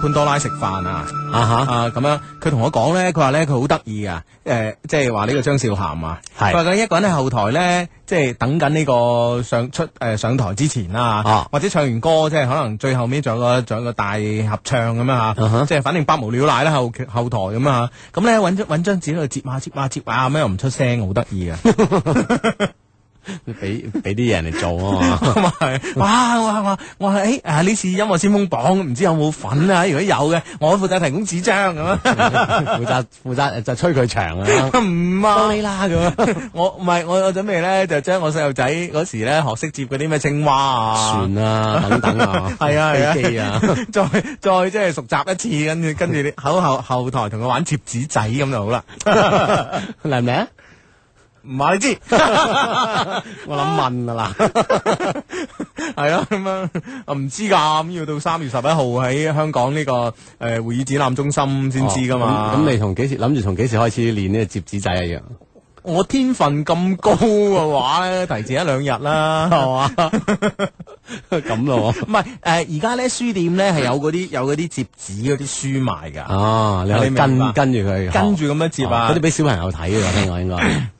潘多拉食飯啊！Uh huh. 啊哈啊咁樣，佢同我講咧，佢話咧佢好得意啊！誒、呃，即係話呢個張韶涵啊，係佢話佢是一個人喺後台咧，即、就、係、是、等緊呢個上出誒、呃、上台之前啦、啊，uh huh. 或者唱完歌，即、就、係、是、可能最後尾仲有個仲有個大合唱咁樣吓，即係、uh huh. 反正百無聊賴啦後後台咁啊，咁咧揾張揾張紙去接下接下，接啊，咩又唔出聲，好得意啊！ 俾俾啲人嚟做喎，係哇！我係我係誒，啊呢次音樂先鋒榜唔知有冇份啊？如果有嘅，我負責提供紙張咁啊，負責負責就吹佢長啊！唔係啦咁，我唔係我我準備咧就將我細路仔嗰時咧學識摺嗰啲咩青蛙啊、船啊等等啊，係啊係啊，再再即係熟習一次，跟住跟住喺後後台同佢玩折紙仔咁就好啦，嚟唔嚟啊？唔係你知哈哈，我諗問哈哈啊啦，係啊咁樣，唔知噶，要到三月十一號喺香港呢、這個誒會議展覽中心先知噶嘛？咁、哦嗯嗯、你從幾時諗住從幾時開始練呢個折紙仔一樣，我天分咁高嘅話咧， 提前一兩日啦，係嘛 吧？咁咯 吧，唔係誒，而家咧書店咧係有嗰啲有嗰啲折紙嘅啲書賣噶。哦，你可以跟跟住佢，跟住咁樣折啊？嗰啲俾小朋友睇嘅，應該。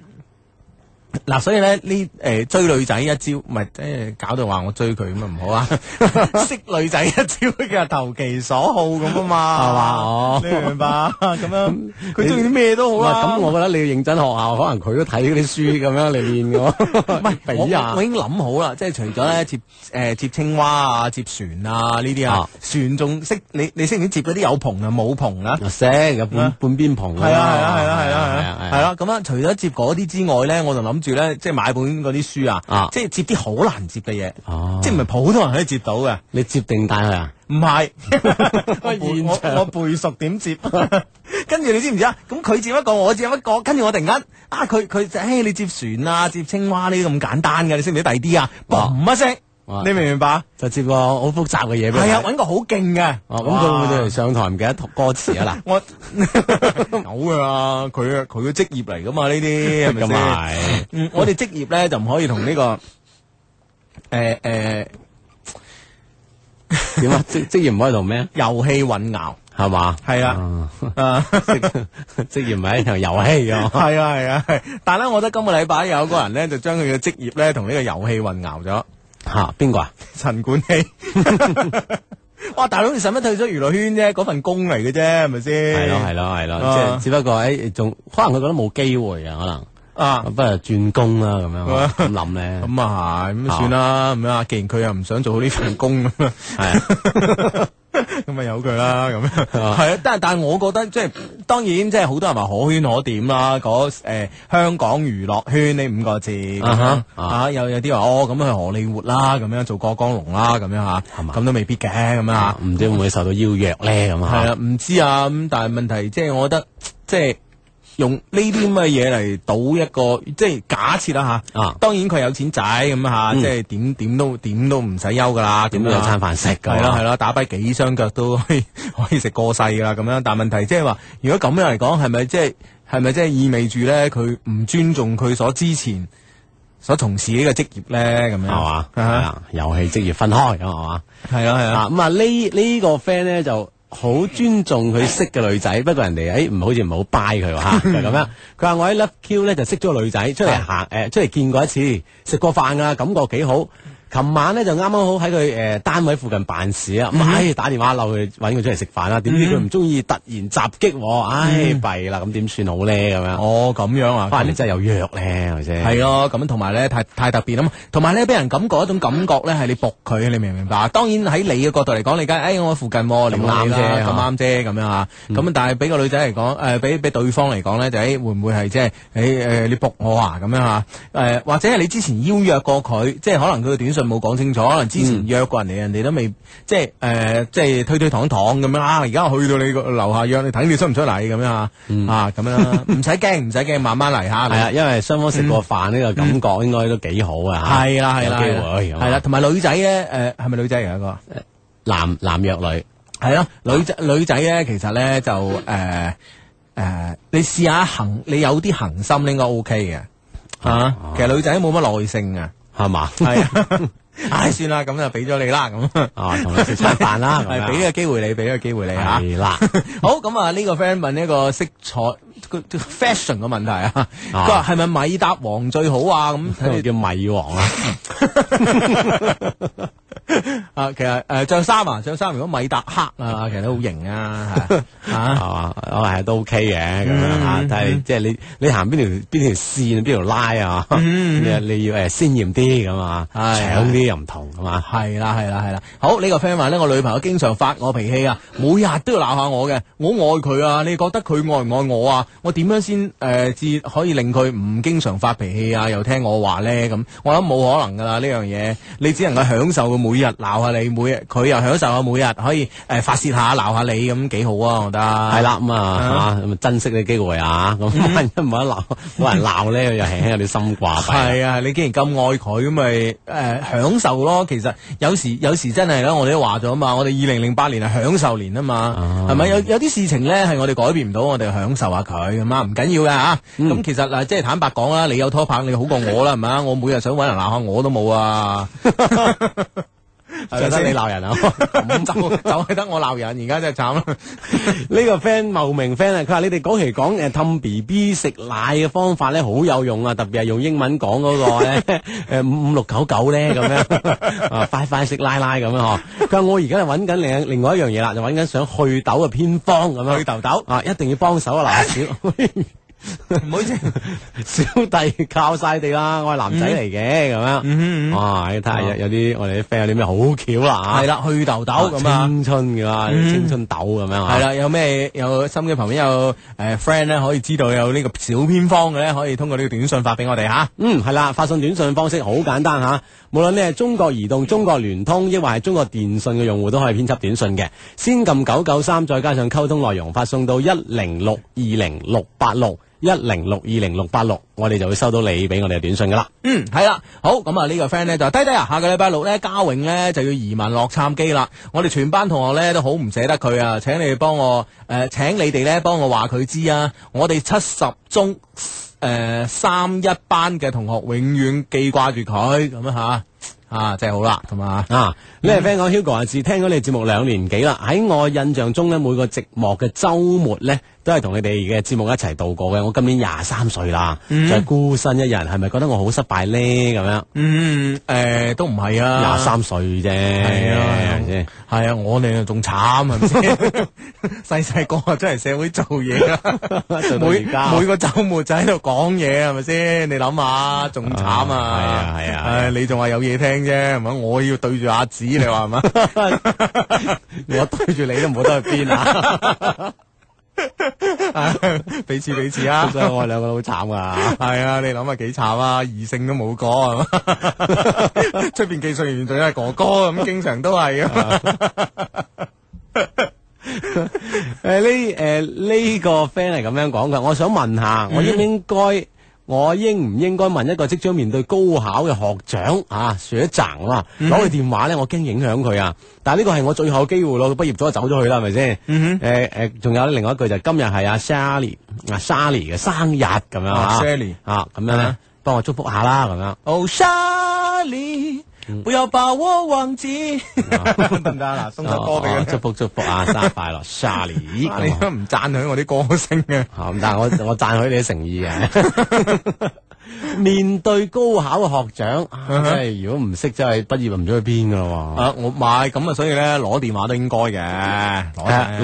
嗱，所以咧呢誒追女仔一招，唔係即係搞到話我追佢咁啊，唔好啊！識女仔一招叫投其所好咁啊嘛，係嘛？你明白咁樣？佢中意啲咩都好啦。咁我覺得你要認真學校，可能佢都睇嗰啲書咁樣嚟練㗎。唔係，我我已經諗好啦，即係除咗咧接誒接青蛙啊、接船啊呢啲啊，船仲識你你識唔識接嗰啲有篷啊、冇篷啊？識有半半邊篷啊？係啊係啊係啊係啊係啊係啦咁啊！除咗接嗰啲之外咧，我就諗住咧，即係買本嗰啲書啊，啊即係接啲好難接嘅嘢，啊、即係唔係普通人可以接到嘅。你接定帶去啊？唔係，我 我，我背熟點接。跟 住 你知唔知啊？咁佢接一個，我接一個。跟住我突然間啊，佢佢誒，你接船，船啊，接青蛙呢啲咁簡單嘅，你識唔識第啲啊？嘣一聲。 你明唔明白？就接個好複雜嘅嘢畀我。係啊，揾個好勁嘅。咁佢哇、嗯、會唔會上台唔記得讀歌詞我 啊？嗱，是是 我有啊！佢佢嘅職業嚟㗎嘛？呢啲咁係。嗯，我哋職業咧就唔可以同呢個誒誒點啊？職職 業唔可以同咩？遊戲混淆係嘛？係啊。啊，職業唔係一樣遊戲啊！係啊係啊，但係咧，我覺得今個禮拜有個人咧，就將佢嘅職業咧同呢個遊戲混淆咗。吓邊個啊？陳冠希，哇！大佬你使乜退咗娛樂圈啫？嗰份工嚟嘅啫，係咪先？係咯係咯係咯，啊、即係只不過誒，仲可能佢覺得冇機會啊，可能，可能啊，不如轉工啦，咁樣咁諗咧。咁啊係，咁算啦，咁啊，既然佢又唔想做好呢份工，係。 咁咪有佢啦，咁樣。係啊、uh huh.，但係但係，我覺得即係當然，即係好多人話可圈可點啦。嗰、呃、香港娛樂圈呢五個字，uh huh. uh huh. 啊有有啲話哦，咁樣去荷里活啦，咁樣做過江龍啦，咁樣吓，係嘛？咁都未必嘅，咁樣啊？唔、uh huh. 知會唔會受到邀約咧？咁嚇。係啊，唔知啊，咁但係問題即係我覺得即係。即係用呢啲咁嘅嘢嚟賭一個，即係假設啦吓。當然佢有錢仔咁吓，即係點點都點都唔使憂噶啦。咁樣有餐飯食。係啦係啦，打跛幾雙腳都可以食過世噶咁樣。但係問題是是即係話，如果咁樣嚟講，係咪即係係咪即係意味住咧？佢唔尊重佢所之前所從事職，呢個職業咧？咁樣係嘛？係啊，遊戲職業分開咁係嘛？係啦係啦。咁啊呢呢個 friend 咧就。好尊重佢識嘅女仔， 不過人哋誒唔係好似唔係好 buy 佢吓，就係咁樣，佢話 我喺 Love Q 咧就識咗個女仔，出嚟行誒出嚟見過一次，食過飯啊，感覺幾好。琴晚咧就啱啱好喺佢誒單位附近辦事啊！唉，打電話留佢揾佢出嚟食飯啦。點知佢唔中意突然襲擊我。唉，弊啦！咁點算好咧？咁樣哦，咁樣啊，但係你真係有約咧，係咪先？係咯，咁同埋咧，太太特別啊！同埋咧，俾人感覺一種感覺咧，係你撲佢，你明唔明白？當然喺你嘅角度嚟講，你梗係喺我附近喎，咁啱啫，咁啱啫，咁樣啊。咁但係俾個女仔嚟講，誒，俾俾對方嚟講咧，就誒會唔會係即係誒誒你撲我啊？咁樣啊？誒或者係你之前邀約過佢，即係可能佢嘅短信。冇講清楚，可能之前約過人哋，人哋都未即係誒，即係推推搪搪，咁樣啊！而家去到你個樓下約，你睇你出唔出嚟，咁樣啊？啊咁樣，唔使驚，唔使驚，慢慢嚟吓。係啊，因為雙方食過飯呢個感覺應該都幾好啊。係啦，係啦，機會，係啦，同埋女仔咧，誒，係咪女仔啊？一個男男約女係咯，女女仔咧，其實咧就誒誒，你試下行，你有啲恒心，應該 OK 嘅吓。其實女仔冇乜耐性啊。係嘛？係，唉、 哎，算啦，咁就俾咗你啦，咁啊，同、哦、你食餐飯啦，係俾 是樣個機會你，俾個機會你吓。係啦，好咁啊，呢、啊、 個 friend 問呢個色彩個 fashion 嘅問題啊，佢話係咪米搭黃最好啊？咁，佢個 叫米黃啊。 啊，其實誒，着衫啊，着衫如果米達黑啊，其實都好型啊，吓係嘛，我係都 OK 嘅咁樣，但係即係你你行邊條邊條線邊條拉啊，你要誒鮮艷啲咁啊，搶啲又唔同係嘛，係啦係啦係啦，好呢個 friend 話咧，我女朋友經常發我脾氣啊，每日都要鬧下我嘅，我愛佢啊，你覺得佢愛唔愛我啊？我點樣先誒至可以令佢唔經常發脾氣啊？又聽我話咧咁，我諗冇可能噶啦呢樣嘢，你只能夠享受佢每。日鬧下你，每日佢又享受下每日可以誒發洩下鬧下你咁幾好啊，我覺得係啦。咁啊吓，咁珍惜你機會啊，咁唔好一鬧，冇人鬧咧又輕輕有啲心掛。係啊，你既然咁愛佢，咪誒享受咯。其實有時有時真係啦，我哋都話咗嘛，我哋二零零八年係享受年啊嘛，係咪有有啲事情咧係我哋改變唔到，我哋享受下佢咁啊，唔緊要噶吓。咁其實嗱，即係坦白講啦，你有拖拍你好過我啦，係咪啊？我每日想搵人鬧下我都冇啊。就得你鬧人啊！唔走走係得我鬧人，而家 真係慘啊！呢 個 friend 慕名 friend 啊，佢話你哋嗰期講誒氹 B B 食奶嘅方法咧好有用啊，特別係用英文講嗰、那個咧誒、呃、五五六九九咧咁樣 啊，快快食奶奶咁樣呵！佢話 我而家又揾緊另外另外一樣嘢啦，就揾緊想去痘嘅偏方咁樣。 去痘痘啊！一定要幫手啊！小 唔好意思， 小弟靠晒地啦，我係男仔嚟嘅咁樣，哇、嗯！你睇下有啲我哋啲 friend 有啲咩好巧啦吓，係啦，去痘痘咁啊，青春嘅青春痘咁樣吓，係啦、啊，有咩有心機旁邊有誒、啊、friend 咧，可以知道有呢個小偏方嘅咧，可以通過呢個短信發俾我哋吓，啊、嗯，係啦，發送短信方式好簡單吓。啊無論你係中國移動、中國聯通，抑或係中國電信嘅用戶，都可以編輯短信嘅。先撳九九三，再加上溝通內容，發送到一零六二零六八六一零六二零六八六，我哋就會收到你俾我哋嘅短信噶啦。嗯，係啦，好，咁啊呢個 friend 呢，就低低啊，下個禮拜六呢，嘉穎呢就要移民洛杉磯啦。我哋全班同學呢都好唔捨得佢啊，請你哋幫我誒、呃，請你哋呢幫我話佢知啊，我哋七十宗。誒、呃，三一班嘅同學永遠記掛住佢咁啊吓，啊即係好啦，同埋啊，呢位 friend 講 Hugo 阿志，是 ugo, 聽咗你節目兩年幾啦，喺我印象中呢每個寂寞嘅周末呢，都係同你哋嘅節目一齊度過嘅。我今年廿三歲啦，就係孤身一人。係咪覺得我好失敗咧？咁樣，嗯誒，都唔係啊，廿三歲啫，係啊，係咪先？係啊，我哋仲慘，係咪先？細細個就出嚟社會做嘢啊，每每個周末就喺度講嘢，係咪先？你諗下，仲慘啊！係啊，係啊，你仲話有嘢聽啫，唔好，我要對住阿紫，你話係咪？我對住你都唔好得去邊啊！ 啊、彼此彼此啊！ 所以我哋兩個都好慘啊。係 啊！你諗下幾慘啊？異性都冇個、啊，出邊技術人員仲係哥哥咁、啊，經常都係啊！誒、 啊，呢誒呢個 friend 係咁樣講嘅。我想問下，嗯、我應唔應該？我應唔應該問一個即將面對高考嘅學長啊？樹一掅啊，攞佢電話咧，我驚影響佢啊。但係呢個係我最後機會咯，畢業咗就走咗去啦，係咪先？嗯、哼。誒誒、呃，仲、呃、有另外一句就係、今日係阿 Shelly s h e l l 嘅生日咁、啊啊啊、樣啊，Shelly 咁樣咧，幫嗎我祝福下啦咁、啊、樣。Oh, Shelly 不要把鍋王子，送首歌俾祝福祝福阿、啊、沙快樂，沙尼、 啊，你都唔讚許我啲歌聲嘅、啊，唔得、 哦，我我讚許你啲誠意啊。 面對高考嘅學長，即係如果唔識，真係畢業又唔知去邊噶啦喎。啊，我買咁啊，所以咧攞電話都應該嘅。係攞、啊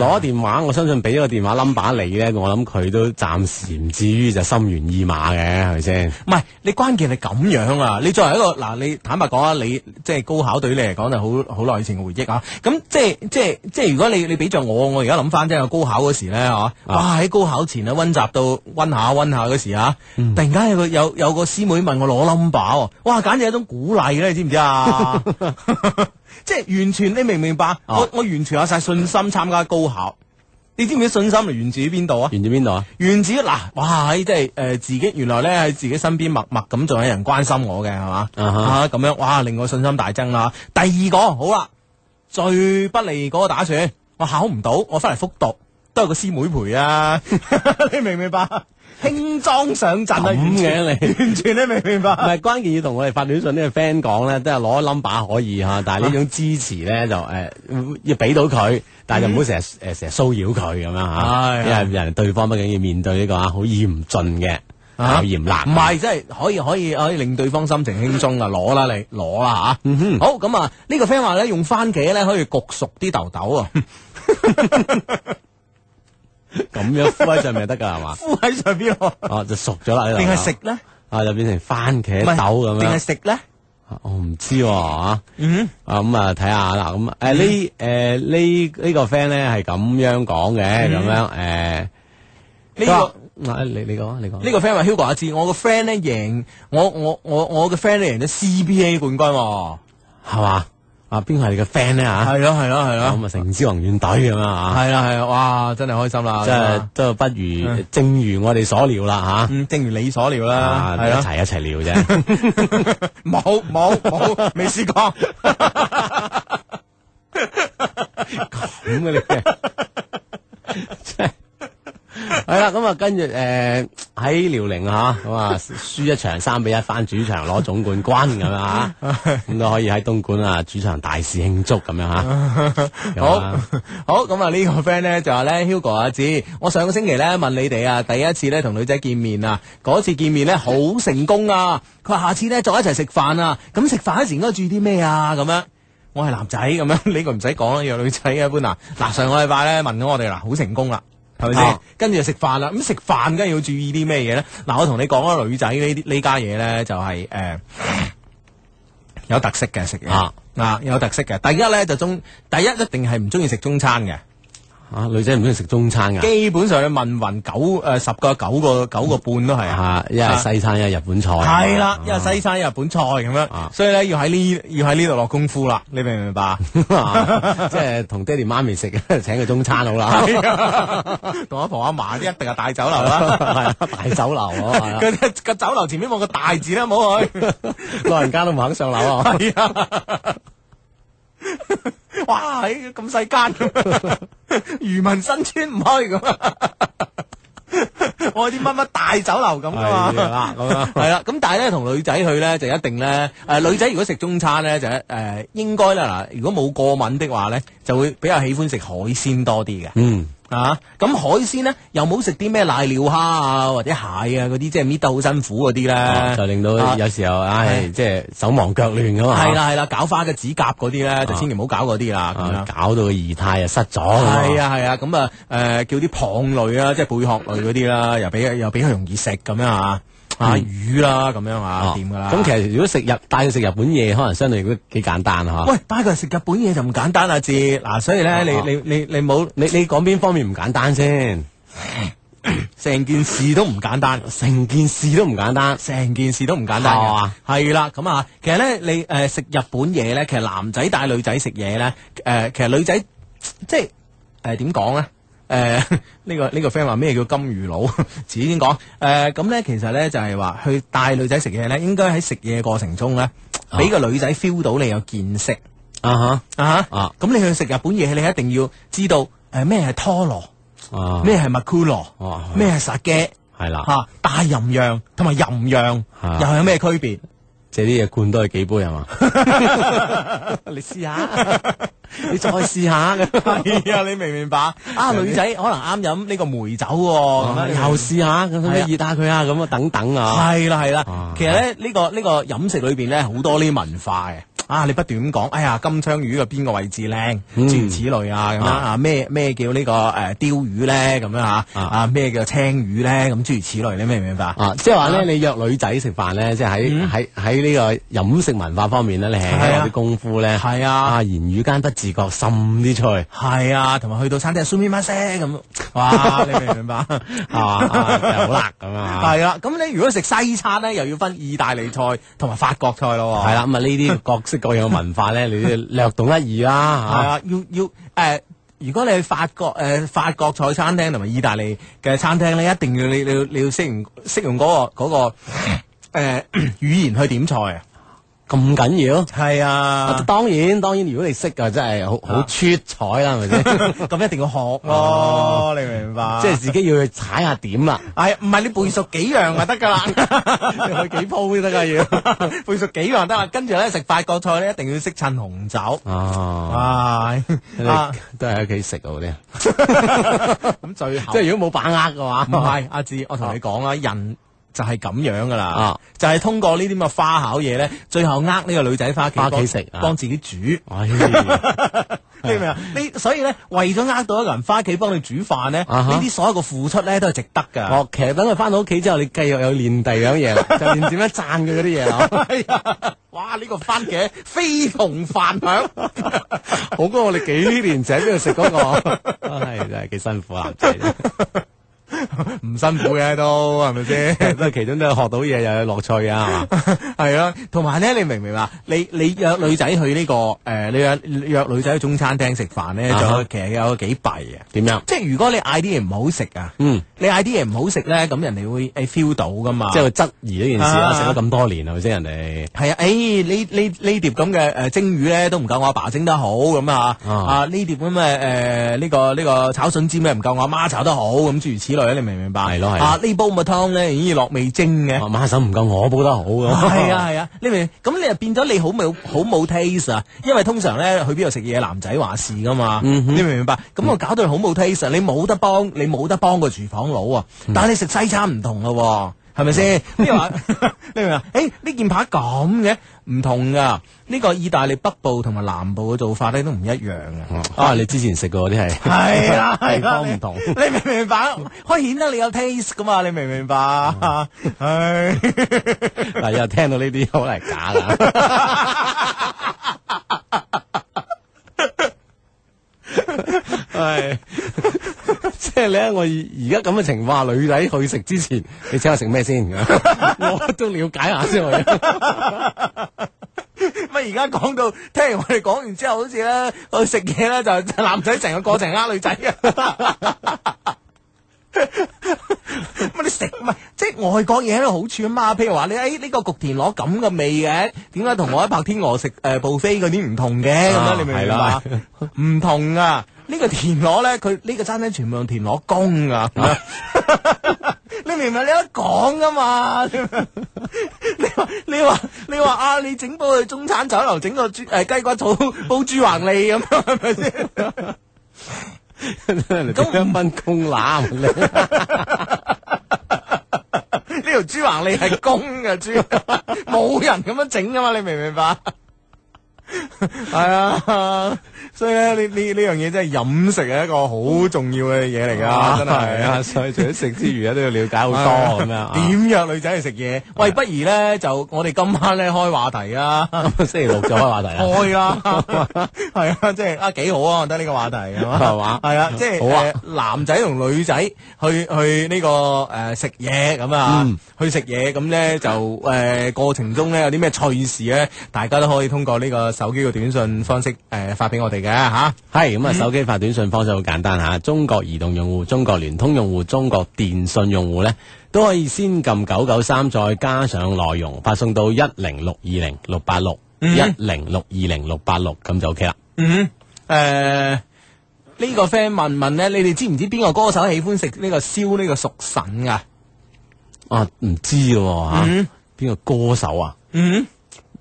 啊、電話，我相信俾個電話 number 你咧，我諗佢都暫時唔至於就心猿意馬嘅，係咪先？唔係、啊，你關鍵係咁樣啊！你作為一個嗱、啊，你坦白講啊，你即係高考對你嚟講就好好耐以前嘅回憶啊。咁即係即係即係，如果你你比著我，我而家諗翻即係高考嗰時咧，吓、啊、哇喺高考前咧溫習到溫下溫下嗰時啊，嗯、突然間有個有。有有有個師妹問我攞 number，哇，簡直係一種鼓勵咧，你知唔知 啊？即係完全你明唔明白？我我完全有晒信心參加高考，你知唔知信心嚟源自於邊度啊？源自邊度啊？源自嗱、啊，哇，即係誒、呃自，呃、自己原來咧喺自己身邊默默咁仲有人關心我嘅，係嘛？咁、uh huh. 啊、樣，哇令我信心大增啦、啊。第二個好啦，最不利嗰個打算，我考唔到，我翻嚟復讀。都係個師妹陪啊， 你明唔、啊啊、 明白？輕裝上陣咁嘅你，完全你明唔明白？唔係關鍵要同我哋發短信呢個 friend 講咧，都係攞一 number 可以吓，但係呢種支持咧就誒、呃、要俾到佢，但係就唔好成日誒成日騷擾佢咁樣吓，因為人對方畢竟要面對呢、這個嚴嚴啊好嚴峻嘅考驗啦。唔係、啊，即係可以可以可以令對方心情輕鬆啊，攞啦你，攞啦吓。好咁啊，呢個 friend 話咧用番茄咧可以焗熟啲痘痘啊。 咁樣敷喺上面就得噶係嘛？ 敷喺上邊哦、 啊，就熟咗啦，定係食咧？呢啊，就變成番茄豆咁是樣？定係食咧？我唔知喎、啊 mm hmm. 啊，啊，嗯、mm，啊、hmm. 咁啊，睇下啦，咁誒呢誒呢呢個 friend 咧係咁樣講嘅，咁樣誒呢個，你你講，你講，呢個 friend 話 Hugo 一次，我個 friend 咧贏，我我我我個 friend 咧贏咗 CBA 冠軍、啊，係嘛？啊，邊個係你嘅 friend 咧？吓，係咯，係咯，係咯，咁啊，成支宏遠隊咁啊，吓，係啦，係啦，哇，真係開心啦，即係都不如，正如我哋所料啦，吓，正如你所料啦，係一齊一齊聊啫，冇冇冇，未試過，咁嘅你係啦，咁、 哎、啊，跟住誒，喺遼寧啊，咁啊，輸一場三比一翻主場攞總冠軍咁啊，咁、啊、都、 嗯、可以喺東莞啊主場大肆慶祝咁樣吓。啊啊、 好，好，咁啊 呢個 friend 咧就話咧，Hugo 阿志，我上個星期咧問你哋啊，第一次咧同女仔見面啊，嗰次見面咧好成功啊，佢話下次咧再一齊食飯啊，咁食飯嗰時應該注意啲咩啊？咁樣，我係男仔咁樣呢個唔使講啦，約有女仔一般啊，嗱上個禮拜咧問咗我哋嗱好成功啦。係咪先？跟住、oh. 就飯食飯啦。咁食飯，梗係要注意啲咩嘢咧？嗱、啊，我同你講啊，女仔呢啲呢家嘢咧，就係、是、誒、呃、 有特色嘅食嘢、oh. 啊，啊有特色嘅。第一咧就中，第一一定係唔中意食中餐嘅。啊，女仔唔中意食中餐噶，基本上去問云九誒，十個九個九個半都係吓，一係西餐一係日本菜，係啦，一係西餐一係日本菜咁樣，所以咧要喺呢要喺呢度落功夫啦，你明唔明白？即係同爹哋媽咪食，請佢中餐好啦，同阿婆阿嫲啲一定係大酒樓啦，係大酒樓啊，個酒樓前面放個大字啦，冇。好去，老人家都唔肯上樓啊。 哇！喺咁細間漁民新村唔開咁啊！ 我啲乜乜大酒樓咁啊！係咁啊係啦。咁但係咧，同女仔去咧就一定咧誒、呃，女仔如果食中餐咧就誒、呃，應該啦嗱，如果冇過敏的話咧，就會比較喜歡食海鮮多啲嘅。嗯。啊！咁海鮮呢，又冇食啲咩瀨尿蝦啊，或者蟹啊嗰啲，即係搣得好辛苦嗰啲啦，就令到有時候唉，即係、啊哎就係、手忙腳亂咁、啊、嘛。係啦係啦，搞花嘅指甲嗰啲咧，就千祈唔好搞嗰啲啦，啊啊、搞到個儀態又失咗。係啊係啊，咁啊誒、啊啊呃，叫啲蚌類啊，即係貝殼類嗰啲啦，又比又比較容易食咁樣啊！啊魚啦咁樣啊，點噶啦？咁、哦、其實如果食日帶佢食日本嘢，可能相對都幾簡單啊。喂，帶佢食日本嘢就唔簡單，阿志。嗱是、啊，所以咧、哦，你你你你冇你你講邊方面唔簡單先？成件事都唔簡單，成件事都唔簡單，成件事都唔簡單嘅。係啦，咁、哦、啊，其實咧，你誒食、呃、日本嘢咧，其實男仔帶女仔食嘢咧，誒、呃，其實女仔即係誒點講咧？呃誒呢、呃這個呢、這個 friend 話咩叫金魚佬 自己先講，誒咁咧，其實咧就係話去帶女仔食嘢咧，應該喺食嘢過程中咧，俾、啊、個女仔 feel 到你有見識啊嚇啊嚇。咁你去食日本嘢，你一定要知道誒咩係拖羅，咩係麥庫羅，咩係殺嘅，係啦嚇大吟釀同埋吟釀、啊、哈又係有咩區別？你啲嘢灌多佢幾杯係嘛？ 你試下，你再試下。係 啊，你明唔明白？啊，女仔可能啱飲呢個梅酒喎，咁樣又試下，咁樣熱下佢啊，咁啊，啊等等啊。係啦、啊，係啦、啊。啊啊、其實咧，呢、呢個呢、呢個飲食裏邊咧，好多呢啲文化嘅。啊！你不斷咁講，哎呀，金槍魚嘅邊個位置靚？諸如此類啊，咁樣啊，咩咩叫呢個誒鯛魚咧？咁樣嚇啊，咩叫青魚咧？咁諸如此類你明唔明白啊？即係話咧，你約女仔食飯咧，即係喺喺喺呢個飲食文化方面咧，你係有啲功夫咧，係啊，言語間不自覺滲啲菜，係啊，同埋去到餐廳 sumimasen 咁，哇！你明唔明白啊？好難咁啊！係啦，咁你如果食西餐咧，又要分意大利菜同埋法國菜咯喎。係啦，咁啊呢啲角色。 各有文化咧，你略懂一二啦吓，係啊，要要誒、呃、如果你去法國誒、呃、法國菜餐廳同埋意大利嘅餐廳咧，一定要你你要你要識唔識用嗰、個嗰、個誒、呃、語言去點菜啊！咁緊要？係啊，當然當然，如果你識啊，真係好好出彩啦，係咪先？咁一定要學咯，你明唔明白？即係自己要去踩下點啦。係，唔係你背熟幾樣就得噶啦？去幾鋪都得噶要，背熟幾樣得啦。跟住咧食法國菜咧，一定要識襯紅酒。哦，啊，都係喺屋企食好啲。咁最後，即係如果冇把握嘅話，唔係阿智，我同你講啦，人。就係咁樣噶啦，就係通過呢啲咁嘅花巧嘢咧，最後呃呢個女仔翻屋企食，幫自己煮。你明咩啊？你所以咧，為咗呃到一個人翻屋企幫你煮飯咧，呢啲所有嘅付出咧都係值得噶。哦，其實等佢翻到屋企之後，你繼續有練第二樣嘢，就練點樣讚佢嗰啲嘢嗬。哇，呢個番茄非同凡響，好過我哋幾年仔喺邊度食嗰個，係真係幾辛苦男唔 辛苦嘅都係咪先？都係 其中都有學到嘢又有樂趣啊，係嘛？係啊，同埋咧，你明唔明啊？你你約女仔去呢、這個誒、呃，你約約女仔去中餐廳食飯咧，就、uh huh. 其實有幾弊啊，點樣？即係如果你嗌啲嘢唔好食啊，嗯、啊哎，你嗌啲嘢唔好食咧，咁人哋會誒 feel 到噶嘛？即係質疑呢件事啊。食咗咁多年係咪先？人哋係啊，誒呢呢呢碟咁嘅誒蒸魚咧都唔夠我阿爸蒸得好咁啊啊呢碟咁嘅誒呢個呢個炒筍尖咩？唔夠我阿媽炒得好咁，諸如此類。你明唔明白？係咯，係啊！煲湯呢煲乜湯咧，已經落味精嘅、啊，馬手唔夠我煲得好嘅。係 啊，係啊！你明咁你啊變咗你好冇好冇 taste 啊？因為通常咧去邊度食嘢男仔話事噶嘛，嗯、哼你明唔明白？咁我搞到好冇 taste 啊！你冇得幫你冇得幫個廚房佬啊！嗯、哼但係你食西餐唔同咯、啊。係咪先？是是 你話， 你話，誒、欸，呢件扒咁嘅，唔同噶。呢、這個意大利北部同埋南部嘅做法咧都唔一樣嘅。啊，啊 你之前食過啲係？係啦，地、 啊啊、方唔同你。你明唔明白？可以顯得你有 taste 噶嘛？你明唔明白？係、嗯。嗱，又聽到呢啲，可能係假噶。係、 哎。 即係你我而家咁嘅情況，女仔去食之前，你請我食咩先？ 我都了解下先。 乜而家講到聽完我哋講完之後，好似咧去食嘢咧，就男仔成個過程呃女仔啊。 乜 你食唔係？即係外國嘢都有好處啊嘛？譬如話你誒呢、欸這個焗田螺咁嘅味嘅，點解、呃、同我喺白天鵝食誒布菲嗰啲唔同嘅咁咧？啊、你明唔明？唔同啊！呢個田螺咧，佢呢個餐廳全部用田螺供噶，你明唔明？你一講噶嘛？你話你話你話啊！你整煲去中餐酒樓，整個豬誒雞骨草煲豬橫脷咁，係咪先？咁樣炆公乸呢條豬橫脷係公嘅豬，冇人咁樣整噶嘛？你明唔明白？係啊，所以咧呢呢呢樣嘢真係飲食係一個好重要嘅嘢嚟噶，啊、真係啊！所以除咗食之餘， 都要了解好多咁樣。點約、啊啊、女仔去食嘢？啊、喂，不如咧就我哋今晚咧開話題，話題啊！星期六就開話題啊。開啊，係啊，即係啊，幾 好啊！我覺得呢個話題係嘛，係、呃、嘛，係啊，即係男仔同女仔去去呢個誒食嘢咁啊，去食嘢咁咧就誒、呃、過程中咧有啲咩趣事咧，大家都可以通過呢、這個。手機個短信方式誒、呃、發俾我哋嘅吓，係咁啊！嗯、手機發短信方式好簡單吓、啊，中國移動用戶、中國聯通用戶、中國電信用戶呢，都可以先撳九九三，再加上內容，發送到一零六二零六八六一零六二零六八六咁就 ok 啦、嗯。嗯，誒、呃、呢、這個 friend 問問呢，你哋知唔知邊個歌手喜歡食呢個燒呢個熟腎噶、啊？啊，唔知嘅吓，邊個歌手啊？嗯。嗯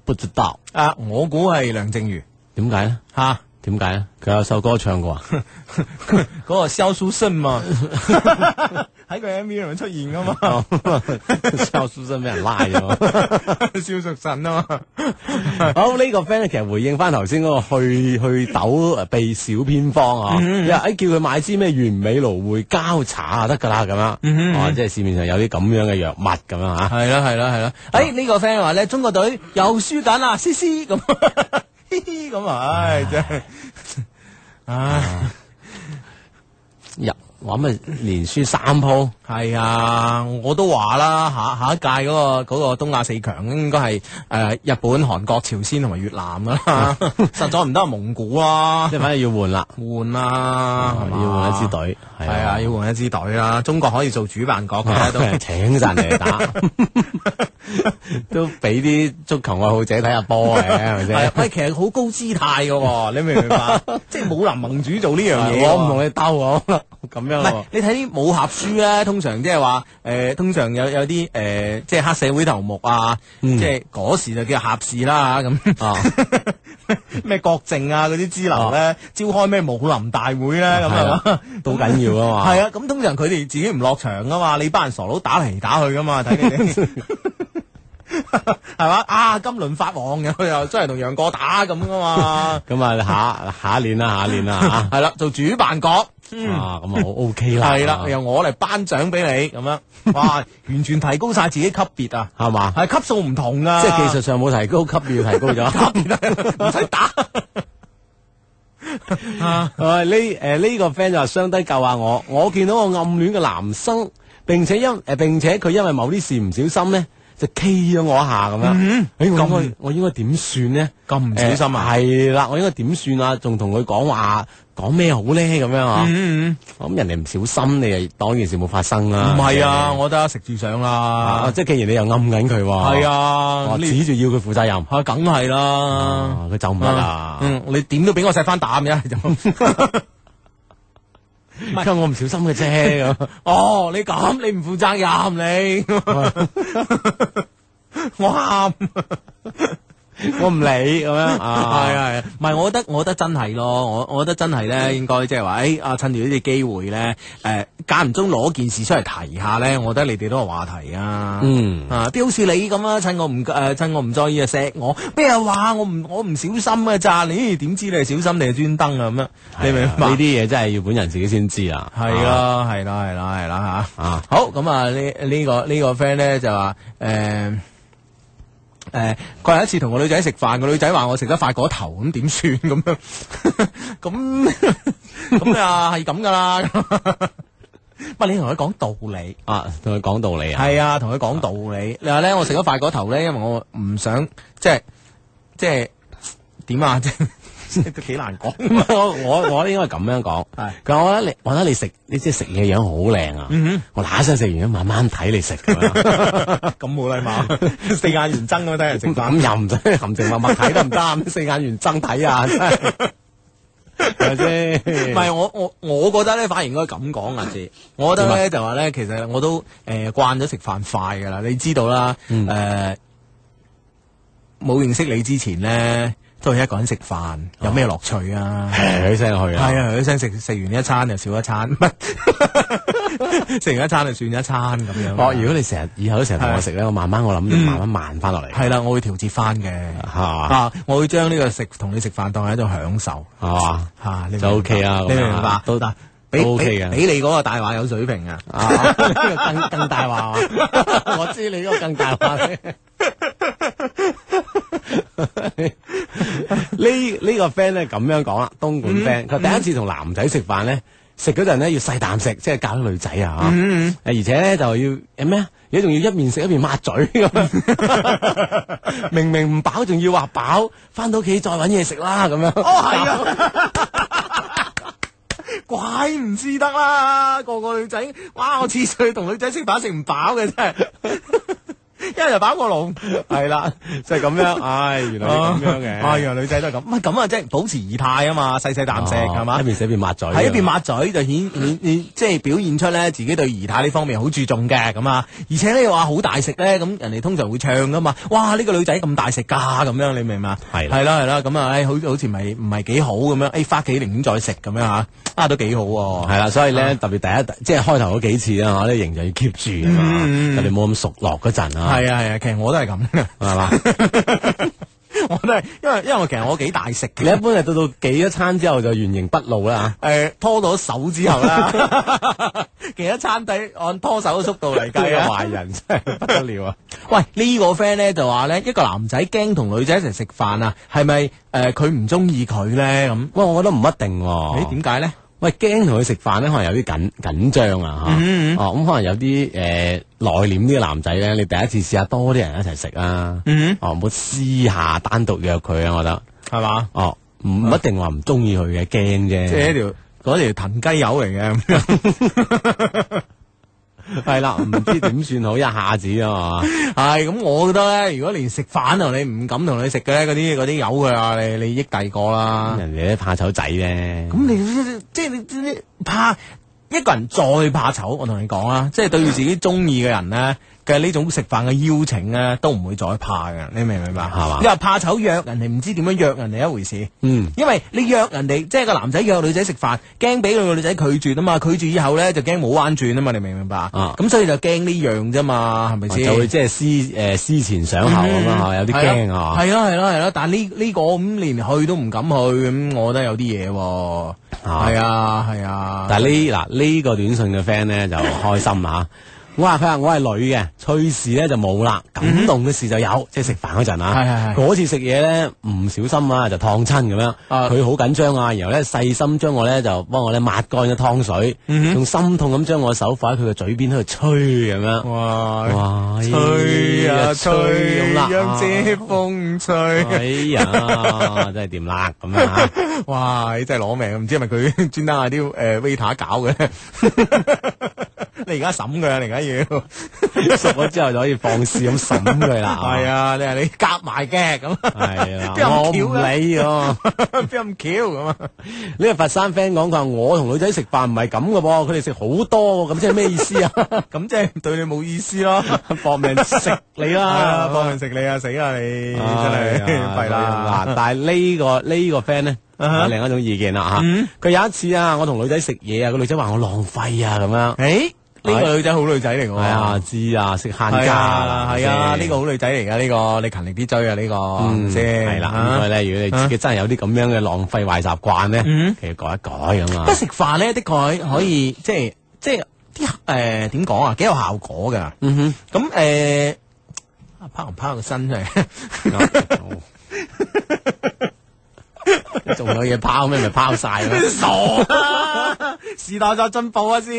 不知道啊！我估係梁靜茹，點解呢？吓，點解咧？佢有首歌唱過，嗰 個蕭蕭聲嘛。 喺個 MV 上面出現噶嘛，蕭淑慎俾人拉咗，蕭淑慎嘛。好，呢個 friend 其實回應翻頭先嗰個去去痘鼻小偏方啊、mm，hmm。叫佢買支咩完美蘆薈膠搽啊得噶啦咁樣，即係市面上有啲咁樣嘅藥物咁樣吓，係啦係啦係啦。誒呢、哎啊、個 friend 話咧，中國隊又輸緊啦，嘻嘻咁，嘻嘻咁啊、哎唉，唉真係啊。我咪連輸三鋪。係啊，我都話啦，下下一屆嗰個嗰個東亞四強應該係誒日本、韓國、朝鮮同埋越南啦，實在唔得啊蒙古啊，即係反正要換啦，換啦，要換一支隊，係啊，要換一支隊啦。中國可以做主辦國嘅，都請晒嚟打，都俾啲足球愛好者睇下波嘅，係咪先？喂，其實好高姿態噶，你明唔明白？即係武林盟主做呢樣嘢，我唔同你鬥啊，咁樣。唔係，你睇啲武俠書咧，通常即係話，誒、呃，通常有有啲誒、呃，即係黑社會頭目啊，嗯、即係嗰時就叫俠士啦，咁，咩郭靖啊，嗰啲支流咧，召、啊、開咩武林大會咧，咁啊，都緊要啊嘛，係啊，咁、 啊、通常佢哋自己唔落場啊嘛，你班人傻佬打嚟打去噶嘛，睇你哋。 係嘛 啊金輪法王嘅佢又真係同楊過打咁噶嘛，咁 啊 下下一年啦，下一年啦，吓係啦，做主辦國、嗯、啊咁啊好 OK 啦，係啦，由我嚟頒獎俾你咁樣，哇完全提高晒自己級別啊係嘛，係級數唔同啊， 吧同即係技術上冇提高級別提高咗唔使打啊呢，誒呢個 friend 就話相低救下我，我見到個暗戀嘅男生並且因誒並且佢因為某啲事唔小心呢。就 K 咗我一下咁樣，哎，我我應該點算呢？咁唔小心啊！係啦，我應該點算啊？仲同佢講話講咩好咧？咁樣啊？咁人哋唔小心，你又當件事冇發生啦？唔係啊，我得食住上啦，即係既然你又暗緊佢，係啊，指住要佢負責任，梗係啦，佢走唔得啦，你點都俾我食翻啖嘅。係我唔小心嘅啫，哦，你咁，你唔負責任你，我喊。我唔理咁樣，係、啊、係，唔係 我覺得我覺得真係咯，我我覺得真係咧，應該即係話，誒，啊，趁住呢啲機會咧，誒、呃，間唔中攞件事出嚟提下咧，我覺得你哋都係話題啊，嗯，啊，啲好似你咁啊，趁我唔誒趁我唔在意我我我啊，錫我咩話，我唔我唔小心啊，咋，你點知你係小心，你係專登啊，咁樣，你明嘛？呢啲嘢真係要本人自己先知啊，係啦係啦係啦係啦吓，啊、好，咁、嗯、啊、嗯嗯這個這個、呢呢個呢個 friend 咧就話誒。呃呃誒，佢有、呃、一次同個女仔食飯，個女仔話我食得快過頭，咁點算咁樣？咁 咁 啊，係咁噶啦。乜你同佢講道理啊？同佢講道理啊？係啊，同佢講道理。啊、你話咧，我食得快過頭咧，因為我唔想即係即係點啊？即都幾難講，我我我應該咁樣講。係，但係我咧，你我咧，你食你即係食嘢樣好靚啊！我嗱一聲食完，咁慢慢睇你食。咁冇禮貌，四眼圓睜啊！睇人食飯。咁又唔使含情脈脈睇都唔得，四眼圓睜睇啊！係咪先？唔係我我我覺得咧，反而應該咁講阿志。我覺得咧就話咧，其實我都誒慣咗食飯快噶啦。你知道啦，誒，冇認識你之前咧。都一個人食飯，有咩樂趣啊？起身去啊！係啊，起身食食完一餐就少一餐，食完一餐就算一餐咁樣。哦，如果你成日以後都成日同我食咧，我慢慢我諗住，慢慢慢翻落嚟。係啦，我會調節翻嘅。嚇我會將呢個食同你食飯當係一種享受，係嘛嚇？就 OK 啊！你明唔明白？都得俾俾俾你嗰個大話有水平啊！更更大話，我知你嗰個更大話。呢呢個 friend 咧，咁樣講啦，東莞 friend，佢第一次同男仔食飯咧，食嗰陣咧要細啖食，即係教女仔啊，嗯嗯嗯，而且咧就要誒咩，而仲要一面食一面抹嘴咁樣， 明明唔飽，仲要話飽，翻到屋企再搵嘢食啦咁樣。哦，係啊樣，哦、 怪唔知得啦，個個女仔，哇，我次次同女仔食飯食唔飽嘅真係。一日就打個龍，係、嗯、啦，就係咁樣，唉、哎，原來係咁樣嘅。唉、啊啊，原來女仔都係咁。唔係咁啊，即係保持儀態啊嘛，細細啖食係嘛。啊、吧一邊寫邊抹嘴，喺一邊抹嘴就顯，你你、嗯、即係表現出咧自己對儀態呢方面好注重嘅咁啊。而且你話好大食咧，咁人哋通常會唱噶嘛。哇，呢、這個女仔咁大食㗎咁樣，你明嘛？係的。係啦，係啦，咁啊，唉，好好似咪，唔係幾好咁樣。唉，花幾年再食咁樣嚇，啊都幾好喎。係啦，所以咧的特別第一，第一即係開頭嗰幾次啊，我咧仍就要 keep 住，特別冇咁熟落嗰陣啊。係啊，啊，其實我都係咁，係嘛 吧， 我都係，因為因為我其實我幾大食嘅。你一般係到到幾多餐之後就原形畢露啦？吓、 呃，拖到手之後啦。 其實餐底按拖手嘅速度嚟計，壞人 真係不得了啊！喂，這個、呢個 friend 咧就話咧，一個男仔驚同女仔一齊食飯啊，係咪誒佢唔中意佢咧咁？喂、呃呃，我覺得唔一定喎、啊。誒，點解咧？喂，驚同佢食飯咧，可能有啲緊緊張啊，吓哦、mm，咁、hmm. 啊嗯、可能有啲誒內斂啲男仔咧，你第一次試下多啲人一齊食啊，哦、mm，唔、hmm. 好、啊、私下單獨約佢啊，我覺得係嘛，吧哦，唔、嗯、一定話唔中意佢嘅驚啫，即係一條嗰條藤雞友嚟嘅。 係啦，唔 知點算好， 一下子啊嘛，係咁 我覺得咧，如果連食飯同你唔敢同你食嘅嗰啲嗰啲有佢啊，你你益第個啦，人哋都怕醜仔咧，咁 你即係你怕一個人再怕醜，我同你講啦，即係對住自己中意嘅人咧。嘅呢種食飯嘅邀請咧，都唔會再怕㗎，你明唔明白？係嘛！你話怕醜約人哋，唔知點樣約人哋一回事。嗯，因為你約人哋，即係個男仔約個女仔食飯，驚俾個女仔拒絕啊嘛！拒絕以後咧，就驚冇彎轉啊嘛！你明唔明白？啊，咁所以就驚呢樣啫嘛，係咪先？就會即係思誒思前想後咁啊，有啲驚啊！係咯，係咯，係咯！但係呢呢個咁連去都唔敢去，咁我覺得有啲嘢喎。係啊，係啊。但係呢嗱呢個短信嘅 friend 咧就開心啦。我話佢話我係女嘅，趣事咧就冇啦，感動嘅事就有，即係食飯嗰陣啊！嗰次食嘢咧唔小心啊，就燙親咁樣。佢好緊張啊，然後咧細心將我咧就幫我咧抹乾咗湯水，仲心痛咁將我手放喺佢嘅嘴邊喺度吹咁樣。哇！吹啊吹咁啦！讓風吹。哎呀，真係掂啦咁樣！哇！你真係攞命，唔知係咪佢專登啊啲誒 waiter 搞嘅。你而家審佢啊！而家要 熟咗之後就可以放肆咁審佢啦。係 啊，你話你夾埋嘅咁。係啦，邊咁巧嘅？咁啊？ 巧呢個 佛山 friend 講佢話我同女仔食飯唔係咁噶噃，佢哋食好多咁、啊，即係咩意思啊？咁即係對你冇意思咯、啊，搏命食你啦、啊，搏、 啊、命食你啊，死啊你！哎、呀真係弊、啊、啦。嗱、這個，但、這、係、個、呢個呢個 friend 咧，uh huh. 另一種意見啦、啊、吓。佢、嗯、有一次啊，我同女仔食嘢啊，個女仔話我浪費啊咁樣。誒、欸？呢個女仔好女仔嚟喎，係啊，知啊，識慳家，係啊，呢個好女仔嚟㗎，呢個你勤力啲追啊，呢個，即係啦。唔該咧，如果你自己真係有啲咁樣嘅浪費壞習慣咧，其實改一改咁啊。不過食飯咧，的確可以即係即係啲誒點講啊，幾有效果㗎。咁誒，拋唔拋個身真係。仲有嘢拋咩？咪拋晒咯！傻啊！時代再進步啊！先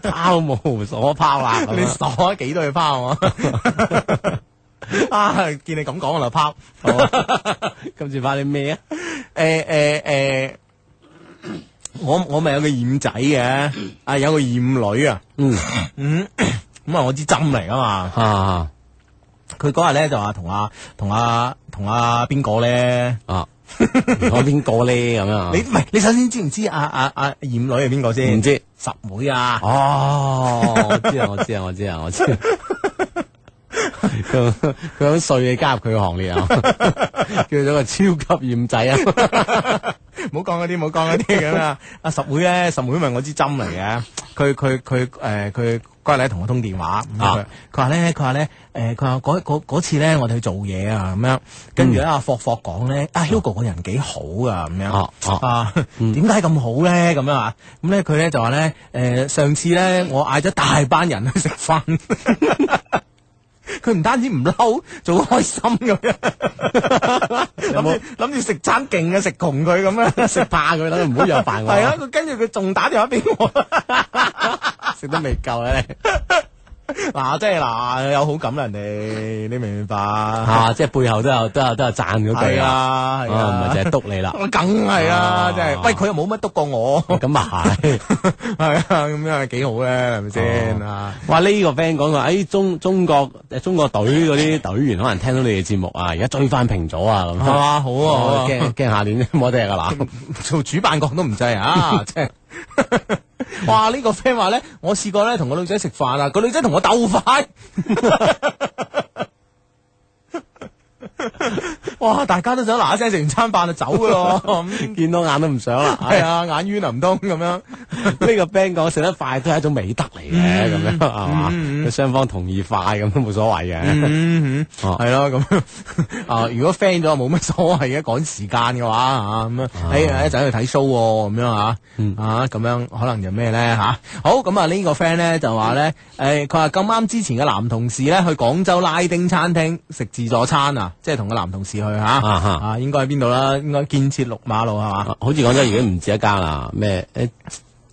拋無所拋啦！你傻咗幾多嘢拋啊！啊！見你咁講我就拋。好！今次拋啲咩啊？誒誒誒，我我咪有個染仔嘅，啊有個染女啊。嗯嗯，咁啊我支針嚟啊嘛。啊。佢嗰日咧就話同阿同阿同阿邊個咧啊唔講邊個咧咁樣。你唔係你首先知唔知阿阿阿艷女係邊個先？唔知十妹啊！哦 我，我知啊，我知啊，我知啊，我知。 佢佢想碎你加入佢行列啊！ 叫咗個超級艷仔啊！唔好講嗰啲，唔好講嗰啲咁啊！阿 十妹咧，十妹咪我支針嚟嘅。佢佢佢誒佢。佢嚟同我通電話啊！佢話咧，佢話咧，誒、呃，佢話嗰嗰嗰次咧，我哋去做嘢啊咁樣，跟住咧阿霍霍講咧，阿 Hugo 個人幾好啊。咁樣啊，點解咁好咧咁樣啊？咁咧佢咧就話咧，誒、呃，上次咧我嗌咗大班人去食飯。 佢唔單止唔嬲，仲好開心咁樣，諗住諗住食餐勁嘅食窮佢咁樣，食怕佢，等佢唔好入飯我。係啊，佢跟住佢仲打電話俾我，食 得未夠啊你。嗱，即係嗱，有好感人哋你明唔明白吓，即係背後都有都有都有讚嗰句啊，唔係淨係督你啦，梗係啦，即係喂，佢又冇乜督過我，咁啊係，係啊，咁樣幾好咧，係咪先啊？哇呢個 friend 講話，誒中中國中國隊嗰啲隊員可能聽到你哋節目啊，而家追翻平咗啊，咁係嘛？好啊，驚驚下年冇得嘅啦，做主辦國都唔制啊， 哇！呢、呢個 friend 話咧，我試過咧同個女仔食飯啊，個女仔同我鬥快。 哇！大家都想嗱嗱聲食完餐飯就走噶咯，咁 見到眼都唔想啦，係啊眼冤啊唔通咁樣？呢 個 band 講食得快都係一種美德嚟嘅，咁樣係嘛？雙方同意快咁都冇所謂嘅，係咯咁啊！如果 friend 咗冇乜所謂嘅趕時間嘅話啊咁、欸、樣，哎一陣去睇 show 咁樣吓啊咁樣，可能就咩咧吓？好咁啊呢個 friend 咧就話咧，誒佢話咁啱之前嘅男同事咧去廣州拉丁餐廳食自助餐啊，同個男同事去嚇，啊啊，應該喺邊度啦？應該建設六馬路係嘛？好似講咗已經唔止一間啦，咩？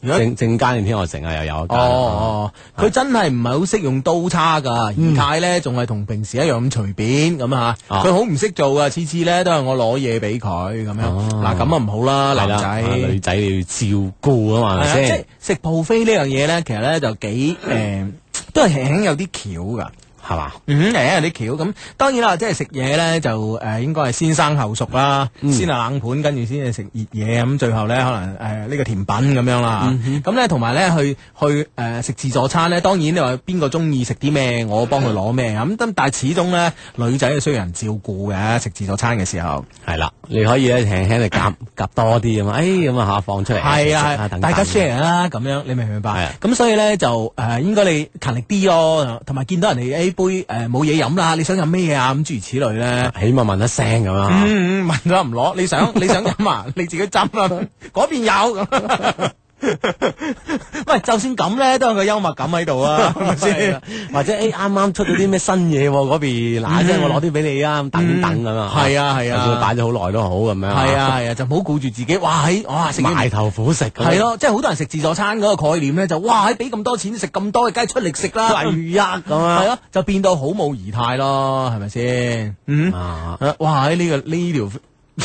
正正街天河城啊，又有一間。哦哦，佢真係唔係好識用刀叉噶，儀態咧仲係同平時一樣咁隨便咁嚇。佢好唔識做噶，次次咧都係我攞嘢俾佢咁樣。嗱咁啊唔好啦，男仔女仔你要照顧啊嘛，係咪先？即係食 buffet 呢樣嘢咧，其實咧就幾誒，都係輕輕有啲巧噶。係嘛，嚟啊啲橋咁，當然啦，即係食嘢咧就誒、呃、應該係先生後熟啦，嗯、先係冷盤，跟住先係食熱嘢，咁最後咧可能誒呢、呃，這個甜品咁樣啦。咁咧同埋咧去去誒、呃、食自助餐咧，當然你話邊個中意食啲咩，我幫佢攞咩咁。但係始終咧女仔係需要人照顧嘅，食自助餐嘅時候。係啦，你可以咧輕輕地夾， 夾多啲啊嘛，哎咁啊嚇放出嚟，係、呃、啊，大家 share 啦咁樣，你明唔明白？咁的所以咧就誒應該你勤力啲咯，同埋見到人哋誒。哎杯誒冇嘢飲啦，你想飲咩嘢啊？咁諸如此類咧，起碼問一聲咁樣、啊，嗯問咗唔攞，你想你想飲啊？你自己斟啦、啊，嗰 邊有。嗯 喂，就算咁咧，都有個幽默感喺度啊，係咪先？或者欸啱啱出咗啲咩新嘢嗰邊，嗱，即係我攞啲俾你啊，等等咁啊。係啊係啊，擺咗好耐都好咁樣。係啊係啊，就唔好顧住自己。哇，喺哇食埋頭苦食。係咯，即係好多人食自助餐嗰個概念咧，就哇喺俾咁多錢食咁多，梗係出力食啦。第一咁啊，就變到好冇儀態咯，係咪先？嗯啊，哇喺呢個呢條。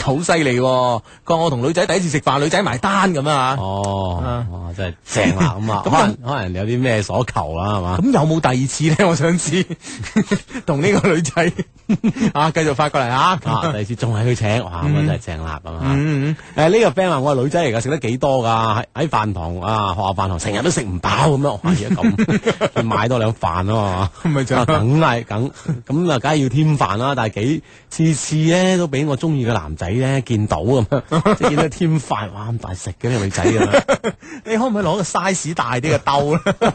好犀利、哦，佢話我同女仔第一次食飯，女仔埋單咁啊哦，啊真係正啊！咁、嗯、啊， 可能可能你有啲咩所求啦，係嘛？咁有冇第二次咧？我想知同呢個女仔啊，繼續發過嚟啊！啊，第二次仲係佢請，哇、嗯！真係正啦啊誒，呢、嗯哎這個 friend 話我係女仔嚟噶，食得幾多噶？喺飯堂啊，學校飯堂成日都食唔飽咁樣，乜嘢咁？去買多兩飯啊嘛？唔係就梗係梗咁啊，梗係要添飯啦！但係幾次次咧都俾我中意嘅男仔。仔咧見到咁樣，即係見到添飯，哇咁大食嘅呢個女仔啊！你，啊 你可唔可以攞個 size 大啲嘅兜咧？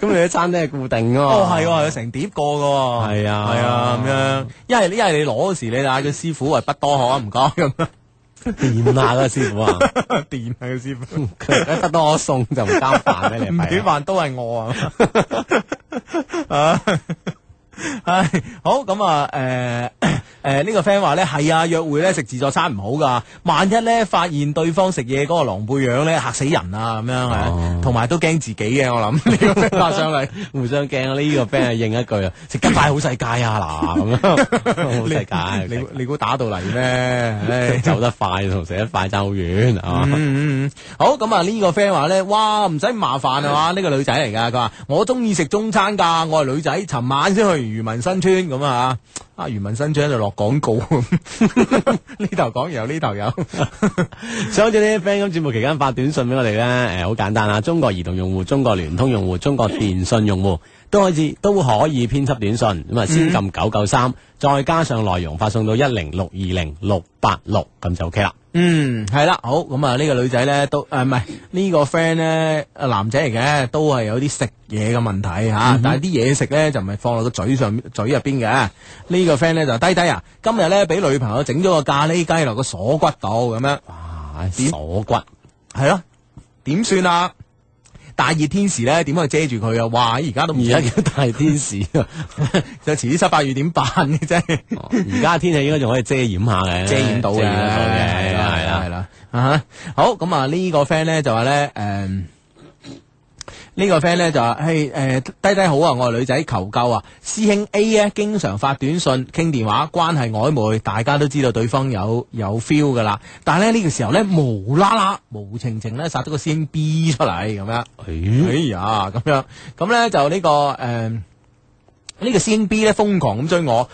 咁 你一餐咧係固定噶嘛、啊？哦係，有成碟過噶、啊，係的啊係啊咁樣。因係一係你攞嗰時，你嗌個師傅為不多可唔講咁掂下啦、啊，師傅啊，掂下個師傅，得到 我送就唔交飯俾你，唔煮飯都係我 啊。唉，好咁啊，誒誒呢個 friend 話咧係啊，約會咧食自助餐唔好噶，萬一咧發現對方食嘢嗰個狼狽樣咧嚇死人啊咁樣係，同埋都驚自己嘅，我諗呢個發上嚟，互相驚呢個 friend 應一句啊，食得快好世界啊嗱，咁啊好世界，你你估打到嚟咩？走得快同食得快爭好遠啊！嗯嗯嗯，好咁啊，呢個 friend 話咧，哇唔使麻煩啊嘛，呢個女仔嚟噶，佢話我中意食中餐噶，我係女仔，尋晚先去。漁民新村咁啊，阿漁民新村喺度落廣告，呢頭講有，呢頭有，呵呵 上朋友次啲 friend 咁節目期間發短信俾我哋咧，誒、欸、好簡單啊，中國移動用戶、中國聯通用戶、中國電信用戶。 都可以，都可以編輯短信咁啊！先撳九九三，再加上內容發送到一零六二零六八六，咁就 OK 啦。嗯，係啦，好咁啊！這個、呢個女仔咧都，誒唔係呢個 friend 咧，男仔嚟嘅，都係有啲食嘢嘅問題嚇，啊嗯、哼但係啲嘢食咧就唔係放落個嘴上嘴入邊嘅。啊這個、呢個 friend 咧就低低啊，今日咧俾女朋友整咗個咖喱雞落個鎖骨度咁樣。哇！鎖骨係咯，點算啊？ 大熱天時咧，點樣去遮住佢啊？哇！而家都唔而家叫大天時， 就遲啲七八月點辦嘅啫。而 家天氣應該仲可以遮掩下嘅，遮掩到嘅，係啦，係啦，啊，啊！好咁啊，個呢個 friend 咧就話咧，誒、嗯。呢個 friend 咧就話：，嘿，誒、呃，低低好啊，我係女仔求救啊！師兄 A 咧經常發短信、傾電話，關係曖昧，大家都知道對方有有 feel 噶啦。但係咧呢、呢個時候呢，無啦啦、無情情呢，殺咗個師兄 B 出嚟咁樣。欸、哎呀，咁樣，咁呢就呢、呢個誒呢、呃呢個師兄 B 咧瘋狂咁追我。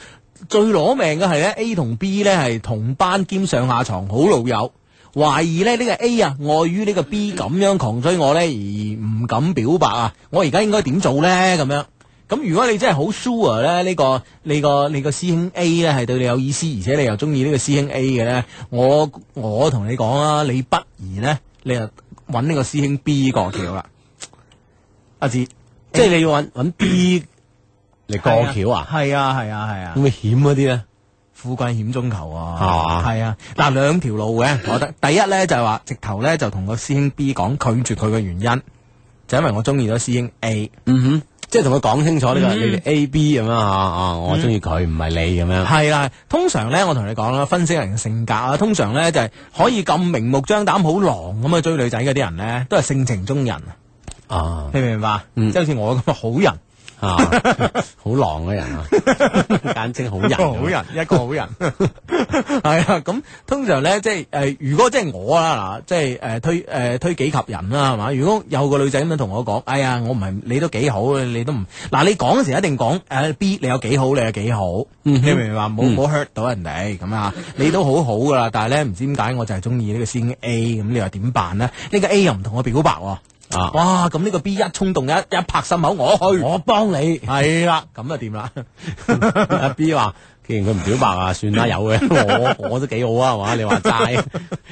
最攞命嘅係呢 A 同 B 呢係同班兼上下床，好老友。懷疑咧呢個 A 啊，礙於呢個 B 咁樣狂追我咧，而唔敢表白啊！我而家應該點做咧？咁樣咁如果你真係好 sure 咧、這個，呢、這個你、這個你、這個師兄 A 咧係對你有意思，而且你又中意呢個師兄 A 嘅咧，我我同你講啊，你不如呢，你又揾呢個師兄 B 過橋啦。阿志， 啊、即係你要揾揾 B 嚟 過橋啊？係啊係啊係啊！咁咪險嗰啲咧？富貴險中求啊，係啊，嗱、啊、兩條路嘅，我覺得第一咧就係、是、話直頭咧就同個師兄 B 講拒絕佢嘅原因，就因為我中意咗師兄 A，嗯哼，即係同佢講清楚呢個、嗯、哼你 A B 咁樣吓啊，我中意佢唔係你咁樣，係啦、啊，通常咧我同你講啦，分析人嘅性格啊，通常咧就係、是、可以咁明目張膽好狼咁去追女仔嗰啲人咧，都係性情中人啊，你明唔明白？即係好似我咁嘅好人。啊， 好狼嘅人啊，簡稱 好， 好人，好人，一個好人，係 啊，咁通常咧，即係誒、呃，如果即係我啊，嗱，即係誒、呃、推誒、呃、推幾級人啦，係嘛？如果有個女仔咁樣同我講，哎呀，我唔係你都幾好啊，你都唔嗱，你講嘅時一定講誒、呃、B，你有幾好，你有幾好，你，好、嗯、哼你明唔明啊？冇冇 hurt 到人哋咁啊？你都好好噶啦，但係咧唔知點解我就係中意呢個先 A，咁你話點辦呢？呢、這個 A 又唔同我表白、啊。啊！哇！咁呢個 B 一衝動，一一拍心口，我去，我幫你，係啦，咁啊，掂啦。B 話：既然佢唔表白啊，算啦，有嘅，我我都幾好啊，係嘛？你話齋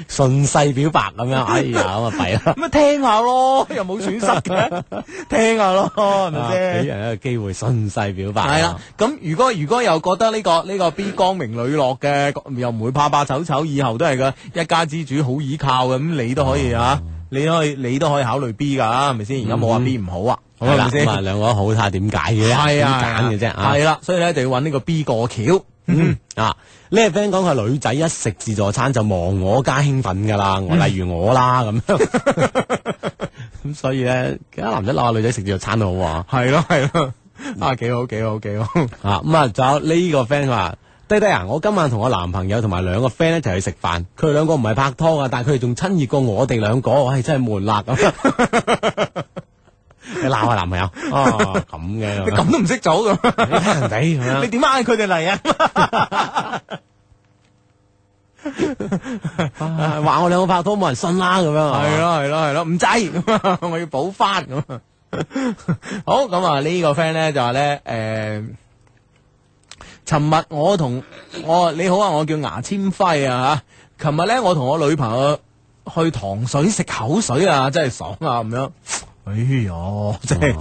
順勢表白咁樣，哎呀，咁啊弊啦。咁啊，聽下咯，又冇損失嘅，聽下咯，係咪先？俾人一個機會順勢表白。係啦，咁如果如果又覺得呢個呢個 B 光明磊落嘅，又唔會怕怕醜醜，以後都係個一家之主好倚靠嘅，咁你都可以啊。你可以你都可以考慮 B 噶，係咪先？而家冇話 B 唔好啊。好啦，唔係兩個都好，睇下點解嘅，啊，揀嘅啫。係啦，所以咧一定要揾呢個 B 過橋。嗯啊，呢個 friend 講佢女仔一食自助餐就望我加興奮噶啦，例如我啦咁樣。咁所以咧，其他男仔攞下女仔食自助餐都好啊。係咯，係咯，啊幾好幾好幾好啊！咁啊，仲有呢個 friend 話。弟弟啊、我今晚同我男朋友同埋兩個 friend 一齊去食飯。佢哋兩個唔係拍拖㗎，但係佢哋仲親熱過我哋兩個。我係，真係悶辣咁。 你鬧下男朋友哦，咁嘅你咁都唔識做咁，你睇人哋你點嗌佢哋嚟啊？話、 啊 啊、我兩個拍拖冇人信啦咁樣。係咯係咯係咯，唔、啊、制。 我要補翻咁好咁啊，個呢個 friend 咧就話咧，誒、呃。琴日我同我你好啊，我叫牙籤輝啊吓。琴日咧，我同我女朋友去糖水食口水啊，真係爽啊咁樣。哎呀，真係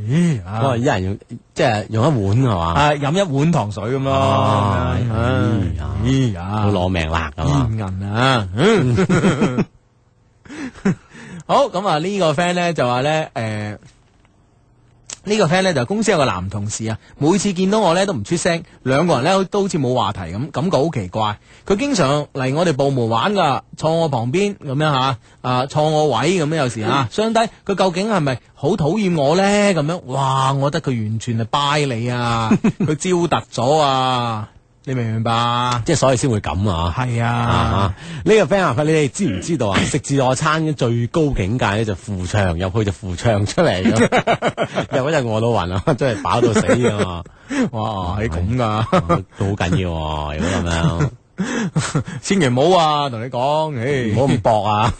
咦，我係一人用，即係用一碗係嘛？啊，飲一碗糖水咁咯，哎要攞命啦咁啊。好，咁啊呢個 friend 咧就話咧誒。個呢個 friend 咧就係，公司有個男同事啊，每次見到我咧都唔出聲，兩個人咧都好似冇話題咁，感覺好奇怪。佢經常嚟我哋部門玩噶，坐我旁邊咁樣吓，啊坐我位咁樣有時啊，相低佢究竟係咪好討厭我咧？咁樣哇，我覺得佢完全係拜你啊，佢招 突咗啊！你明唔明白？即係所以先會咁啊！係啊！呢個 friend 啊，你哋知唔知道啊？ 食自助餐嘅最高境界咧，就扶牆。入去就扶牆出嚟咁。因為嗰陣餓到暈啊，真係飽到死 啊！嘛、啊！哇，係咁噶，都好緊 要喎、啊！如果咁樣，千祈唔好啊，同你講，唔好咁搏啊！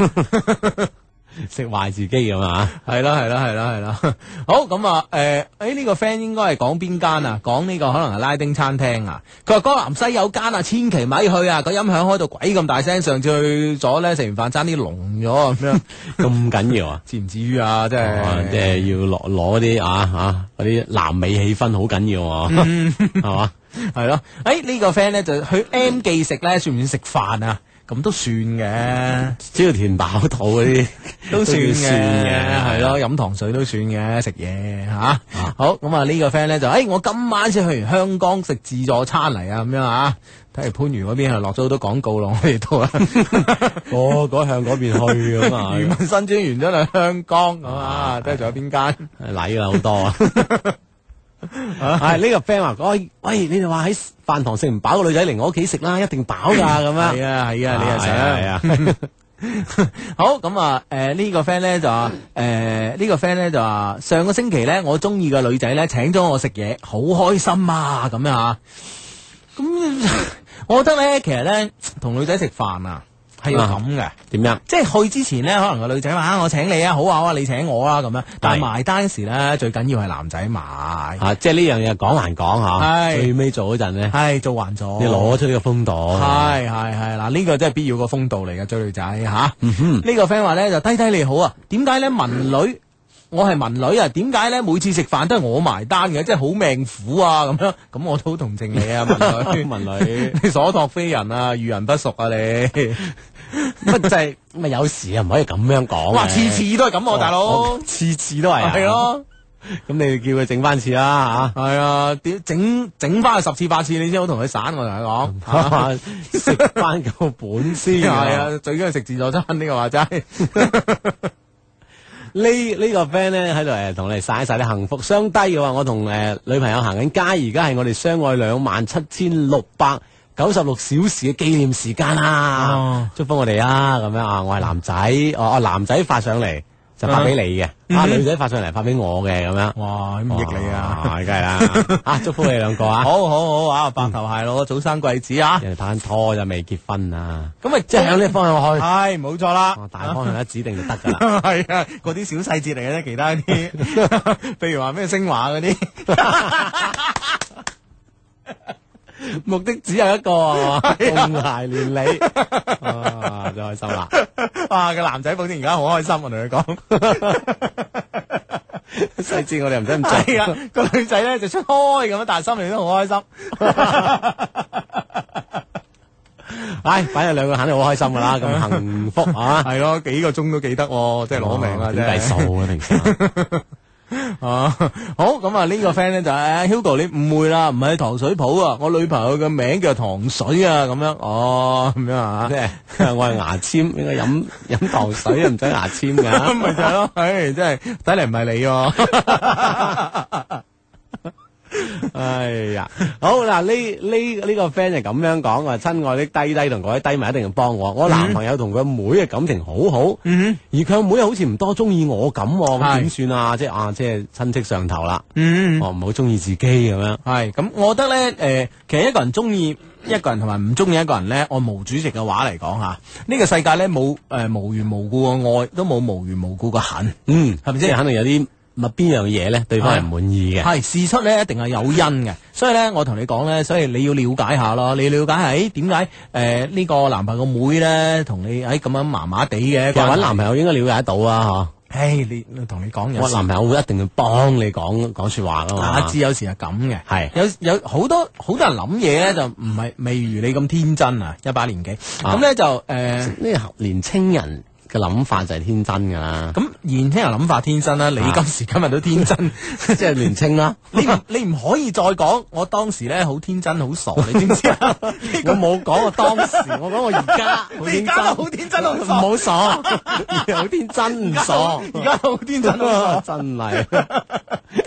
食壞自己咁啊！係啦係啦係啦係啦，好咁啊誒、誒呢個 friend 應該係講邊間啊？講呢個可能係拉丁餐廳啊？佢話江南西有間啊，千祈咪去啊！個音響開到鬼咁大聲，上次去咗咧，食完飯爭啲聾咗咁樣。咁 緊要啊？至唔至於啊？即係即係要攞攞啲啊啊嗰啲南美氣氛好緊要啊？係 嘛、 嗯？係 咯？ 誒、這個、呢個 friend 咧就去 M 記食咧算唔算食飯啊？咁都算嘅，只要填飽肚嗰啲都算嘅，係咯，飲對對糖水都算嘅，食嘢吓？啊啊、好，咁啊呢個 friend 咧就，哎、欸，我今晚先去完香港食自助餐嚟啊，咁樣吓、啊。睇嚟番禺嗰邊係落咗好多廣告咯，我哋都個 個向嗰邊去咁啊。餘 文生轉完咗去香港，咁 啊，都係仲有邊間？ 禮好多啊！係呢、啊啊、個 friend 話，我喂，喂你哋話喺飯堂食唔飽個女仔嚟我屋企食啦，一定飽噶咁 樣啊！係啊係啊，你啊，想係啊？ 好咁啊，誒、呃呢個、呢、呃呢個 friend 咧就話，誒、呃呢個、呢個 friend 咧就話，上個星期咧我中意嘅女仔咧請咗我食嘢，好開心啊咁樣吓。咁 我覺得咧，其實咧同女仔食飯啊。係要咁嘅，點、啊、樣？即係去之前呢，可能個女仔話，啊，我請你啊，好啊，哇，你請我啊，咁樣。是但係埋單時呢，最緊要係男仔買，啊、即係呢樣嘢講難講吓。啊、是最尾做嗰陣呢，係、哎、做還做。你攞出呢個風度，係係係嗱，呢、這個真係必要個風度嚟嘅追女仔吓。啊嗯、哼個呢個 friend 話咧就低低你好啊，點解咧？文女、嗯。我係文女啊，點解咧？每次食飯都係我埋單嘅，真係好命苦啊！咁樣，咁我都好同情你啊，文女， 文女，你所託非人啊，遇人不淑啊、， 就是、 啊，你乜就係咪有時啊？唔可以咁樣講。哇，次次都係咁，我大佬，次、哦、次都係、啊，係咯、啊。咁 你叫佢整翻次啦，吓。係啊，整、啊？整翻、啊、十次八次，你先好同佢散。我同佢講，食翻夠本先、啊。係啊，最緊要食自助餐呢、這個話齋。 呢呢個 friend 咧，喺度誒同你哋晒晒啲幸福，相低嘅話，我同誒女朋友行緊街，而家係我哋相愛兩萬七千六百九十六小時嘅紀念時間啊！Oh, 祝福我哋啊！咁樣啊，我係男仔、啊，哦、啊、哦、啊，男仔發上嚟。就發俾你嘅，啊，女仔發上嚟發俾我嘅咁樣。哇，咁益你啊！梗係啦，啊祝福你兩個啊！好好好啊，白頭偕老，早生貴子啊！人哋拍緊拖就未結婚啊！咁啊，即係向呢方向去。係，冇錯啦。大方向一指定就得噶啦。係啊，嗰啲小細節嚟嘅啫，其他啲，譬如話咩升華嗰啲。目的只有一個，共諧連理，是啊，啊，就開心啦、啊！哇、啊，個男仔反正而家好開心， 我同佢講。細節我哋唔使唔使啊，個女仔咧就出開咁，但係心裏都好開心。唉、 哎，反正兩個肯定好開心噶啦，咁幸福啊，係咯、 啊，幾個鐘都記得、啊，即係攞命啦，點計數啊，平時。哦、 啊，好咁啊！呢個 friend 咧就係、哎、Hugo，你誤會啦，唔係糖水鋪啊，我女朋友嘅名叫糖水啊，咁樣哦，咁樣啊，即係 我係牙籤，應該飲飲糖水又唔使牙籤嘅，咪就係咯，唉，即係睇嚟唔係你、啊。 哎呀，好嗱，呢呢呢個 friend 就咁樣講，我話親愛的低低同嗰啲低埋一定要幫我。我男朋友同佢妹嘅感情好好，嗯、哼而佢妹，妹好似唔多中意我咁，點算啊，是啊？即係啊，即係親戚上頭啦。嗯、哼我唔好中意自己咁樣。係，咁我覺得呢，誒、呃，其實一個人中意一個人同埋唔中意一個人呢，按毛主席嘅話嚟講吓，呢、啊這個世界呢，冇誒、呃、無緣無故嘅愛，都冇無緣無故嘅恨。嗯，係咪先？肯定有啲。咪邊樣嘢咧？對方係唔滿意嘅。係事出呢，一定係有因嘅。所以咧，我同你講咧，所以你要了解下咯。你要了解係點解？誒、哎、呢、呃呢個男朋友妹咧，同你喺咁、哎、樣麻麻地嘅。其實揾男朋友應該了解得到啊，嚇、哎。你同你講有時我男朋友會一定要幫你講講説話噶嘛。阿志、啊、有時係咁嘅。係是有有好多好多人諗嘢咧，就唔係未如你咁天真啊！一把年紀咁咧就誒呢後年青人。嘅諗法就係天真噶啦，咁年輕人諗法天真啦，你今時今日都天真，即係年青啦。你你唔可以再講我當時咧好天真好傻，你知唔知啊？我冇講我當時，我講我而家，而家好天真好傻，唔好傻，好天真唔傻，而家好天真啊！真係，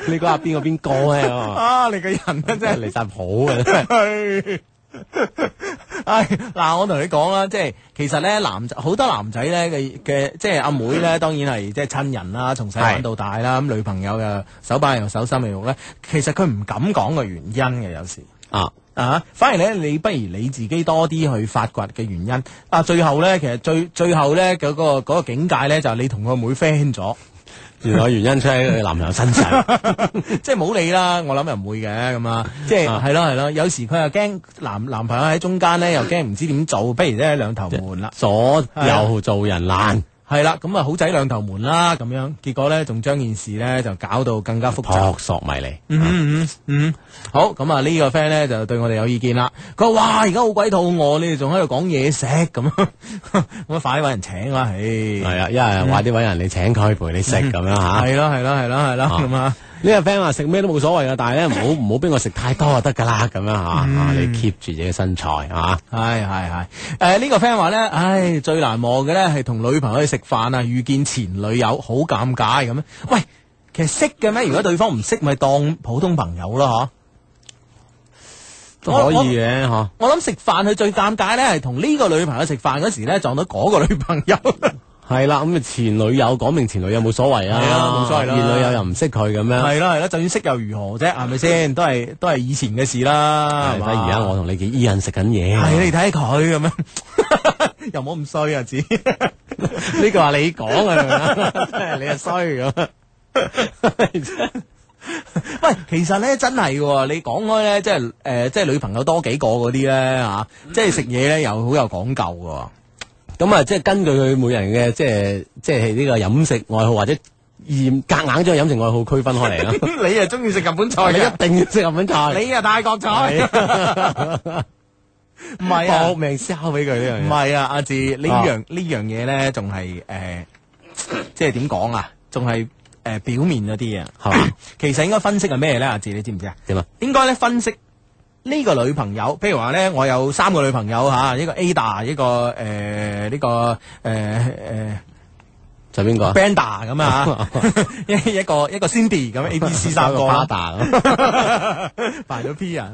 你講下邊個邊個咧？啊，你個人真係離晒譜嘅。 唉，嗱，我同你講啦，即係其實咧男，好多男仔咧嘅嘅，即係阿妹咧，當然係即係親人啦，從細玩到大啦。咁是、嗯、女朋友又手把又手心未熟咧，其實佢唔敢講嘅原因嘅有時啊啊，反而咧你不如你自己多啲去發掘嘅原因。啊，最後咧其實最最後咧嗰、嗰個、嗰個境界咧就係、是、你同個妹，妹 friend 咗。原來原因出喺佢男朋友身上 即，即係冇理啦。我諗又唔會嘅咁啊，即係係咯係咯。有時佢又驚男男朋友喺中間咧，又驚唔知點做，不如咧兩頭瞞啦，左右做人的難。係啦，咁啊好仔兩頭門啦，咁樣結果咧，仲將件事咧就搞到更加複雜，撲朔迷離。嗯嗯嗯好，咁啊呢個 friend 咧就對我哋有意見啦。佢話：哇，而家好鬼肚餓，你哋仲喺度講嘢食咁，咁快啲揾人請啊！唉，係啊，一係話啲揾人嚟請佢陪你食咁樣吓。係咯係咯係咯係咯咁啊！呢個 friend 話食咩都冇所謂啊，但係咧唔好唔好俾我食太多就得噶啦，咁樣吓、嗯啊，你 keep 住自己身材吓，係係係。誒、哎哎呃這個、呢個 friend 話咧，唉、哎、最難忘嘅咧係同女朋友去食飯啊，遇見前女友好尷尬咁樣。喂，其實識嘅咩？如果對方唔識，咪當普通朋友咯，嗬、啊？都可以嘅，嗬。我諗食、啊、飯佢最尷尬咧係同呢個女朋友食飯嗰時咧撞到嗰個女朋友。 係啦，咁啊前女友講明前女友冇所謂啊。係啊冇所謂啦，前女友又唔識佢咁樣，係啦係啦，就算識又如何啫，係咪先？都係都係以前嘅事啦。係咪？而家我同你嘅伊人食緊嘢，係你睇佢咁樣，又冇咁衰啊！自己呢句話你講啊，你啊衰咁。喂，其實咧真係，你講開咧，即係誒，即係女朋友多幾個嗰啲咧吓，即係食嘢咧又好有講究噶。咁啊、嗯，即係根據佢每人嘅即係即係呢個飲食愛好或者而夾硬將飲食愛好區分開嚟咯。 你啊中意食日本菜 你一定要食日本菜。你啊泰國菜。唔係 啊，搏命燒俾佢呢樣嘢。唔係啊，阿志，啊、樣呢樣呢樣嘢咧，仲係誒，即係點講啊？仲係誒表面嗰啲啊，吓， 其實應該分析係咩咧？阿志，你知唔知啊？點啊樣？應該咧分析。呢個女朋友，譬如話咧，我有三個女朋友嚇，一個 Ada，一個誒，呢、呃這個誒誒。呃呃就邊個 Bender 咁啊，一一個一個 Cindy 咁，A、B、C 三個。八個。扮咗 P 啊，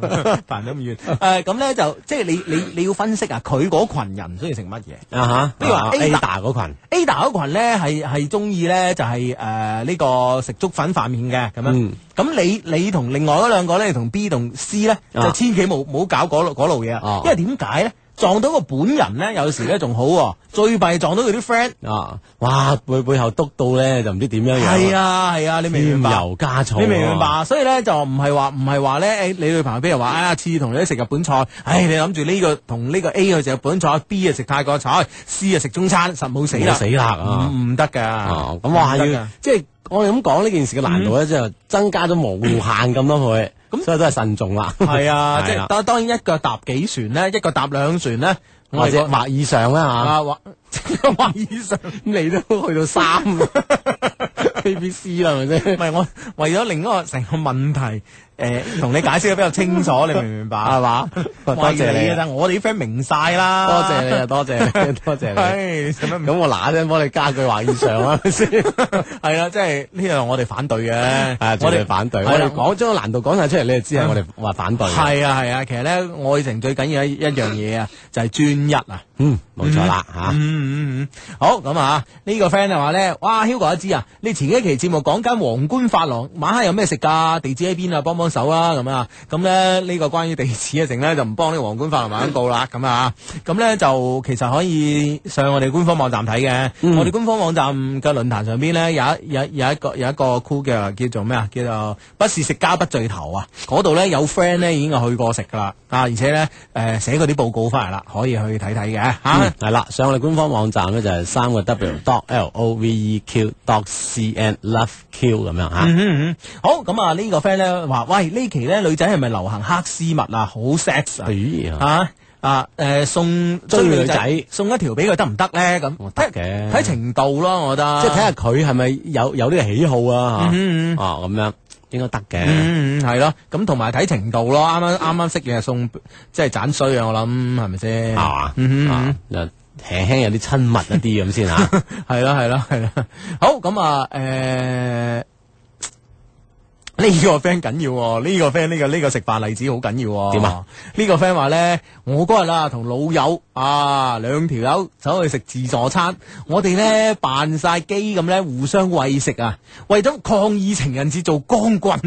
扮咗咁遠。誒，咁咧就即係你你你要分析啊，佢嗰群人中意食乜嘢啊？吓，比如話 Ada 嗰群，Ada 嗰群咧係係中意咧就係誒呢個食粥粉飯麵嘅咁樣。咁你你同另外嗰兩個咧，同 B 同 C 咧就千祈冇冇搞嗰路嘢啊。因為點解咧？撞到個本人咧，有時咧仲好喎，最弊撞到佢啲 friend 啊，哇，背背後督到咧就唔知點樣樣。係啊係啊，你明唔明白？添油加醋，你明唔明白？所以咧就唔係話唔係話咧，你女朋友俾人話啊，次次同你食日本菜，唉你諗住呢個同呢個 A 去食日本菜，B 啊食泰國菜，C 啊食中餐，實冇死啦，唔唔得㗎。咁話即係。我哋咁講呢件事嘅難度咧，就、嗯、增加咗無限咁多倍，嗯、所以都係慎重啦。係啊，即係，但當然一腳踏幾船咧，一腳踏兩船咧，或者或者以上咧吓、啊。或或、以上、啊、或以上，你都去到三 A、B、C 啦，係咪先？唔係我為咗另一個成個問題。誒，同、欸、你解釋得比較清楚，你明唔明白係嘛？多謝你，我哋啲 friend 明晒啦。多謝你啊，多謝多謝你。咁我嗱一聲，幫你加句話以上啊，咪先？係啊，即係呢樣我哋反對嘅。我哋、啊、反對，啊、我哋講咗個難度講晒出嚟，你就知係我哋話反對。係啊係啊，啊，其實咧，愛情最緊要一一樣嘢啊，就係專一啊。.嗯，冇錯啦吓、嗯啊嗯，嗯嗯嗯，好咁啊，這個、呢個 friend 就話咧，哇，Hugo 一知啊，你前幾期節目講緊皇冠髮廊，晚黑有咩食噶？地址喺邊啊？幫幫手啊。咁啊，咁咧呢個關於地址嘅剩咧就唔幫呢皇冠髮廊埋單報啦，咁啊，咁咧就其實可以上我哋官方網站睇嘅，嗯、我哋官方網站嘅論壇上邊咧有有有一個有一個 page 叫做咩啊？叫做，叫做不是食家不聚頭啊，嗰度咧有 friend 咧已經去過食噶啦，啊，而且咧誒寫啲報告翻嚟啦，可以去睇睇嘅。吓係啦，上我哋官方網站咧就係三個 w dot l o v e q dot c n love q 咁樣吓、 嗯。好，咁啊呢個 friend 咧話喂呢期咧女仔係咪流行黑絲襪啊，好 sex 啊、呃、啊，啊啊誒、呃、送追女仔送一條俾佢得唔得咧？咁得嘅，睇程度咯、啊，我覺得。即係睇下佢係咪有有呢個喜好啊吓 啊咁樣。應該得嘅，係、嗯、咯，咁同埋睇程度咯。啱啱啱啱識嘢送，即係盞衰我啊！我諗係咪先啊？嗯哼，又輕輕有啲親密一啲咁先吓，係啦係啦係啦。好，咁啊誒。欸呢個 friend 緊要，啊，呢、呢個 friend 呢、呢個呢、呢個食飯例子好緊要。點啊？啊個呢個 friend 話咧，我嗰日啊同老友啊兩條友走去食自助餐，我哋咧扮晒機咁咧互相餵食啊，為咗抗議情人節做光棍。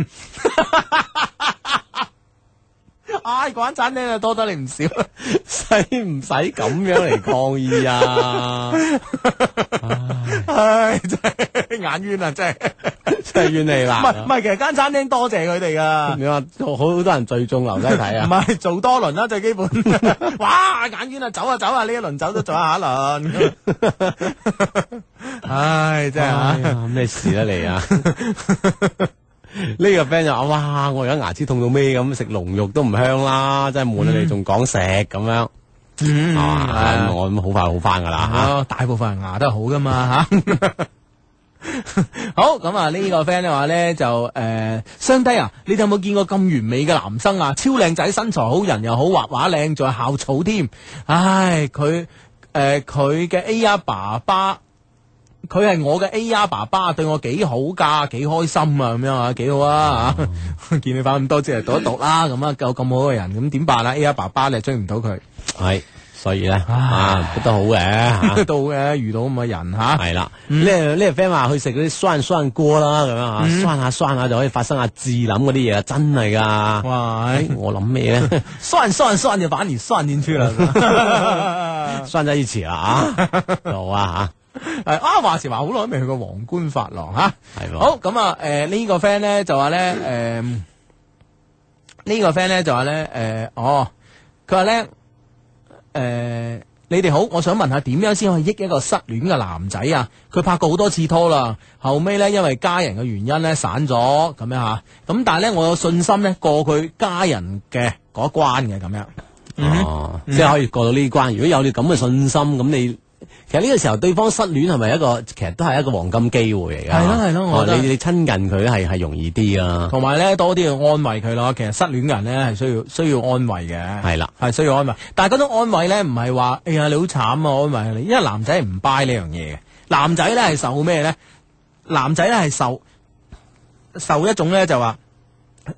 唉、 哎，講真咧，多得你唔少，使唔使咁樣嚟抗議啊？ 哎唉， 真係眼冤啊，真係真係怨你啦。唔係唔係，其實間餐廳多謝佢哋噶。你話好多人聚眾留低睇啊。唔係 做多輪啦，最基本。 哇，眼冤啊，走啊走啊，呢一輪走都做下一輪。 唉，真係咩、哎、事啊你啊，呢 個 friend 就哇，我而家牙齒痛到咩咁，食龍肉都唔香啦，真係悶啊你仲講食咁樣。嗯啊、我快好快好翻噶啦吓，啊啊、大部分人牙都好噶嘛吓。好咁 啊， 啊這個、呢個 friend 咧話咧就誒，相、呃、低啊，你哋有冇見過咁完美嘅男生啊？超靚仔，身材好人又好滑滑，畫畫靚，仲係校草添。唉，佢誒，佢、呃、嘅 A r 爸爸，佢係我嘅 A r 爸爸，對我幾好噶，幾開心啊，咁樣啊，幾好啊，嗯、 見你翻咁多字嚟讀一讀啦，咁啊，有咁好嘅人，咁點辦啊？A r 爸爸，你係追唔到佢？係、哎，所以咧啊都好嘅，都好嘅，遇到咁嘅人吓，係、啊、啦。呢呢 friend 話去食嗰啲涮涮鍋啦，咁樣吓，涮下、嗯、涮下、啊啊啊、就可以發生下智諗嗰啲嘢啊，真係噶。哇、哎哎！我諗咩咧？ 涮涮涮就反而涮，進去了， 涮咗一次啦啊， 好啊吓。誒啊，話時話好耐未去過皇冠髮廊吓，係。好咁啊，誒是的、啊、呢、呃嗯這個 friend 咧就話咧，誒呢個 friend 咧就話咧，誒哦，佢話咧。誒、呃，你哋好！我想問下，點樣先可以益一個失戀嘅男仔啊？佢拍過好多次拖啦，後尾呢，因為家人嘅原因呢，散咗，咁樣吓。咁但係呢我有信心呢，過佢家人嘅嗰一關嘅咁樣，即係可以過到呢關。如果有你咁嘅信心，咁你。其實呢個時候對方失戀係咪一個其實都係一個黃金機會嚟㗎？係咯係咯，你你親近佢係係容易啲啊。同埋咧，多啲去安慰佢咯。其實失戀嘅人咧，係需要需要安慰嘅。係啦，係需要安慰。但係嗰種安慰咧，唔係話哎呀你好慘啊安慰你，因為男仔唔 buy 呢樣嘢嘅。男仔咧，係受咩咧？男仔咧，係受受一種咧就話。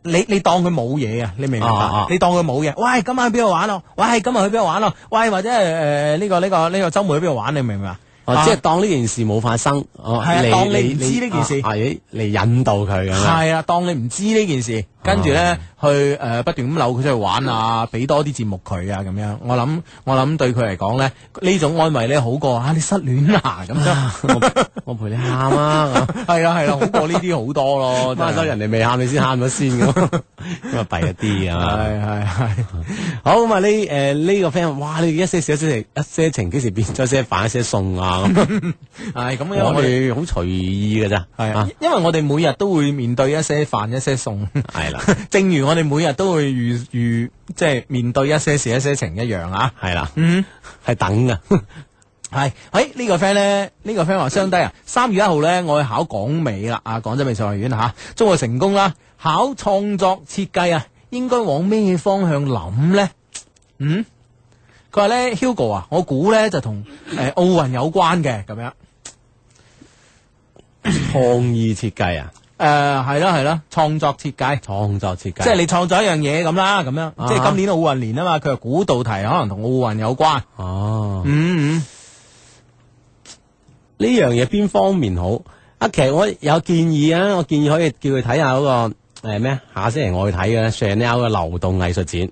你你當佢冇嘢啊，你明唔明白啊？哦哦、你當佢冇嘢，喂，今晚去邊度玩咯，啊？喂，今日去邊度玩咯，啊？喂，或者係誒呢個呢、呢個呢、呢個周末去邊度玩？你明唔明啊？哦哦、即係當呢件事冇發生，哦，係啊，當你唔知呢件事，係嚟引導佢咁樣，係啊，當你唔知呢件事。跟住咧，去誒不斷咁扭佢出去玩啊，俾多啲節目佢啊，咁樣。我諗我諗對佢嚟講咧，呢種安慰咧好過啊你失戀啊咁啊，我陪你喊啊。係啊係啊，好過呢啲好多咯。但係人哋未喊，你先喊咗先咁。咁啊弊一啲啊。係係係。好嘛呢誒呢個 friend，哇！你一些事情，一些情幾時變咗一些飯一些餸啊？係咁樣。我哋好隨意嘅咋。係啊，因為我哋每日都會面對一些飯一些餸。係。 正如我哋每日都會遇遇即係面對一些事一些情一樣啊，係啦、啊，嗯、mm，係、hmm. 等嘅，係 喺、哎這個、呢、這個 friend 咧，呢個 friend 話相低啊，三月一號咧，我去考港美啦，啊，廣州美術學院吓，祝、啊、我成功啦，考創作設計啊，應該往咩方向諗呢？嗯，佢話咧，Hugo 啊，我估咧就同誒奧運有關嘅，咁樣創 意設計啊。誒，係咯係咯，創作設計，創作設計，即係你創作一樣嘢咁啦，咁樣，樣啊、即係今年奧運年啊嘛，佢係古道題，可能同奧運有關。哦、啊嗯，嗯嗯，呢樣嘢邊方面好？阿、啊、奇，我有建議啊，我建議可以叫佢睇下嗰、那個誒咩、呃，下星期我去睇嘅 Chanel 嘅流動藝術展。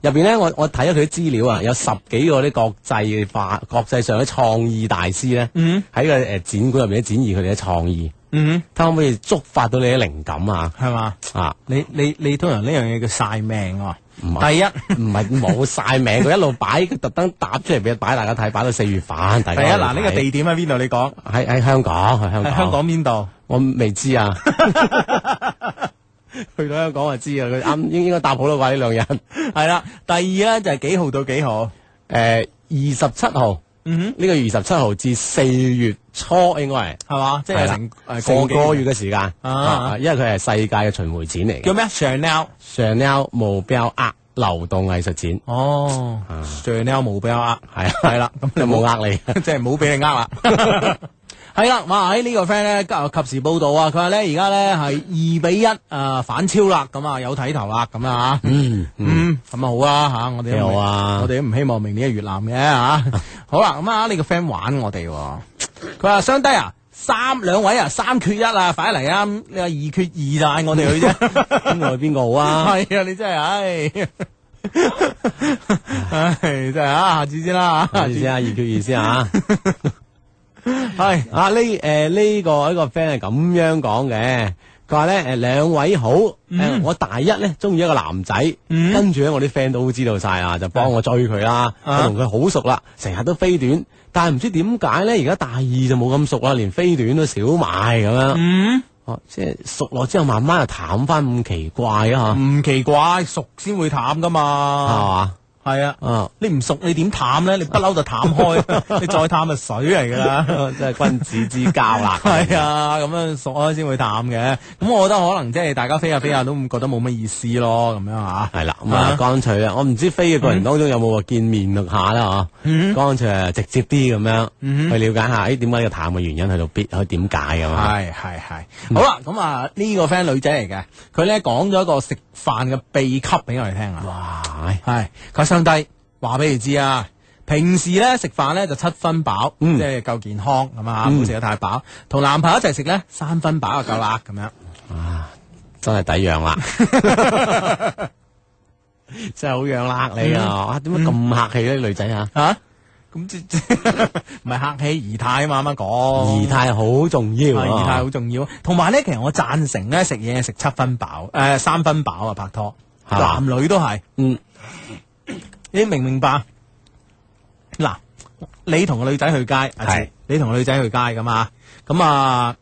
入邊咧，我我睇咗佢啲資料啊，有十幾個啲國際化、國際上嘅創意大師咧，喺、嗯、哼個誒展館入邊展示佢哋嘅創意。嗯，睇可唔可以觸發到你嘅靈感啊？係嘛？啊，你你你通常呢樣嘢叫晒命啊！唔係，第一唔係冇晒命，佢一路擺，特登搭出嚟俾人擺，大家睇，擺到四月份。第一，嗱，呢個地點喺邊度？你講喺喺香港，喺香港邊度？我未知啊，去到香港我知啊，佢啱應應該搭好啦啩？呢兩日係啦。第二咧就係幾號到幾號？誒，二十七號。嗯哼，呢個二十七號至四月。初應該係，係嘛？即係成成個月嘅時間，啊，因為佢係世界嘅巡回展嚟嘅。叫咩？Chanel Chanel Mobile Art，流動藝術展。哦 Chanel Mobile Art，係啊，係啦，咁就冇呃你，即係冇俾你呃啦。係啦，哇！喺呢個 friend 咧，及時報道啊，佢話咧而家咧係二比一啊反超啦，咁啊有睇頭啦，咁啊。吓。嗯嗯，咁啊好啊吓，我哋有啊，我哋都唔希望明年係越南嘅吓。好啦，咁啊呢個 friend 玩我哋。佢話雙低啊，三兩位啊，三缺一啊，快嚟啊！你話二缺二就嗌我哋去啫，邊個去邊個好啊？係 啊，你真係，唉、哎，唉、 哎，真係啊，下次先啦，下次先啊，二缺二先啊。係、 哎、啊，呃這個這個、呢誒呢個一個 friend 係咁樣講嘅，佢話咧誒兩位好，誒、呃、我大一咧中意一個男仔，嗯、跟住咧我啲 friend 都知道晒啊，就幫我追佢啦、啊，嗯、我同佢好熟啦，成日都飛短。但係唔知點解咧？而家大二就冇咁熟啦，連飛短都少買咁樣。嗯，哦、啊，即係熟落之後慢慢就淡返，咁奇怪嚇？唔、嗯、奇怪，熟先會淡㗎嘛，係嘛、啊？係啊，嗯，你唔熟你點淡咧？你不嬲就淡開，你再探咪水嚟噶啦，即係君子之交啦。係啊，咁樣熟開先會淡嘅。咁我覺得可能即係大家飛下飛下都唔覺得冇乜意思咯，咁樣吓。係啦，咁啊乾脆啊，我唔知飛嘅過程當中有冇見面錄下啦，嗬。乾脆啊，直接啲咁樣去了解下，誒，點解要淡嘅原因喺度，必可以點解咁啊？係係係。好啦，咁啊呢個 friend 女仔嚟嘅，佢咧講咗一個食。飯嘅秘笈俾我哋聽啊！係佢上帝話俾你知啊！平時咧食飯咧就七分飽，嗯、即係夠健康咁啊，唔好食得太飽。同男朋友一齊食咧，三分飽就夠啦，咁、嗯、樣。哇！真係抵養啦，真係好養啦你啊！點解咁客氣呢，女仔啊？啊！咁即即唔係客氣儀態啊嘛，啱啱講儀態好重要，儀態好重要。同埋咧，其實我讚成咧，食嘢食七分飽，誒、呃、三分飽啊，拍拖、oh. 男女都係，嗯， 你明唔明白？嗱，你同個女仔去街，係是、啊、你同個女仔去街咁啊，咁啊。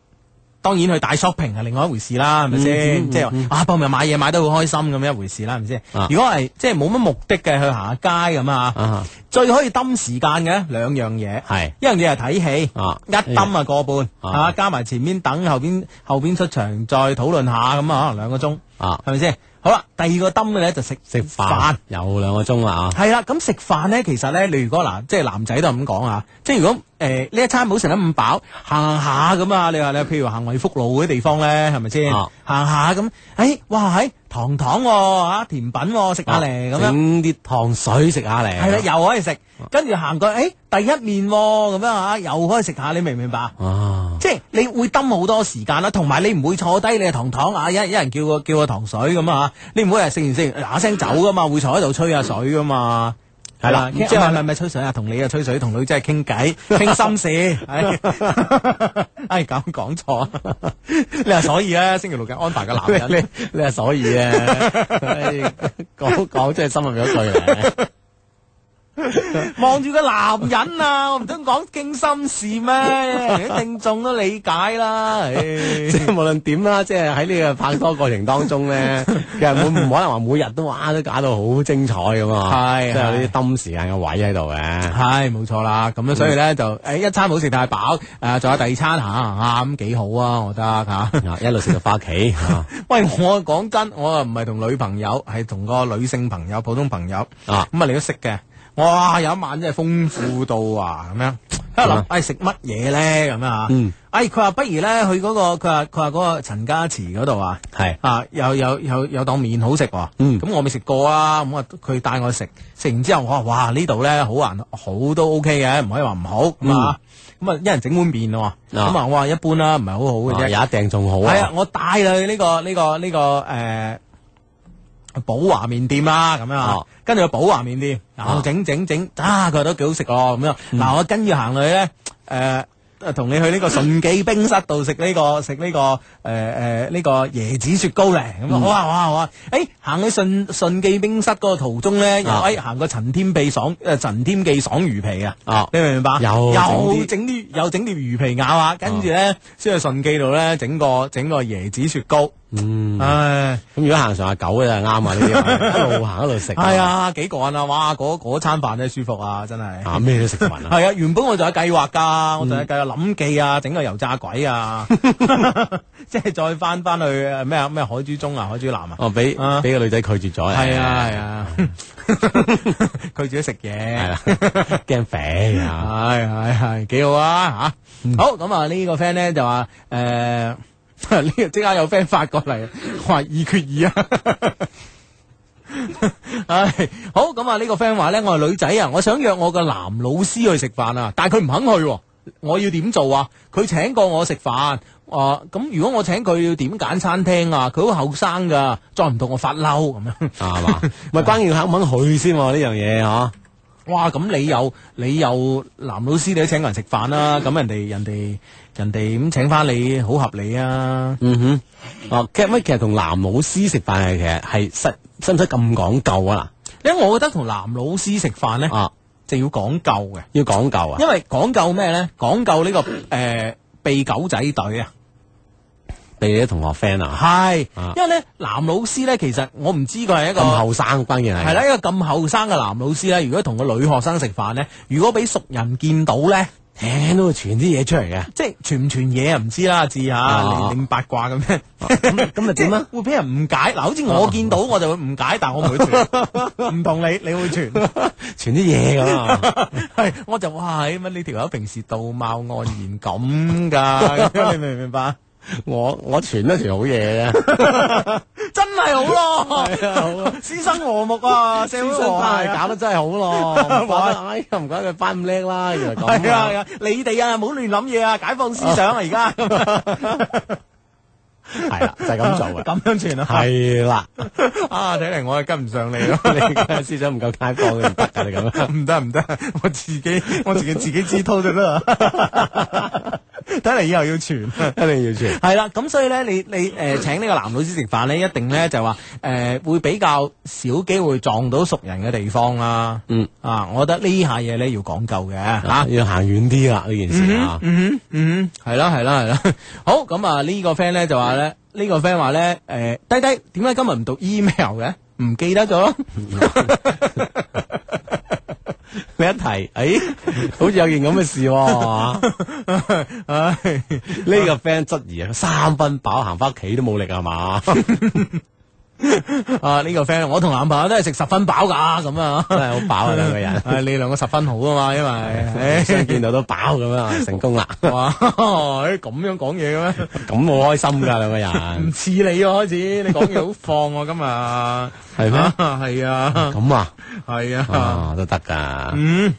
當然去大 shopping 係另外一回事啦，係咪先？嗯嗯嗯、即係啊，搏命買嘢買得好開心咁樣一回事啦，係咪先？啊、如果係即係冇乜目的嘅去行下街咁啊，最可以掹時間嘅兩樣嘢係、啊、一樣嘢係睇戲，啊、一掹啊個半嚇，加埋前面等後邊後邊出場再討論下咁啊，可能兩個鐘啊，係咪先？好啦，第二個掹嘅咧就食食飯，飯有兩個鐘啦嚇。係、啊、啦，咁食飯咧其實咧，你如，如果嗱，即係男仔都係咁講啊，即係如果。誒，呢、呃、一餐唔好食得咁飽，行下咁啊。你話你譬如行惠福路嗰啲地方咧，係咪先？行下咁，誒，哇，喺、哎、糖糖喎，哦，甜品喎，哦，食下嚟咁樣，整啲、啊、糖水食下嚟，係啦，又可以食，跟住、啊、行過，誒、哎，第一面咁、哦、樣啊，又可以食下，你明唔明白？哦、啊，即係你會抌好多時間啦，同埋你唔會坐低。你啊糖糖啊，一一人叫個叫個糖水咁啊，你唔會係食完食完嗱聲走噶嘛，會坐喺度吹下水噶嘛。嗯係啦，即係咪咪吹水啊？同你啊吹水，同女仔傾偈傾心事，係，哎咁講錯你係，所以啊，星期六嘅安排個男人你係，所以啊，講講真係心入邊一句望住個男人啊！我唔想講驚心事咩？聽眾都理解啦，即係無論點啦，即係喺呢個拍拖過程當中咧，其實我唔可能話每日都話都搞到好精彩咁啊！係，即係有啲抌時間嘅位喺度嘅。係，冇錯啦。咁樣所以咧就誒一餐好食太飽，誒仲有第二餐吓吓咁幾好啊！我覺得吓，一路食到翻屋企。喂，我講真，我啊唔係同女朋友，係同個女性朋友、普通朋友啊咁啊，你都識嘅。哇！有一晚真係豐富到啊，咁樣一諗，哎食乜嘢咧？咁啊嚇！樣嗯、哎佢話不如咧去嗰個佢話佢話嗰個陳家祠嗰度啊，係啊有有有有檔麵好食喎，咁、嗯嗯、我未食過啊，咁啊佢帶我去食，食完之後我話哇呢度咧好難好都 OK 嘅，唔可以話唔好，咁啊咁啊一人整碗麵啊。咁啊我話一般啦，唔係好好嘅啫，有一定仲好啊，係啊我帶佢呢、呢個呢、呢個呢、呢個誒。呢個呢個呃寶華麵店啦，啊，咁樣，哦、跟住個寶華麵店，整整整，啊，佢都幾好食咯，咁樣。嗱、嗯，我跟住行去咧，誒、呃。同你去呢個順記冰室度食呢個食呢個誒誒呢個椰子雪糕咧，咁好啊好啊好啊！誒，行喺順順記冰室嗰個途中咧，又誒行過陳添記爽誒陳添記爽魚皮啊，你明唔明白？又又整啲又整碟魚皮咬下，跟住咧先去順記度咧整個整個椰子雪糕。咁如果行上下九真係啱啊，呢啲一路行一路食。係啊，幾攰啊，哇！嗰餐飯真係舒服啊，真係。咩都食埋啊。係啊，原本我就有計劃噶，我就有計劃。審計啊，整個油炸鬼啊，即係再翻翻去咩咩海珠中啊，海珠南啊，哦，俾俾、啊、個女仔拒絕咗，係啊係啊，拒絕咗食嘢，係啦，驚肥啊，係係係，幾好啊吓，好咁啊，個呢個 friend 咧就話誒，呢個即刻有 friend 發過嚟話二缺二啊，唉，好咁啊，呢個 friend 話咧，我係女仔啊，我想約我個男老師去食飯啊，但係佢唔肯去、哦。我要點做啊？佢請過我食飯啊，咁、呃、如果我請佢要點揀餐廳啊？佢好後生噶，再唔同我發嬲咁樣啊嘛？咪 關鍵要肯唔肯去先呢樣嘢嗬？啊、哇！咁你有你有男老師你都請人食飯啦，咁人哋人哋人哋咁請翻你好合理啊？嗯哼，哦、啊，其實其實同男老師食飯係其實係實使唔使咁講究啊嗱？因為我覺得同男老師食飯咧啊。一定要講究嘅，要講究啊！因為講究咩咧？講究呢、呢個誒被、呃、狗仔隊啊，被你啲同學 friend 啊，係是。啊、因為咧，男老師咧，其實我唔知佢係一個咁後生，關鍵係係啦，一個咁後生嘅男老師咧，如果同個女學生食飯咧，如果俾熟人見到咧。聽都會傳啲嘢出嚟嘅，即係傳唔傳嘢啊？唔知啦，字下，零零八卦咁樣，咁啊點啊？會俾人誤解嗱，好似我見到我就會誤解，但我唔會傳，唔同你，你會傳，傳啲嘢噶係我就話係乜你條友平時道貌岸然咁噶？你明唔明白？我我傳得傳好嘢 好啊，真係好咯，係啊，好師、啊、 生和睦啊，師生係搞得真係好咯，啊，唔 怪得，唔、 哎、怪佢翻咁叻啦，原來咁，啊。係 啊，啊，你哋啊，唔好亂諗嘢啊，解放思想啊，而家。 係啦，就係咁做嘅，咁樣傳咯。係啦，啊，睇嚟我係跟唔上你咯，你思想唔夠街坊嘅唔得噶，你咁樣唔得唔得，我自己我自己自己知道就得啦。睇嚟以後要傳，一定要傳。係啦，咁所以咧，你你誒，請呢個男老師食飯咧，一定咧就話誒，會比較少機會撞到熟人嘅地方啦。啊，我覺得呢下嘢咧要講究嘅吓，要行遠啲啦呢件事啊。嗯哼，嗯哼，係啦係啦係啦。好，咁啊呢個 friend 咧就話呢個 friend 話咧，誒，低低，點解今日唔讀 email 嘅？唔記得咗，你一提，誒，好似有件咁嘅事，係嘛？啊，呢個 friend 質疑啊，三分飽行翻屋企都冇力，係嘛？啊！呢個 friend，我同男朋友都係食十分飽噶，咁啊，好飽啊兩個人。 你兩個十分好啊嘛，因為 見到都飽咁啊，成功啦。咁、 啊、樣講嘢嘅咩？咁我開心噶 兩個人。唔似你、啊、開始， 你講嘢好放啊今，今日係咩？係啊，咁啊，係啊， 啊哦、都得噶、啊。嗯，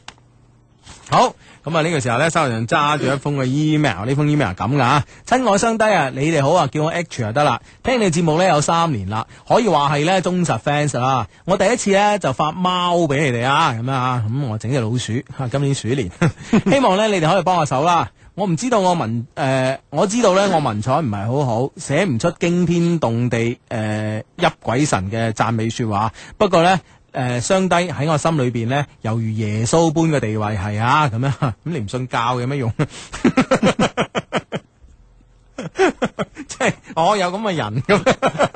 好。啪啪咁啊呢個時候咧，收人揸住一封嘅 email，呢封 email 咁噶吓、啊，親愛相低啊，你哋好啊，叫我 H 就得啦，聽你節目咧有三年啦，可以話係咧忠實 fans 啦。我第一次咧就發貓俾你哋啊，咁樣啊，咁、嗯、我整隻老鼠、啊，今年鼠年， 希望咧你哋可以幫下手啦。我唔知道我文，誒、呃，我知道咧我文采唔係好好，寫唔出驚天動地，誒、呃，泣鬼神嘅讚美說話，不過咧。誒、呃，相低喺我心裏邊咧，猶如耶穌般嘅地位係啊，咁樣，咁、啊、你唔信教有咩用？ 即係我有咁嘅人咁，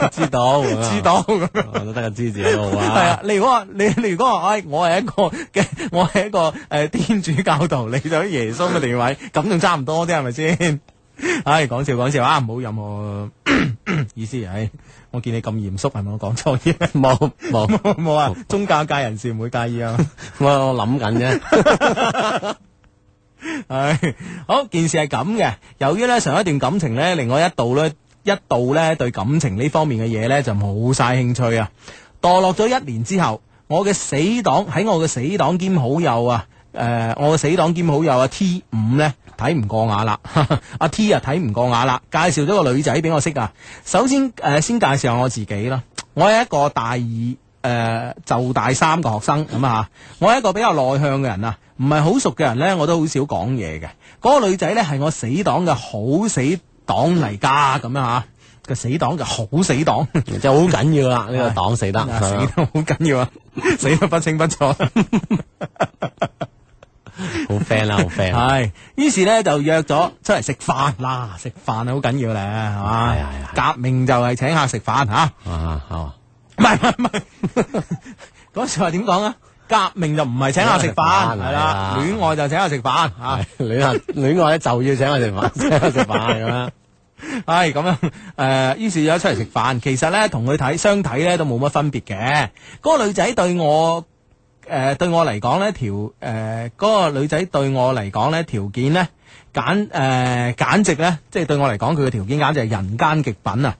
知 道知道，我都得個知字路啊。係啊， 你如果話你你如果話，哎，我係一個嘅， 我係一個誒 天主教徒，你 就喺耶穌嘅地位，咁仲 差唔多啲，係咪先？唉，講、哎、笑講笑啊！唔好任何 意思，唉、哎！我見你咁嚴肅，係咪我講錯嘢？冇冇冇啊！宗教界人士唔會介意啊！ 我我諗緊啫。係、 哎、好，件事係咁嘅。由於呢上一段感情呢，令我一度呢一度呢對感情呢方面嘅嘢呢，就冇晒興趣啊！墮落咗一年之後，我嘅死黨喺我嘅死黨兼好友啊，誒、呃，我嘅死黨兼好友啊 T 五呢。睇唔過眼啦，阿 T 啊睇唔過眼啦。介紹咗個女仔俾我識噶。首先誒、呃，先介紹我自己啦。我係一個大二誒、呃、就大三嘅學生咁啊。我係一個比較內向嘅人啊，唔係好熟嘅人咧，我都好少講嘢嘅。嗰、那個女仔咧係我死黨嘅好死黨嚟㗎，咁樣啊個死黨嘅好死黨，就好緊要啦。呢、這個黨死得 死得好緊要啊， 死得不清不楚。 好 friend 啦，好 friend 係，於、啊、 是咧就約咗出嚟食飯啦，食飯啊，好緊要咧，係嘛？革命就係請客食飯吓，唔係唔係唔係，嗰時話點講啊？革命就唔係請客食飯，係啦，戀愛就請客食飯吓，戀、啊啊、愛戀愛咧就要請客食飯， 請客食飯咁樣，係咁樣誒，於 是有嗎 是嗎 出嚟食飯，其實咧同佢睇相睇咧都冇乜分別嘅，嗰、嗰個女仔對我。誒、呃，對我嚟講咧條誒嗰、呃那個女仔對我嚟講咧條件咧簡誒、呃、簡直咧，即係對我嚟講佢嘅條件簡直係人間極品啊，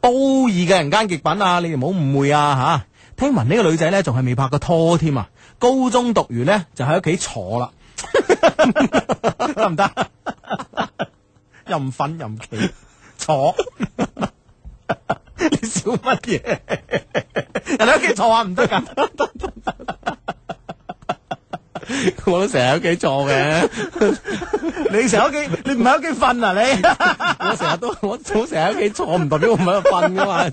褒義嘅人間極品啊！你哋唔好誤會啊吓、啊，聽聞呢個女仔咧仲係未拍過拖添啊，高中讀完咧就喺屋企坐啦，得唔得？任瞓任企坐， 你笑乜嘢？ 人哋屋企坐啊，唔得噶。 我都成日喺屋企坐嘅， 你成日喺屋企， 你唔喺屋企瞓啊？你 我成日都，我我成日喺屋企坐，唔代表我唔喺度瞓噶嘛。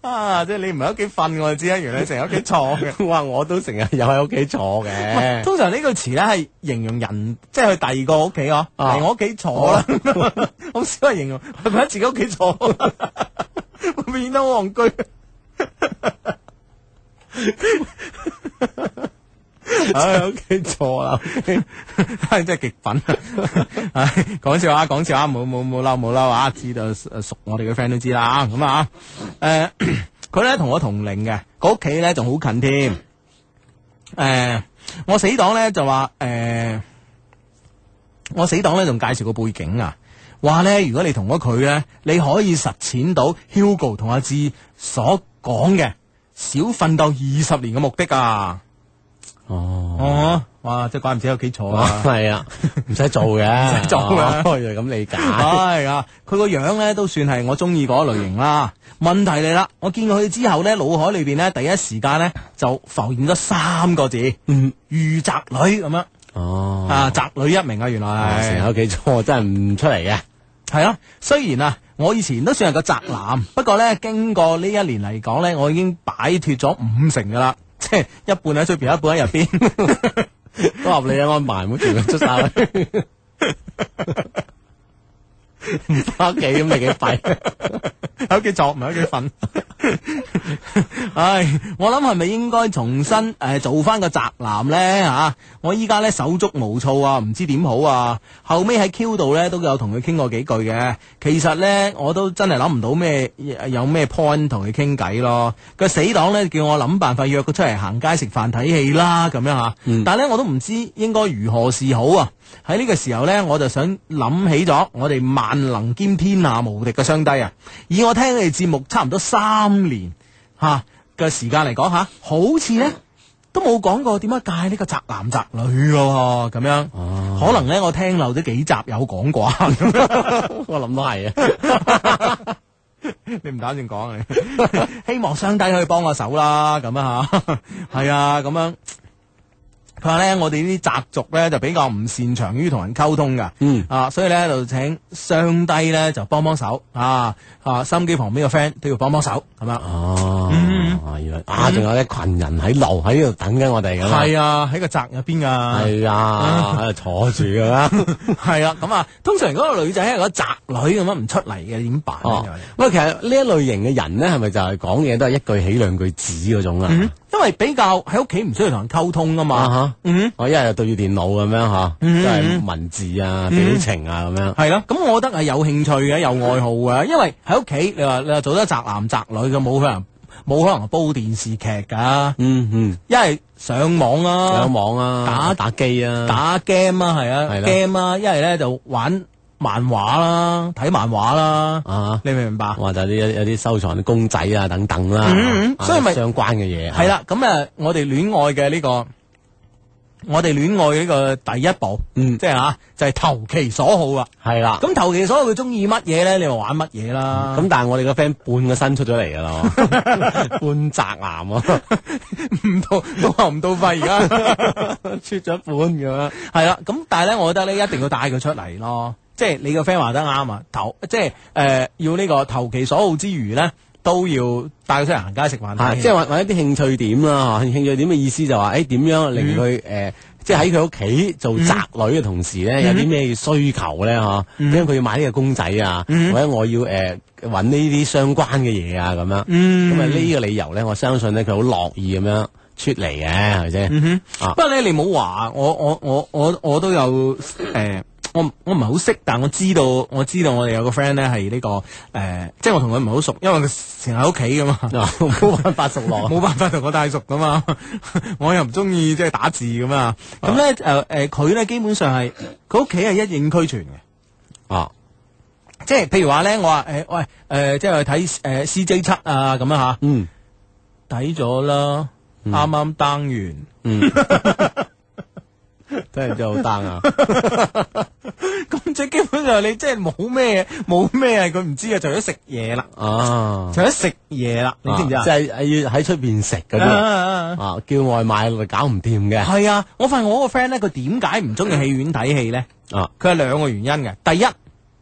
啊，即係你唔喺屋企瞓，我就知啦。原來你成日喺屋企坐嘅，話 我都成日又喺屋企坐嘅。 通常句詞呢句詞咧係形容人，即係去第二個屋企嗬，嚟我屋企坐啦。好少係形容喺自己屋企坐， 我得到戇居。 唉，我記錯啦，okay, 真係極極品。 哎，講笑，話講笑話啊，講笑啊，冇冇冇嬲冇嬲啊！知就熟，我哋嘅 friend 都知啦。咁啊，誒，佢咧同我同齡嘅，個屋企咧仲好近添。誒、呃，我死黨咧就話，誒、呃，我死黨咧仲介紹個背景啊，話咧如果你同咗佢咧，你可以實踐到 Hugo 同阿芝所講嘅。少奮鬥二十年嘅目的啊！哦,哦，哇，真係怪唔知有幾錯啊！係啊、哦，唔使做嘅，唔使 做嘅，係咁、哦、理解。係啊、哦，佢個樣咧都算係我中意嗰類型啦。問題嚟啦，我見過佢之後咧，腦海裏邊咧第一時間咧就浮現咗三個字：嗯，御宅女咁樣。哦，啊，宅女一名啊，原來成日有幾錯，真係唔出嚟嘅。係啊，雖然啊。我以前都算係個宅男，不過呢經過呢一年嚟講呢，我已經擺脫咗五成㗎啦，即係一半喺出邊，一半喺入邊。都合理嘅安排，我唔好全部出曬。 唔翻屋企咁咪幾廢，喺屋企作，唔係喺屋企瞓。唉，我諗係咪應該重新誒、呃、做翻個宅男咧吓、啊？我依家咧手足無措啊，唔知點好啊。後尾喺 Q 度咧都有同佢傾過幾句嘅，其實咧我都真係諗唔到咩有咩 point 同佢傾偈咯。個死黨咧叫我諗辦法約佢出嚟行街食飯睇戲啦，咁樣吓。啊嗯、但係咧我都唔知應該如何是好啊。喺呢個時候咧，我就想諗起咗我哋萬能兼天下無敵嘅雙低啊！以我聽佢哋節目差唔多三年吓嘅時間嚟講吓，好似咧都冇講過點解戒呢個宅男宅女嘅、啊、咁樣、啊、可能咧我聽漏咗幾集有講過啊！ 我諗都係啊， 啊！你唔打算講，你希望雙低可以幫我手啦，咁啊吓，係啊，咁、 啊、樣。佢話咧，我哋呢啲宅族咧就比較唔擅長於同人溝通噶，嗯、啊，所以咧就請雙低咧就幫幫手，啊啊，心機旁邊個 friend 都要幫幫手，係咪哦，啊，仲、嗯啊、有一群人喺留喺度等緊我哋㗎。係、嗯、啊，喺個宅入邊㗎。係啊，喺度坐住㗎。係啊，咁啊，通常嗰個女仔係個宅女咁樣唔出嚟嘅，點辦？喂、啊，其實呢一類型嘅人咧，係咪就係講嘢都係一句起兩句止嗰種啊？嗯因為比較喺屋企唔需要同人溝通啊嘛，我一係對住電腦咁樣吓，即係文字啊、表情啊咁樣。係咯，咁我覺得係有興趣嘅，有愛好嘅。因為喺屋企，你話你話做得宅男宅女嘅，冇可能冇可能煲電視劇噶。嗯嗯，一係上網啊，上網啊，打打機啊，打 game 啊，係啊，game 啊，一係咧就玩。漫畫啦，睇漫畫啦，啊，你明唔明白？或者有啲有啲收藏啲公仔啊，等等啦，所以咪相關嘅嘢。係啦，咁誒，我哋戀愛嘅呢個，我哋戀愛呢個第一步，即係吓，就係投其所好啊。係啦，咁投其所好，佢中意乜嘢咧？你咪玩乜嘢啦。咁但係我哋個 friend 半個身出咗嚟噶啦，半宅男啊，唔到都話唔到肺，而家出咗半咁樣。係啦，咁但係咧，我覺得呢一定要帶佢出嚟咯。即係你個 friend 話得啱啊，投即係誒要呢個投其所好之餘呢，都要帶佢出嚟行街食飯。即係話一啲興趣點啦，吓興趣點嘅意思就話誒點樣令佢誒即係喺佢屋企做宅女嘅同時咧，有啲咩需求咧？吓，點解佢要買呢個公仔啊？或者我要誒揾呢啲相關嘅嘢啊？咁樣咁啊呢個理由咧，我相信咧佢好樂意咁樣出嚟嘅係咪先？不過咧你冇話我我我我我都有誒。我我唔係好識，但我知道我知道我哋有個 friend 咧係呢、呢個誒、呃，即係我同佢唔係好熟，因為佢成日喺屋企噶嘛，冇 No, 辦法熟落，冇辦法同我太熟噶嘛， 我又唔中意即係打字咁啊。咁咧誒誒，佢、呃、咧、呃、基本上係佢屋企係一應俱全嘅、uh, 呃呃呃呃、啊，即係譬如話咧，我話誒喂誒，即係去睇誒 CJ 七啊咁樣吓，嗯，睇咗啦，啱啱 down 完。嗯 真係真好 down 啊！咁最 基本上你即係冇咩冇咩嘢，佢唔知啊， 除咗食嘢啦，啊，除咗食嘢啦，你知唔知啊？即係喺出邊食嘅，啊，叫外賣搞唔掂嘅。係啊，我發現我個 friend 咧，佢點解唔中意戲院睇戲咧？啊，佢有兩個原因嘅。第一，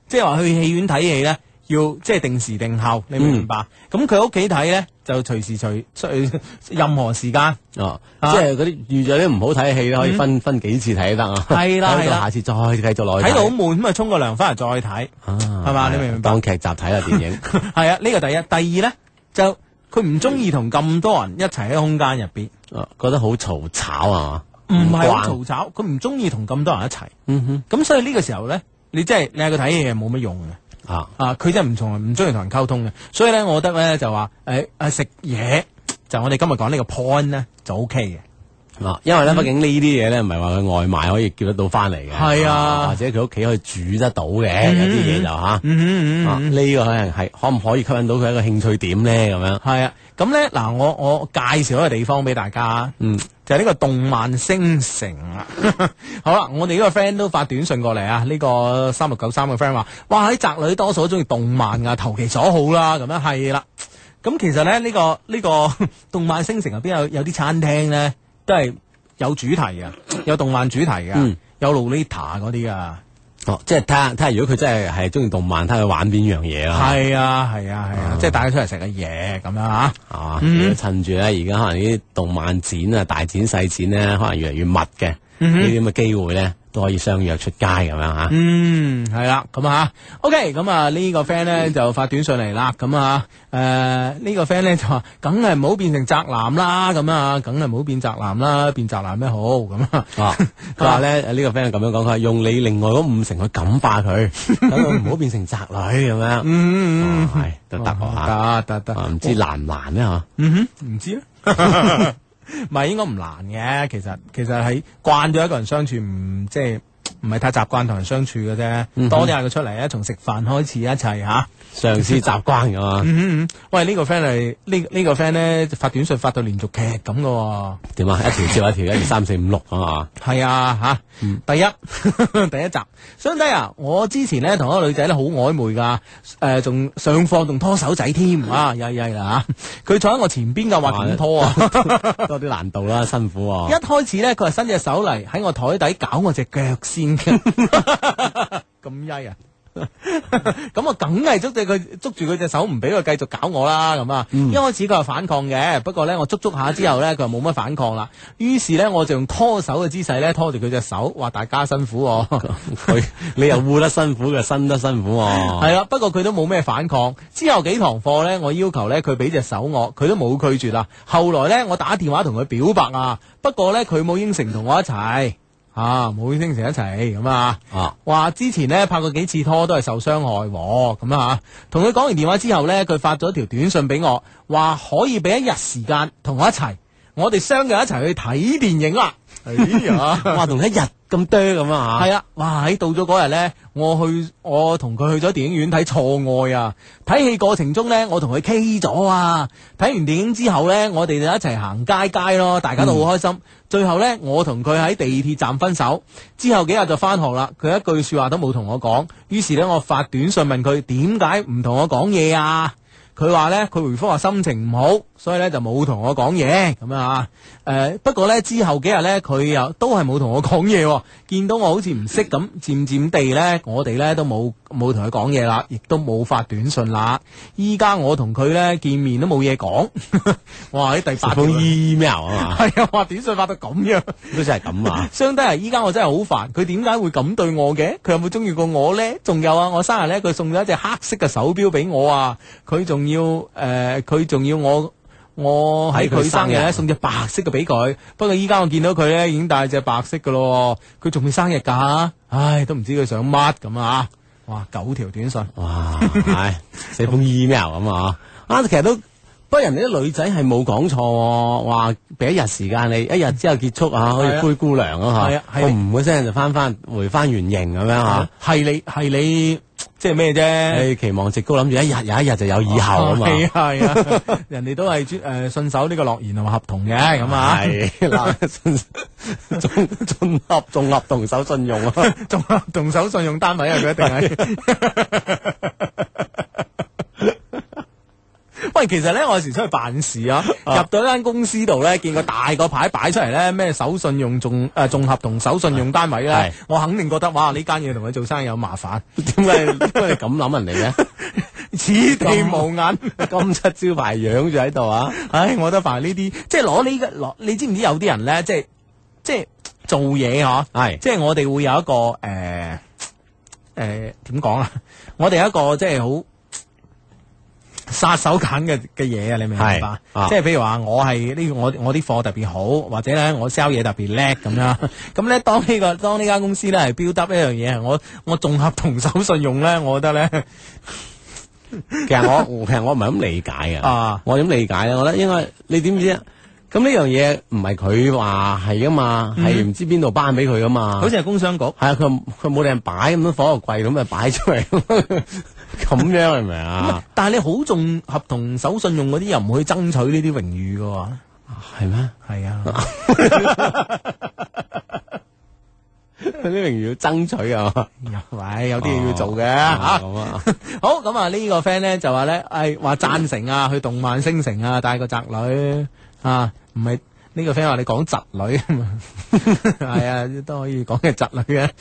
即係話去戲院睇戲咧。要即係定時定候，你明唔明白？咁佢屋企睇呢，就隨時隨出去，任何時間哦。即係嗰啲預咗啲唔好睇戲咧，可以分分幾次睇得。係啦係啦，下次再繼續落去睇到好悶，咁啊沖個涼，翻嚟再睇，係嘛？你明唔明？當劇集睇下電影係啊。呢個第一，第二呢，就佢唔中意同咁多人一齊喺空間入邊，覺得好嘈吵啊！唔係好嘈吵，佢唔中意同咁多人一齊。嗯哼，咁所以呢個時候呢。你真係，你喺度睇嘢冇乜用嘅，啊啊，佢、啊、真係唔從唔中意同人溝通嘅，所以咧，我覺得咧就話，誒、哎、誒，食、啊、嘢就我哋今日講呢個 point 咧就 OK 嘅，啊，因為咧畢竟呢啲嘢咧唔係話去外賣可以叫得到翻嚟嘅，係啊，啊，或者佢屋企可以煮得到嘅有啲嘢就吓，呢個可能係可唔可以吸引到佢一個興趣點咧咁樣？係啊，咁咧嗱，我我，我介紹一個地方俾大家。嗯就係呢個動漫星城啊！ 好啦，我哋呢個 friend 都發短信過嚟啊！呢個三六九三嘅 friend 話，哇！啲宅女多數都中意動漫啊，投其所好啦，咁樣係啦。咁 其實咧，呢個呢個 動漫星城入邊有有啲餐廳咧，都係有主題啊，有動漫主題嘅，嗯、有《Lolita》嗰啲啊。哦、即係睇下睇下，看看如果佢真係係中意動漫，睇下佢玩邊樣嘢啊，係啊係啊係啊，即係帶佢出嚟食下嘢咁樣吓，係嘛、啊啊啊啊啊啊？趁住咧，而家可能啲動漫展啊，大展細展咧，可能越嚟越密嘅、嗯、哼呢啲咁嘅機會咧，都可以相約出街咁樣吓、啊，嗯係啦，咁啊，OK，咁啊，這個、呢個 friend 咧就發短信嚟啦，咁啊，誒、呃這個、呢個 friend 咧就話，梗係唔好變成宅男啦，咁啊，梗係唔好變宅男啦，變宅男咩好，咁啊，佢話咧呢、這個 friend 咁樣講，佢話用你另外嗰五成去感化佢，等佢唔好變成宅女咁樣、啊嗯，嗯嗯嗯，得得得，唔知難唔難呢吓？唔知咧。唔係， 應該唔難嘅，其實其實喺慣咗一個人相處，唔即係。唔係太習慣同人相處嘅啫，多啲嗌佢出嚟啊！從食飯開始一齊吓，嘗試習慣嘅嘛。喂，這個這個，呢個 friend 係呢呢個 friend 咧，發短信發到連續劇咁嘅。點啊？一條接一條， 一二三四五六啊嘛。係啊，吓、啊，啊嗯、第一 第一集，兄弟啊，我之前呢，同一個女仔咧好曖昧噶，誒、呃，仲上課仲拖手仔添啊，曳曳啦吓。佢、啊啊、坐喺我前邊嘅話點拖啊？啊啊多啲難度啦，辛苦啊！一開始呢，佢係伸隻手嚟喺我台底，我底搞我隻腳。咁曳 啊！咁 我梗係捉住佢，捉住佢隻手，唔俾佢繼續搞我啦咁啊！一、嗯、開始佢係反抗嘅，不過咧我捉捉下之後咧，佢冇乜反抗啦。於是咧我就用拖手嘅姿勢咧拖住佢隻手，話大家辛苦我，佢 你又污 得辛苦嘅，伸得辛苦我。係啦， 不過佢都冇咩反抗。之後幾堂課咧，我要求咧佢俾隻手我，佢都冇拒絕啦。後來咧我打電話同佢表白啊，不過咧佢冇應承同我一齊。 啊，每星期一齊咁啊，啊，話之前咧拍過幾次拖都係受傷害，咁啊，同佢講完電話之後咧，佢發咗條短信俾我，話可以俾一日時間同我一齊，我哋相約一齊去睇電影啦。哎呀，話同佢一日。咁嗲咁啊吓！係啊，哇！喺到咗嗰日呢，我去我同佢去咗電影院睇《錯愛》啊。睇戲過程中呢，我同佢 K 咗啊。睇完電影之後呢，我哋就一齊行街街咯，大家都好開心。嗯、最後呢，我同佢喺地鐵站分手，之後幾日就翻學啦。佢一句說話都冇同我講。於是呢，我發短信問佢點解唔同我講嘢啊？佢話呢，佢回復話心情唔好。所以咧就冇同我講嘢咁啊，誒、呃，不過咧之後幾日咧佢又都係冇同我講嘢，見到我好似唔識咁，漸漸地咧我哋咧都冇冇同佢講嘢啦，亦都冇發短信啦。依家我同佢咧見面都冇嘢講， 哇！啲第三方 email 啊嘛，係 啊，話 短信發到咁樣，都真係咁啊。相對係依家我真係好煩，佢點解會咁對我嘅？佢有冇中意過我咧？仲有啊，我生日咧佢送咗一隻黑色嘅手表俾我啊，佢仲要誒，佢、呃、仲要、呃、要我。我喺佢生日咧送隻白色嘅俾佢，不過依家我見到佢咧已經戴隻白色嘅咯，佢仲會生日噶，唉，都唔知佢想乜咁啊，哇，九條短信，哇，唉，寫 封 email 咁啊，啊，其實都不過人哋啲女仔係冇講錯，話、啊、俾、啊、一日時間你，一日之後結束啊，好似灰姑娘啊。咁嗬、啊，唔會聲就翻翻回翻原形咁樣吓，係你係你。即係咩啫？期望值高，諗住一日有一日就有以後啊嘛。係、哦哦、啊，啊 人哋都係誒、呃、信守呢個諾言同埋合同嘅咁啊。係嗱，盡盡合盡盡盡盡盡盡盡盡盡盡盡盡盡盡盡盡盡盡盡盡喂，其實咧，我有時出去辦事啊，啊入到一間公司度咧，見個大個牌擺出嚟咧，咩守信用仲誒仲合同守信用單位咧，我肯定覺得哇，呢間嘢同佢做生意有麻煩，點解都係咁諗人哋嘅？ 此地無銀，金漆 招牌養喺度啊！唉、哎，我覺得煩呢啲，即係攞呢個攞，你知唔知有啲人咧，即係即係做嘢嗬？係、啊、是即係我哋會有一個誒誒點講啊？我哋有一個即係好。殺手鐧嘅嘅嘢啊，你明唔明白？啊、即係譬如話我係呢個我我啲貨特別好，或者咧我 sell 嘢特別叻咁啦。咁咧當呢、這個當呢間公司咧係 build up 一樣嘢，我我綜合同手信用咧，我覺得咧，其實我 其實我唔係咁理解啊。我點理解咧？我覺得應該你點知啊？咁呢樣嘢唔係佢話係啊嘛，係唔知邊度頒俾佢啊嘛。好似係工商局。係啊，佢佢冇地擺咁多火藥櫃，咁咪擺出嚟。咁 樣係咪啊？ 但係你好重合同守信用嗰啲又唔去爭取呢啲榮譽噶？係咩 是嗎？係啊，呢啲榮譽要爭取 啊！喂、啊，有啲嘢要做嘅吓，好咁啊！啊啊 啊這個、呢個 friend 咧就話咧，誒、哎，話贊成啊，去動漫星城啊，帶個，宅女、啊、個說說侄女啊，唔係呢個 friend 話你講侄女啊嘛，係啊，都可以講嘅侄女嘅、啊。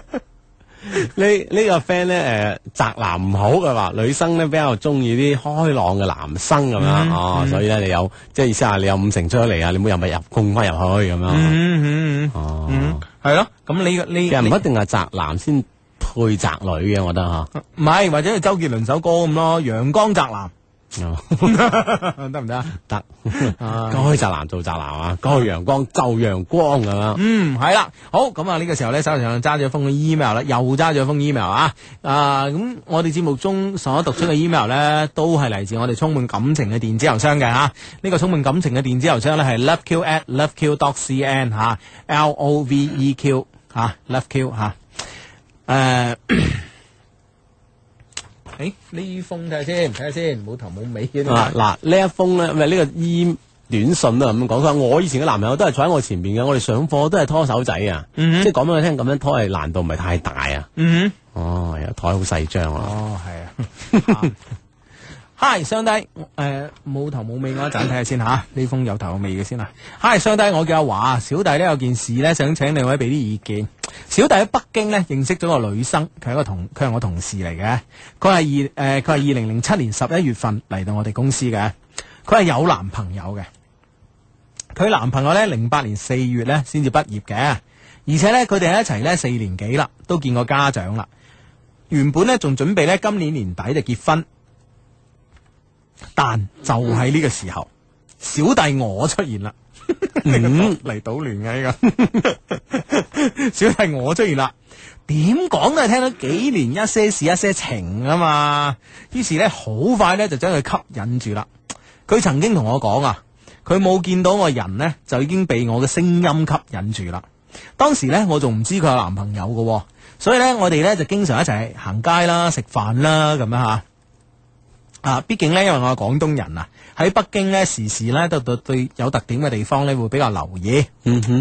這個、呢呢個 friend 咧，誒、呃，宅男唔好嘅話，女生咧比較中意啲開朗嘅男生咁樣、嗯、哦，嗯、所以咧你有，即係意思話你有五成出咗嚟啊，嗯、你冇又咪入，共翻入去咁樣。嗯，係咯，咁你個呢，你其實唔一定係宅男先配宅女嘅，我覺得吓，唔、啊、係、啊，或者係周杰倫首歌咁咯，《陽光宅男》。得唔得？得 行，該 宅男做宅男啊，該陽光就陽光咁、啊、啦。嗯，係啦，好，咁啊呢個時候咧，手上揸住封 email 啦，又揸住封 email 啊。啊，咁我哋節目中所讀出嘅 email 咧，都係嚟自我哋充滿感情嘅電子郵箱嘅吓。呢、啊這個充滿感情嘅電子郵箱咧，係 loveq@loveq.cn 吓、啊、l 吓，loveq 吓，誒。V e q，啊 誒，呢封睇下先，睇下先，冇頭冇尾嘅。啊，嗱，呢一封咧，唔係呢個 E 短信啦、啊，咁講佢話我以前嘅男朋友都係坐喺我前面嘅，我哋上課都係拖手仔啊，嗯、哼即係講俾佢聽咁樣拖係難度唔係太大啊。嗯哼，哦，台好細張啊。哦，係啊。 Hi，雙低，誒、呃，冇頭冇尾我一陣睇下先吓，啊，呢封有頭有尾嘅先啦。Hi，雙低，我叫阿華，小弟呢，有件事呢想請兩位俾啲意見。小弟喺北京呢認識咗個女生，佢係一個同，佢係我同事嚟嘅。佢係二，誒，佢係二零零七年十一月份嚟到我哋公司嘅。佢係有男朋友嘅。佢男朋友呢，零八年四月呢先至畢業嘅，而且呢，佢哋喺一齊呢四年幾啦，都見過家長啦。原本呢，仲準備呢今年年底就結婚。但就喺呢個時候，小弟我出現啦，嚟搗亂嘅呢個小弟我出現啦，點講都係聽到幾年一些事一些情啊嘛。於是咧，好快咧就將佢吸引住啦。佢曾經同我講啊，佢冇見到我人呢，就已經俾我嘅聲音吸引住啦。當時咧，我仲唔知佢有男朋友噶，所以咧，我哋咧就經常一齊行街啦、食飯啦咁樣吓。啊，畢竟呢，因為我係廣東人啊，喺北京呢時時呢都對有特點嘅地方呢會比較留意，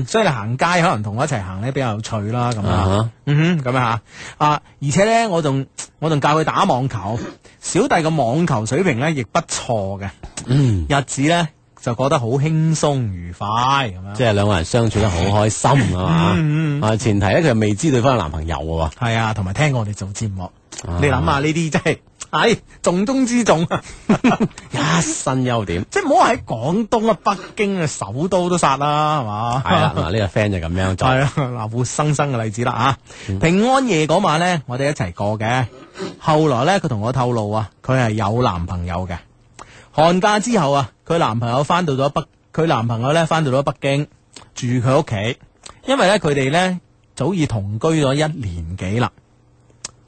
所以行街可能同我一齊行呢比較有趣啦，咁樣，咁樣吓，啊，而且呢，我仲我仲教佢打網球，小弟個網球水平呢亦不錯嘅，日子呢就過得好輕鬆愉快，咁樣，即係兩個人相處得好開心啊，前提呢，佢未知對方係男朋友喎，係啊，同埋聽我哋做節目，你諗下呢啲真係。係、哎、重中之重，一 身優點， 即係唔好話喺廣東啊、 北京啊，首都都殺啦，係嘛？係啦、 哎，嗱、這、呢個 friend 就咁樣做，係啦、哎，嗱活生生嘅例子啦啊！嗯、平安夜嗰晚咧，我哋一齊過嘅，後來咧佢同我透露啊，佢係有男朋友嘅。的寒假之後啊，佢男朋友翻到咗北，佢男朋友咧翻到咗北京住佢屋企，因為咧佢哋咧早已同居咗一年幾啦。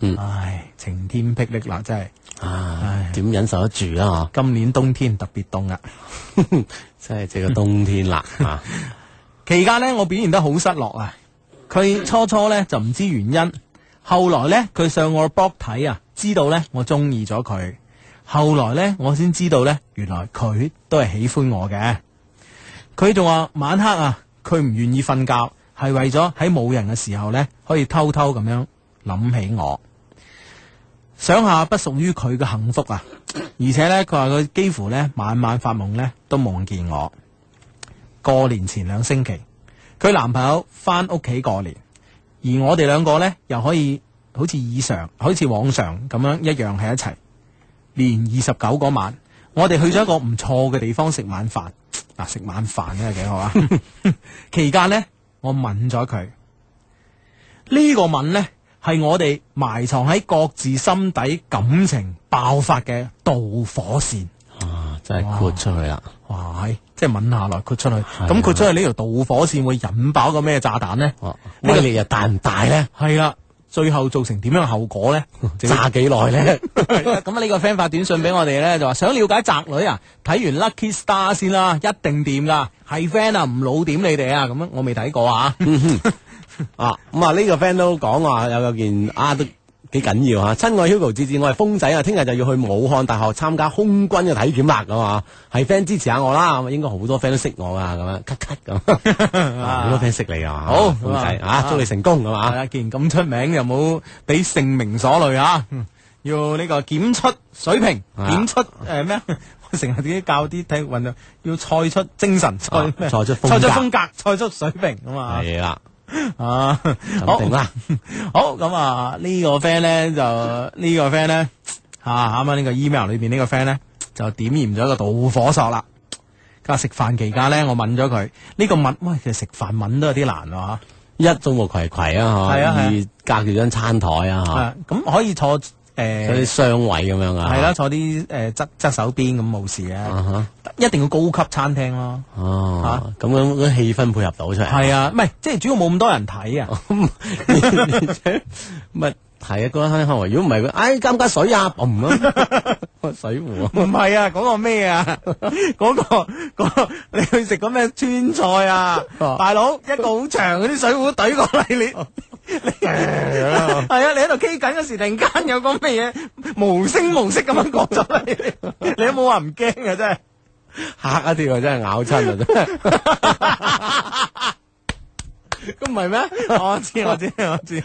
嗯、唉，晴天霹靂啦，真係，啊、唉，點忍受得住啊？今年冬天特別凍啊， 真係這個冬天啦。 啊、期間呢，我表現得好失落啊。佢初初呢就唔知原因，後來呢，佢上我 blog 睇啊，知道呢我中意咗佢。後來呢，我先知道呢，原來佢都係喜歡我嘅。佢仲話晚黑啊，佢唔願意瞓覺，係為咗喺冇人嘅時候呢可以偷偷咁樣諗起我。想下不屬於佢嘅幸福啊！而且呢，佢話佢幾乎呢晚晚發夢呢都夢見我。過年前兩星期，佢男朋友翻屋企過年，而我哋兩個呢又可以好似以上，好似往常咁樣一樣喺一齊。年二十九嗰晚，我哋去咗一個唔錯嘅地方食晚飯。嗱，食晚飯呢，幾好啊！ 期間呢，我吻咗佢，呢、這個吻呢。係我哋埋藏喺各自心底感情爆發嘅導火線，啊，真係豁出去啦！哇，即係吻下來豁出去，咁豁的出去呢條、這個、導火線會引爆彈呢、啊這個咩炸彈咧？呢個力又大唔大呢？係啦，最後造成點樣嘅後果呢？ 炸幾耐久呢？咁 呢個 friend 發短信俾我哋呢，就話想了解宅女啊，睇完 Lucky Star 先啦，一定掂噶，係 friend 啊，唔老點你哋啊，咁樣我未睇過啊。 啊，咁啊呢個 friend 都講話有有件啊都幾緊要啊。親愛 Hugo 姊姊，我係風仔啊，聽日就要去武漢大學參加空軍嘅體檢啦，咁啊，係 friend 支持下我啦，咁應該好多 friend 都識我啊。咁樣，咳咳咁，好、啊、多 friend 識你 好仔啊，好，風仔啊，祝你成功咁啊，啊，既然咁出名，又冇俾盛名所累啊，嗯、要呢、呢個檢出水平，檢出誒咩我成日自己教啲體育運動，要賽出精神，賽咩？賽、啊、出風格，賽出，出水平咁啊，係啦。啊，好啦， 好咁、這個這個、啊，剛剛個個呢個 friend 咧就呢個 friend 咧吓啱啱呢個 email 裏邊呢個 friend 咧就點燃咗一個導火索啦。咁啊食飯期間咧，我問咗佢呢個問，喂，其實食飯問都有啲難啊一坐個攰攰啊吓，啊啊啊二隔住張餐台啊吓，咁、啊、可以坐。誒，啲廂位咁樣啊？係啦，坐啲誒側側手邊咁冇事啊，一定要高級餐廳咯。哦，吓咁樣嗰啲氣氛配合到出嚟。係啊，唔係即係主要冇咁多人睇啊。唔，唔係係啊，高級餐廳氛圍。如果唔係，唉，加唔加水啊？唔，個水壺啊？唔係啊，講個咩啊？講個你去食個咩川菜啊？大佬一個好長嗰啲水壺懟過嚟你。係啊， 你喺度傾緊嗰時，突然間有個咩嘢無聲無息咁樣講咗你有冇話唔驚啊！ 嚇真係吓一啲跳，真係咬親啊！都咁唔係咩？我知我知 我知。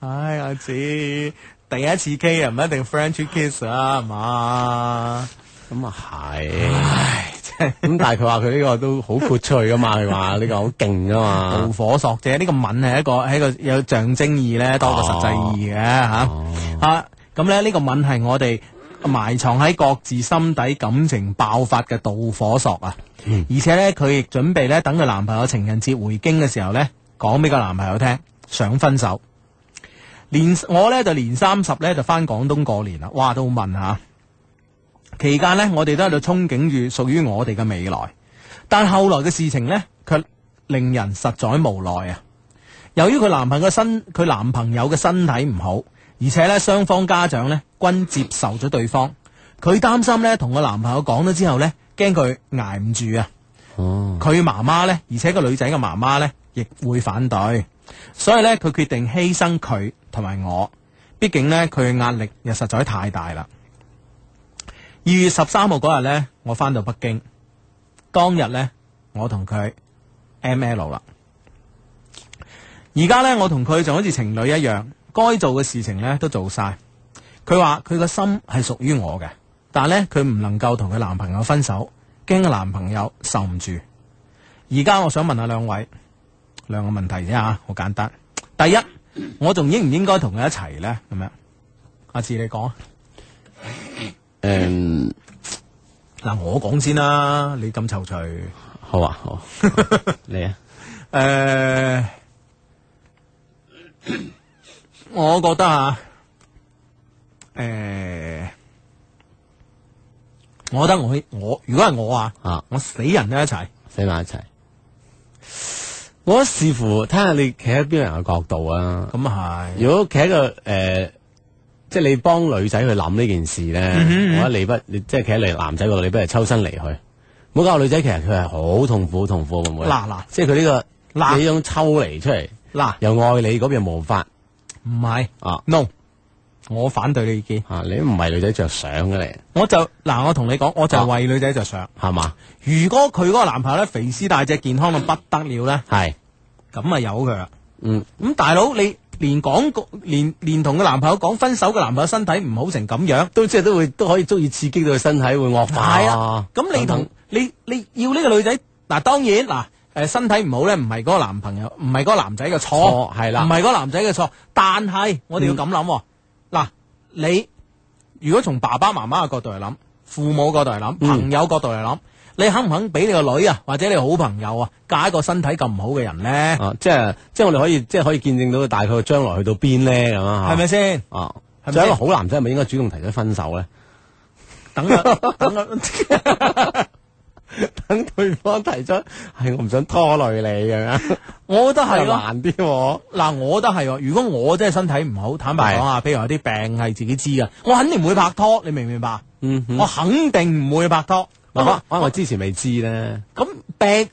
唉，呀，知第一次 k 啊，唔一定 French kiss 啊，係嘛？咁啊係。唉咁 但係佢話佢呢個都好闊趣噶嘛，佢話呢個好勁噶嘛，導火索啫。呢、這個吻係一個係個有象徵意咧，多過實際意義嘅吓、哦、啊。咁、嗯、咧、哦啊、呢、這個吻係我哋埋藏喺各自心底感情爆發嘅導火索啊。而且咧佢亦準備咧等佢男朋友情人節回京嘅時候咧，講俾個男朋友聽想分手。年我咧就年三十咧就翻廣東過年啦。哇，都好問下、啊。期間呢，我哋都喺度憧憬住屬於我哋嘅未來，但後來嘅事情呢，卻令人實在無奈啊！由於佢男朋友嘅身，佢男朋友嘅身體唔好，而且呢，雙方家長呢均接受咗對方。佢擔心呢，同個男朋友講咗之後呢，驚佢捱唔住啊！佢媽媽呢，而且個女仔嘅媽媽呢，亦會反對，所以呢，佢決定犧牲佢同埋我。畢竟呢，佢嘅壓力又實在太大啦。二月十三號嗰日呢，我翻到北京。當日呢，我同佢 M L 啦。而家呢，我同佢就好似情侶一樣，該做嘅事情呢都做晒。佢話佢個心係屬於我嘅，但係咧佢唔能夠同佢男朋友分手，驚個男朋友受唔住。而家我想問下兩位兩個問題啫吓，啊，好簡單。第一，我仲應唔應該同佢一齊呢？咁樣，阿志你講。誒，嗱、嗯、我講先啦，你咁躊躇，好啊，好， 你啊，誒、呃，我覺得啊，誒，我覺得我我如果係我啊，啊，我死人都一齊，死埋一齊，我視乎睇下你企喺邊個人嘅角度啊，咁啊係，如果企喺個誒。呃即係你幫女仔去諗呢件事咧，我得你不，即係企喺你男仔度，你不如抽身離去，唔好教個女仔，其實佢係好痛苦，好痛苦會唔會？嗱嗱，即係佢呢個，嗱呢種抽離出嚟，嗱又愛你嗰邊無法，唔係啊，no，我反對你意見啊，你唔係女仔着想嘅你，我就嗱，我同你講，我就為女仔着想，係嘛？如果佢嗰個男朋友咧肥屍大隻健康到不得了咧，係咁啊有佢啦，嗯，咁大佬你。連講個連連同個男朋友講分手嘅男朋友身體唔好成咁樣，都即係都會都可以足以刺激到佢身體會惡化、啊定。啊，咁你同你你要呢個女仔嗱，當然嗱，誒、啊、身體唔好咧，唔係嗰個男朋友，唔係嗰個男仔嘅錯，係啦，唔係嗰個男仔嘅錯，但係我哋要咁諗、哦，嗱、嗯啊，你如果從爸爸媽媽嘅角度嚟諗，父母角度嚟諗，朋友角度嚟諗。嗯你肯唔肯俾你個女啊，或者你好朋友啊，嫁一個身體咁唔好嘅人咧？啊，即係即係我哋可以即係可以見證到大概將來去到邊咧咁啊？係咪先？啊，即係一個好男仔係咪應該主動提出分手咧？等啊，等啊，等對方提出，係我唔想拖累你咁啊， 啊！我覺得係咯，難啲。嗱，我都係。如果我真係身體唔好，坦白講啊，譬如有啲病係自己知噶，我肯定唔會拍拖。 你明唔明白？嗯， 我肯定唔會拍拖。爸爸，可、哦、我、啊、我之前未知咧。咁病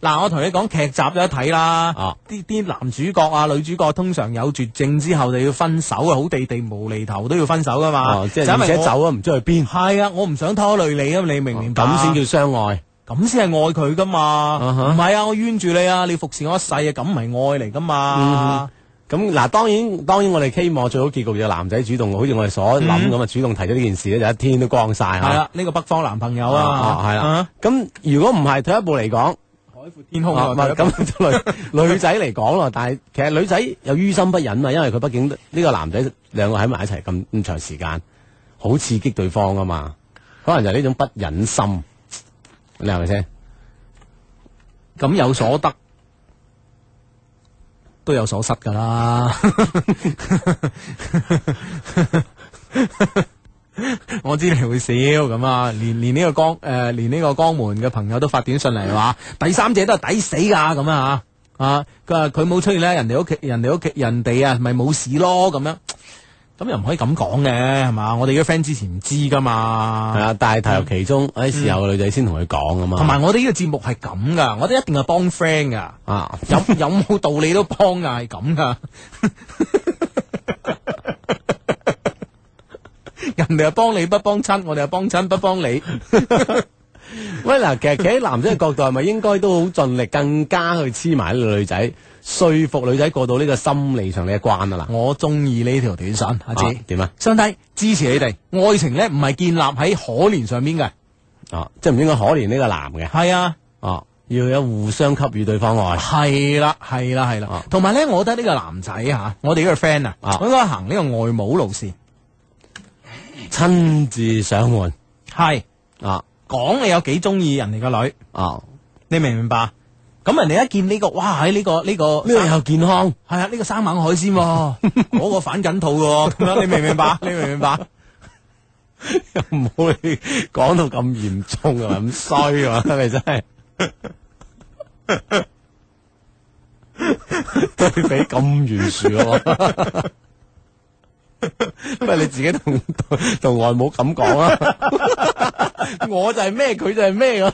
嗱，我同你講劇集有得睇啦。啲啲、啊、男主角啊、女主角通常有絕症之後就要分手嘅，好地地無厘頭都要分手噶嘛。即係走啊，唔知去邊。係啊，我唔想拖累你啊，你明唔明白？咁先、啊、叫相愛，咁先係愛佢噶嘛。唔係啊，哈啊，我冤住你啊，你要服侍我一世啊，咁唔係愛嚟噶嘛。嗯咁嗱，當然當然，我哋希望最好結局就男仔主動好似我哋所諗咁啊，嗯、主動提咗呢件事咧，就一天都光晒嚇。係啦、啊，呢、這個北方男朋友啊，係啊咁、啊啊啊、如果唔係退一步嚟講，海闊天空啊。咁女女仔嚟講咯，但係其實女仔又於心不忍啊，因為佢畢竟呢、這個男仔兩個喺埋一齊咁咁長時間，好刺激對方啊嘛，可能就呢種不忍心，你係咪先？咁有所得。都有所失噶啦， 我知你會笑咁啊！連連呢個江誒，連呢個江、呃、門嘅朋友都發短信嚟話，第三者都係抵死噶咁樣啊！啊，佢話佢冇出現咧，人哋屋企人哋屋企人哋啊，咪冇、啊、事咯咁樣、啊。咁又唔可以咁講嘅，係嘛？我哋啲 friend 之前唔知噶嘛。係啊，但係投入其中，喺時候個女仔先同佢講噶嘛。同埋我哋呢個節目係咁噶，我哋一定係幫 friend 噶，啊有有冇道理都幫啊，係咁噶。人哋又幫你不幫親，我哋又幫親不幫你。喂嗱，其實企喺男仔嘅角度，係咪應該都好盡力，更加去黐埋呢個女仔？說服女仔過到呢個心理上嘅一關啊啦，我中意呢條短信，下次點啊？啊，兄弟支持你哋，愛情咧唔係建立喺可憐上面嘅，哦、啊，即係唔應該可憐呢個男嘅，係啊，哦、啊，要有互相給予對方愛，係啦、啊，係啦、啊，係啦、啊，同埋咧，我覺得呢個男仔吓、啊，我哋呢個 friend 啊，應該行呢個外母路線，親自上門，係是啊，講你有幾中意人哋個女，啊，你明唔明白？咁人哋一見呢、這個，哇！喺、這、呢個呢、這個呢、這個又健康，係啊，呢、這個生猛海鮮、啊，我 個反緊套嘅，你明唔明白？你明唔明白？ 又唔會講到咁嚴重啊，咁衰 啊，係咪真係？對比咁懸殊。 因為 你自己同同外母咁講啊，我就係咩佢就係咩咁，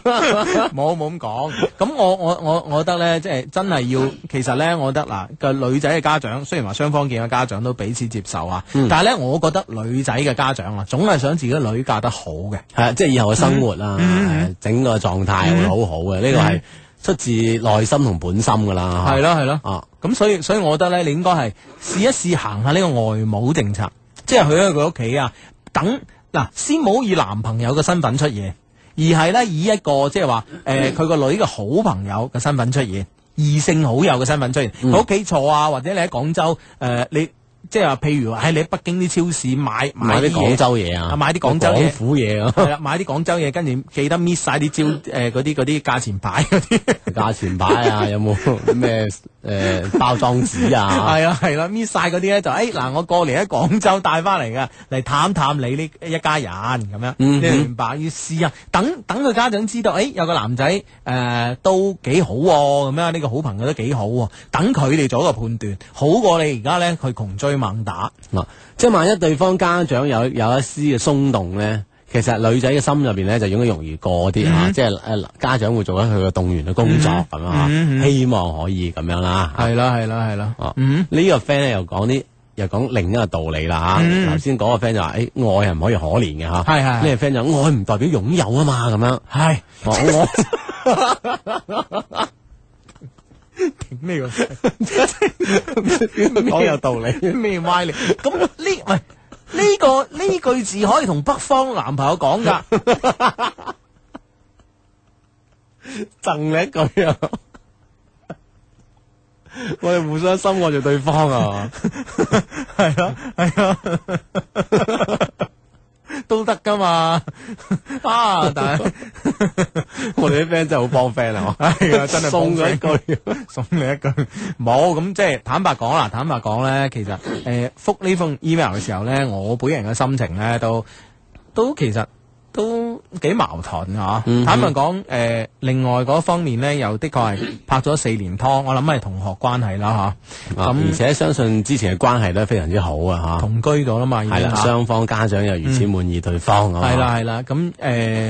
冇冇咁講。咁我我我我覺得咧，即、就、係、是、真係要，其實咧，我覺得嗱，個女仔嘅家長雖然話雙方見嘅家長都彼此接受啊，嗯、但係咧，我覺得女仔嘅家長啊，總係想自己女嫁得好嘅，係即係以後嘅生活啊，嗯、整個狀態、嗯、會好好嘅，呢個係。出自內心同本心噶啦，係咯係咯，啊，咁所以所以，所以我覺得咧，你應該係試一試行下呢個外母政策，即係去佢佢屋企啊，等嗱，先、啊、冇以男朋友嘅身份出現，而係咧以一個即係話誒佢個女嘅好朋友嘅身份出現，異性好友嘅身份出現，佢屋企坐啊，或者你喺廣州誒、呃、你。即係話，譬如喎，喺、哎、你喺北京啲超市買買啲廣州嘢啊，買啲廣州嘢，廣府嘢、啊，係啦，買啲廣州嘢，跟住記得搣晒啲招誒，啲啲價錢牌啲價錢牌啊，有冇咩誒包裝紙啊？係啊， 係、哎、啦，搣晒嗰啲咧就誒嗱，我過嚟喺廣州帶翻嚟噶，嚟探探你呢一家人咁樣， 你明白？意思啊，等等個家長知道，誒、哎、有個男仔誒、呃、都幾好喎、啊，咁樣呢、這個好朋友都幾好喎、啊，等佢哋做一個判斷，好過你而家咧佢窮追。猛打嗱、啊，即係萬一對方家長有有一絲嘅鬆動咧，其實女仔嘅心入邊咧就應該容易過啲吓、嗯啊，即係誒家長會做緊佢嘅動員嘅工作咁啊，嗯嗯嗯、希望可以咁樣啦。係啦係啦係啦，呢、啊嗯、個 friend 咧又講啲又講另一個道理啦吓。頭先嗰個 friend 就話：誒、欸、愛係唔可以可憐嘅吓，係、啊、係。呢個 friend 就愛唔代表擁有啊嘛，咁樣係我。頂咩？講 有道理，咩歪理？咁呢？唔係呢個呢句字可以同北方男朋友講噶，贈 你一句啊！ 我哋互相深愛着對方啊！係 啊，係啊。 都得噶嘛 啊！但係 我哋啲 friend 真係好幫 friend 啊！係、 哎、真係送咗一句， 送你一句。冇 咁即係坦白講啦，坦白講咧，其實誒、覆、呃、呢封 email 嘅時候咧，我本人嘅心情咧，都都其實。都幾矛盾嚇！啊嗯、坦白講，誒、呃、另外嗰方面呢，又的確係拍咗四年拖， 我諗係同學關係啦嚇。咁、啊啊嗯、而且相信之前嘅關係都非常之好啊嚇。同居咗啦嘛，而且雙方家長又如此滿意對方、嗯。係啦係啦，咁誒、嗯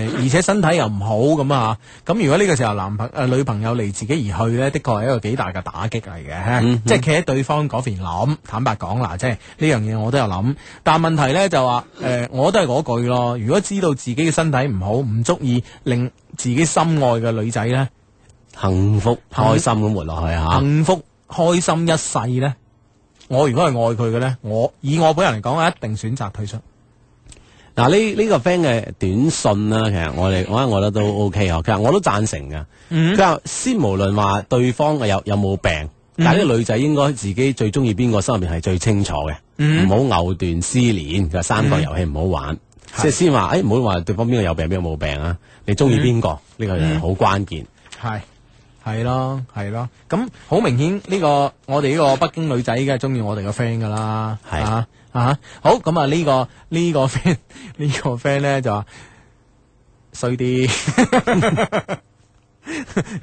啊嗯、而且身體又唔好咁啊咁、啊、如果呢個時候男朋誒女朋友離自己而去呢，的確係一個幾大嘅打擊嚟嘅。啊嗯嗯、即係企喺對方嗰邊諗，坦白講嗱，即係呢樣嘢我都有諗。但問題呢，就話誒，我都係嗰句咯。如果知道自自己嘅身體唔好，唔足以令自己心愛嘅女仔咧幸福開心咁活落去福啊！幸福開心一世咧，我如果係愛佢嘅咧，我以我本人嚟講，一定選擇退出。嗱呢呢個 friend 嘅短信啦、啊，其實我哋我覺得、OK, 是我都 O K 嗬，其實我都贊成噶。佢話、嗯、先無論話對方有有冇病，嗯、但係啲女仔應該自己最中意邊個，心入邊係最清楚嘅，唔好藕斷絲連，三個三角遊戲唔好玩。嗯即係是先話，誒、欸，唔好話對方邊個有病邊個冇病啊！你中意邊個？呢個就好關鍵。係係咯係咯，咁好明顯呢個我哋呢個北京女仔，梗係中意我哋個 friend 噶啦。係啊是吓！好咁啊，這個這個這個，呢個呢個 friend 呢個 friend 咧就話衰啲。 呢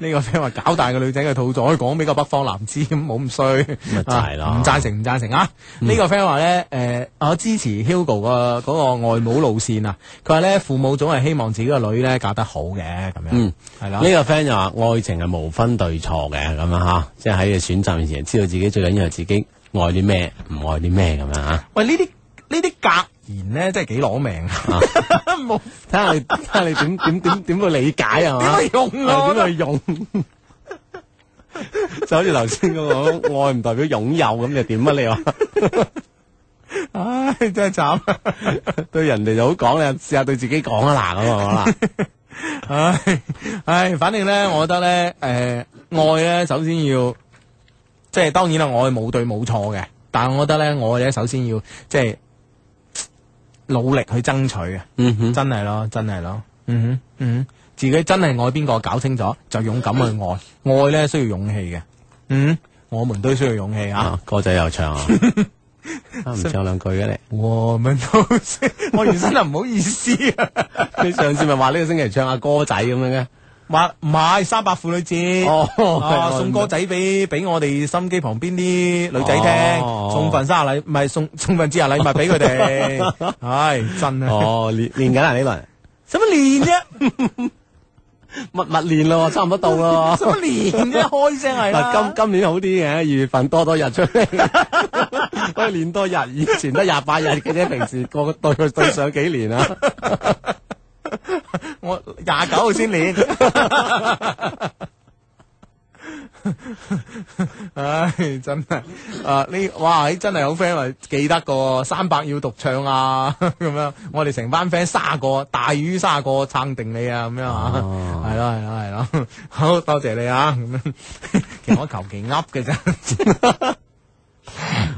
個 friend 話搞大個女仔嘅肚仔，講俾個北方男子，咁冇咁衰，咪係啦。唔贊成，唔贊成啊！呢、嗯、個 friend 話咧，誒、呃，我支持 Hugo 個個外母路線啊。佢話咧，父母總係希望自己個女咧嫁得好嘅，咁樣係、嗯、啦。呢個 friend 就話愛情係無分對錯嘅，咁樣吓、啊，即係喺個選擇面前知道自己最緊要自己愛啲咩，唔愛啲咩咁樣吓。啊、喂，呢啲呢啲嫁。然咧，真係幾攞命啊！睇下 你睇下 你點點點點去理解啊嘛？點去 用咯、 那個？點去用？就好似頭先咁個愛唔代表擁有咁、啊，你點乜你話？唉、 哎，真係慘！對人哋就好講咧，試下對自己講啊嗱咁啊啦！唉唉，反正咧，我覺得咧，誒、呃，愛咧，首先要即係當然啦，我係冇對冇錯嘅，但係我覺得咧，我咧首先要即係。努力去爭取嘅，嗯、哼真係咯，真係咯，嗯哼，嗯，自己真係愛邊個搞清楚，就勇敢去愛，嗯、愛咧需要勇氣嘅，嗯哼，我們都需要勇氣啊、哦！歌仔又唱，唔、 啊、唱兩句嘅你，我唔好，我本身又唔好意思、啊。 你上次咪話呢個星期唱下歌仔咁樣嘅。話唔係三百婦女節，哦、啊是是送歌仔俾俾我哋心機旁邊啲女仔聽、哦送送，送份生日禮，唔係送送份節日禮物俾佢哋，係、哎、真啊！哦練練緊啦呢輪，使乜練啫？密密練咯，差唔多到咯。使乜練啫？開聲係。今今年好啲嘅，二月份多多日出， 可以練多日。以前得廿八日嘅啫，平時過對 對，對上幾年啊。 我廿九號先練，唉、 哎，真係，誒、啊，呢，哇，哎、真係有 friend 咪記得個三百要獨唱啊，咁樣，我哋成班 friend 卅個大魚卅個撐定你啊，咁樣啊，係咯係咯係咯，好多謝你啊，咁樣，其實我求其噏嘅啫。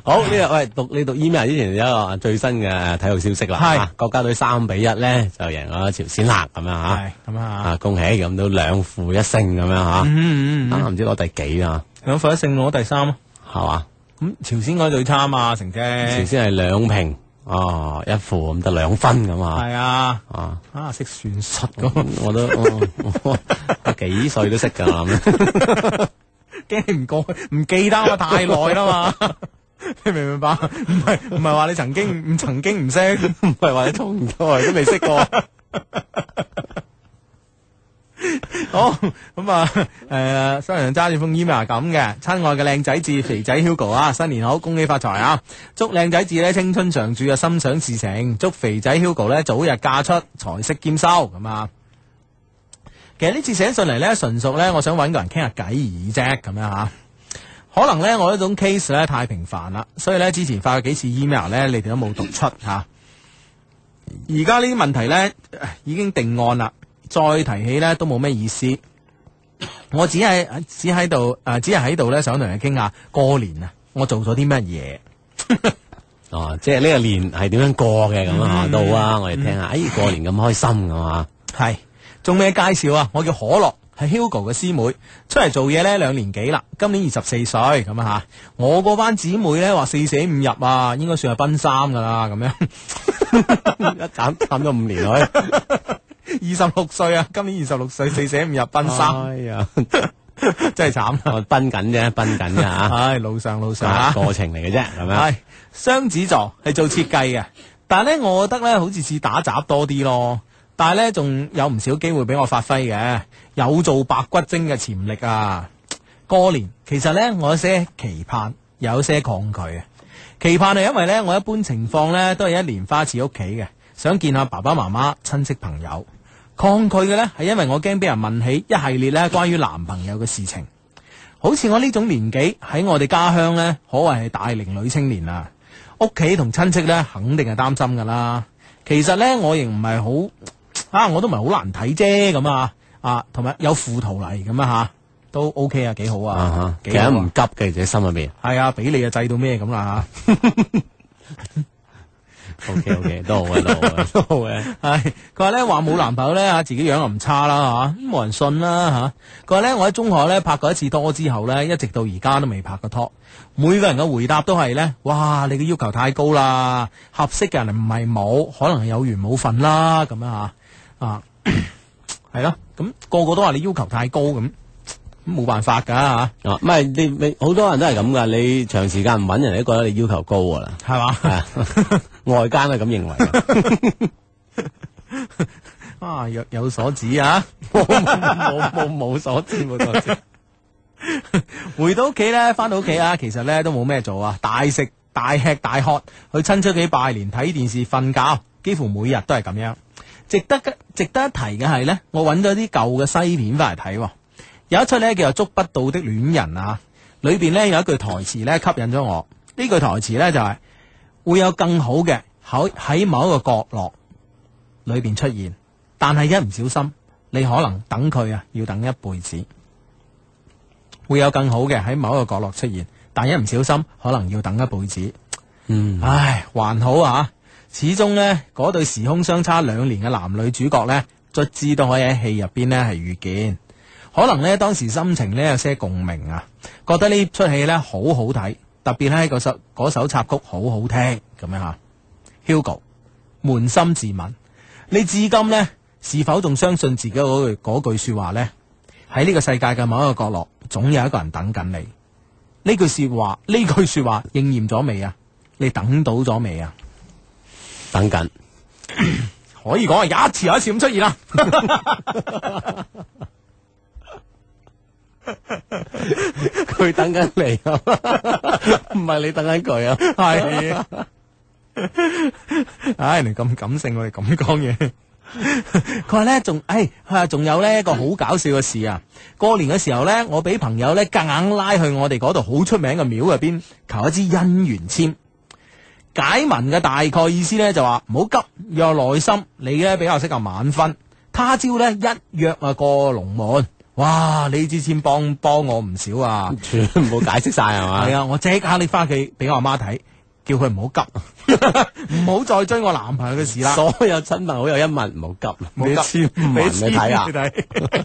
好呢日喂讀你讀 email 之前有一個最新嘅體育消息啦，係國家隊三比一咧就贏咗朝鮮咁樣吓，係咁啊，啊恭喜咁都兩負一勝咁樣吓，嗯嗯嗯，啱唔知攞第幾啊，兩負一勝攞第三咯，係嘛，咁朝鮮嗰隊差啊，成績，朝鮮係兩平啊一負咁得兩分咁啊，係啊，啊識算術咁，我都幾歲都識噶。驚唔過去，唔記得啊！太耐啦嘛， 你明唔明白？唔係唔係話你曾經唔曾經唔識，唔係話你同代都未識過。 好咁啊，誒、嗯，新人揸住封 email 啊，咁嘅親愛嘅靚仔至肥仔 Hugo 啊，新年好，恭喜發財啊！祝靚仔至呢青春常駐啊，心想事成；祝肥仔 Hugo 呢早日嫁出，財色兼收咁啊！嗯其實呢次寫上嚟咧，純屬咧，我想搵個人傾下偈而啫，咁樣吓、啊。可能咧，我呢種 case 咧太平凡啦，所以咧，之前發過幾次 email 咧，你哋都冇讀出吓。而家呢啲問題咧已經定案啦，再提起咧都冇咩意思。我只係只喺度，誒，只係喺度咧想同你傾下過年啊，我做咗啲乜嘢？ 哦，即係呢個年係點樣過嘅咁樣吓？都、嗯、到啊，嗯、我哋聽下。哎、呃，過年咁開心噶嘛？係。 做咩介紹啊？我叫可樂，係 Hugo 嘅師妹，出嚟做嘢咧兩年幾啦，今年二十四歲咁啊吓！我嗰班姊妹咧話，四捨五入啊，應該算係奔三噶啦，咁樣一減減咗五年去， 二十六歲啊，今年二十六歲四捨五入奔三，哎呀，真係慘、啊！我奔緊啫，奔緊啫吓，係路上路上、啊、過程嚟嘅啫，係咪啊、哎？雙子座係做設計嘅，但係咧，我覺得咧好似似打雜多啲咯。但係咧，仲有唔少機會俾我發揮嘅，有做白骨精嘅潛力啊！過年其實呢，我有些期盼，又有些抗拒嘅。期盼係因為呢，我一般情況呢都係一年花一次屋企嘅，想見下爸爸媽媽、親戚朋友。抗拒嘅呢係因為我驚俾人問起一系列呢關於男朋友嘅事情。好似我呢種年紀喺我哋家鄉呢，可謂係大齡女青年啊。屋企同親戚呢，肯定係擔心噶啦。其實呢，我亦唔係好。啊！我都唔係好難睇啫，咁啊，啊，同埋有副圖嚟，咁啊吓，都 OK 啊，幾好啊，其實唔急嘅，自己心入邊係啊，俾、啊、你啊制到咩咁啦吓。 OK OK，都好啊，都好啊， 都好啊。係佢話咧，話冇男朋友咧，吓自己樣又唔差啦，吓都冇人信啦，吓、啊。佢話咧，我喺中學咧拍過一次拖之後咧，一直到而家都未拍過拖。每個人嘅回答都係咧，哇！你嘅要求太高啦，合適嘅人唔係冇，可能係有緣冇份啦，咁樣吓、啊。啊，係咯，咁、 那個個都話你要求太高咁，咁冇辦法噶吓、啊。唔係、啊、你你好多人都係咁噶，你長時間唔揾人哋都覺得你要求高啦，係嘛吧？啊、 外間係咁認為。 啊，若有,有所指啊？冇冇冇冇所指。冇所指。所指 回到屋企咧，翻到屋企啊，其實咧都冇咩做啊，大食大吃大喝,大,喝大喝，去親戚屋企拜年，睇電視，瞓覺，幾乎每日都係咁樣。值得值得一提嘅係呢，我揾咗啲舊嘅西片翻嚟睇，有一出呢，叫做《觸不到的戀人》啊，裏邊咧有一句台詞咧吸引咗我，呢句台詞呢，就係、是、會有更好嘅喺喺某一個角落裏邊出現，但係一唔小心，你可能等佢啊，要等一輩子。會有更好嘅喺某一個角落出現，但一唔小心，可能要等一輩子。嗯，唉，還好啊。始終呢，嗰對時空相差兩年嘅男女主角呢，卒之都可以喺戲入邊呢係遇見。可能呢，當時心情呢有些共鳴啊，覺得呢出戲呢好好睇，特別呢，首嗰首插曲好好聽咁樣吓、啊。Hugo，捫心自問，你至今呢，是否仲相信自己嗰句嗰句說話咧？喺呢個世界嘅某一個角落，總有一個人等緊你。呢句說話，呢句說話應驗咗未啊？你等到咗未啊？等緊， 可以講係，有一次有一次咁出現啦。佢 等緊你啊，唔 係你等緊佢啊，係唉 是、啊 哎，你咁感性，我哋咁講嘢。佢話咧仲，誒，佢話仲有呢一個好搞笑嘅事啊。嗯、過年嘅時候咧，我俾朋友咧夾硬拉去我哋嗰度好出名嘅廟入邊求一支姻緣簽。解文嘅大概意思咧就話唔好急，要耐心。你咧比較適合晚婚。他朝咧一約啊過龍門。哇！你之前幫幫我唔少啊， 全部解釋晒係嘛？係啊， 我即刻你翻屋企俾我阿媽睇，叫佢唔好急，唔好 再追我男朋友嘅事啦。 所有親朋好友一問唔好急，你千五萬睇啊！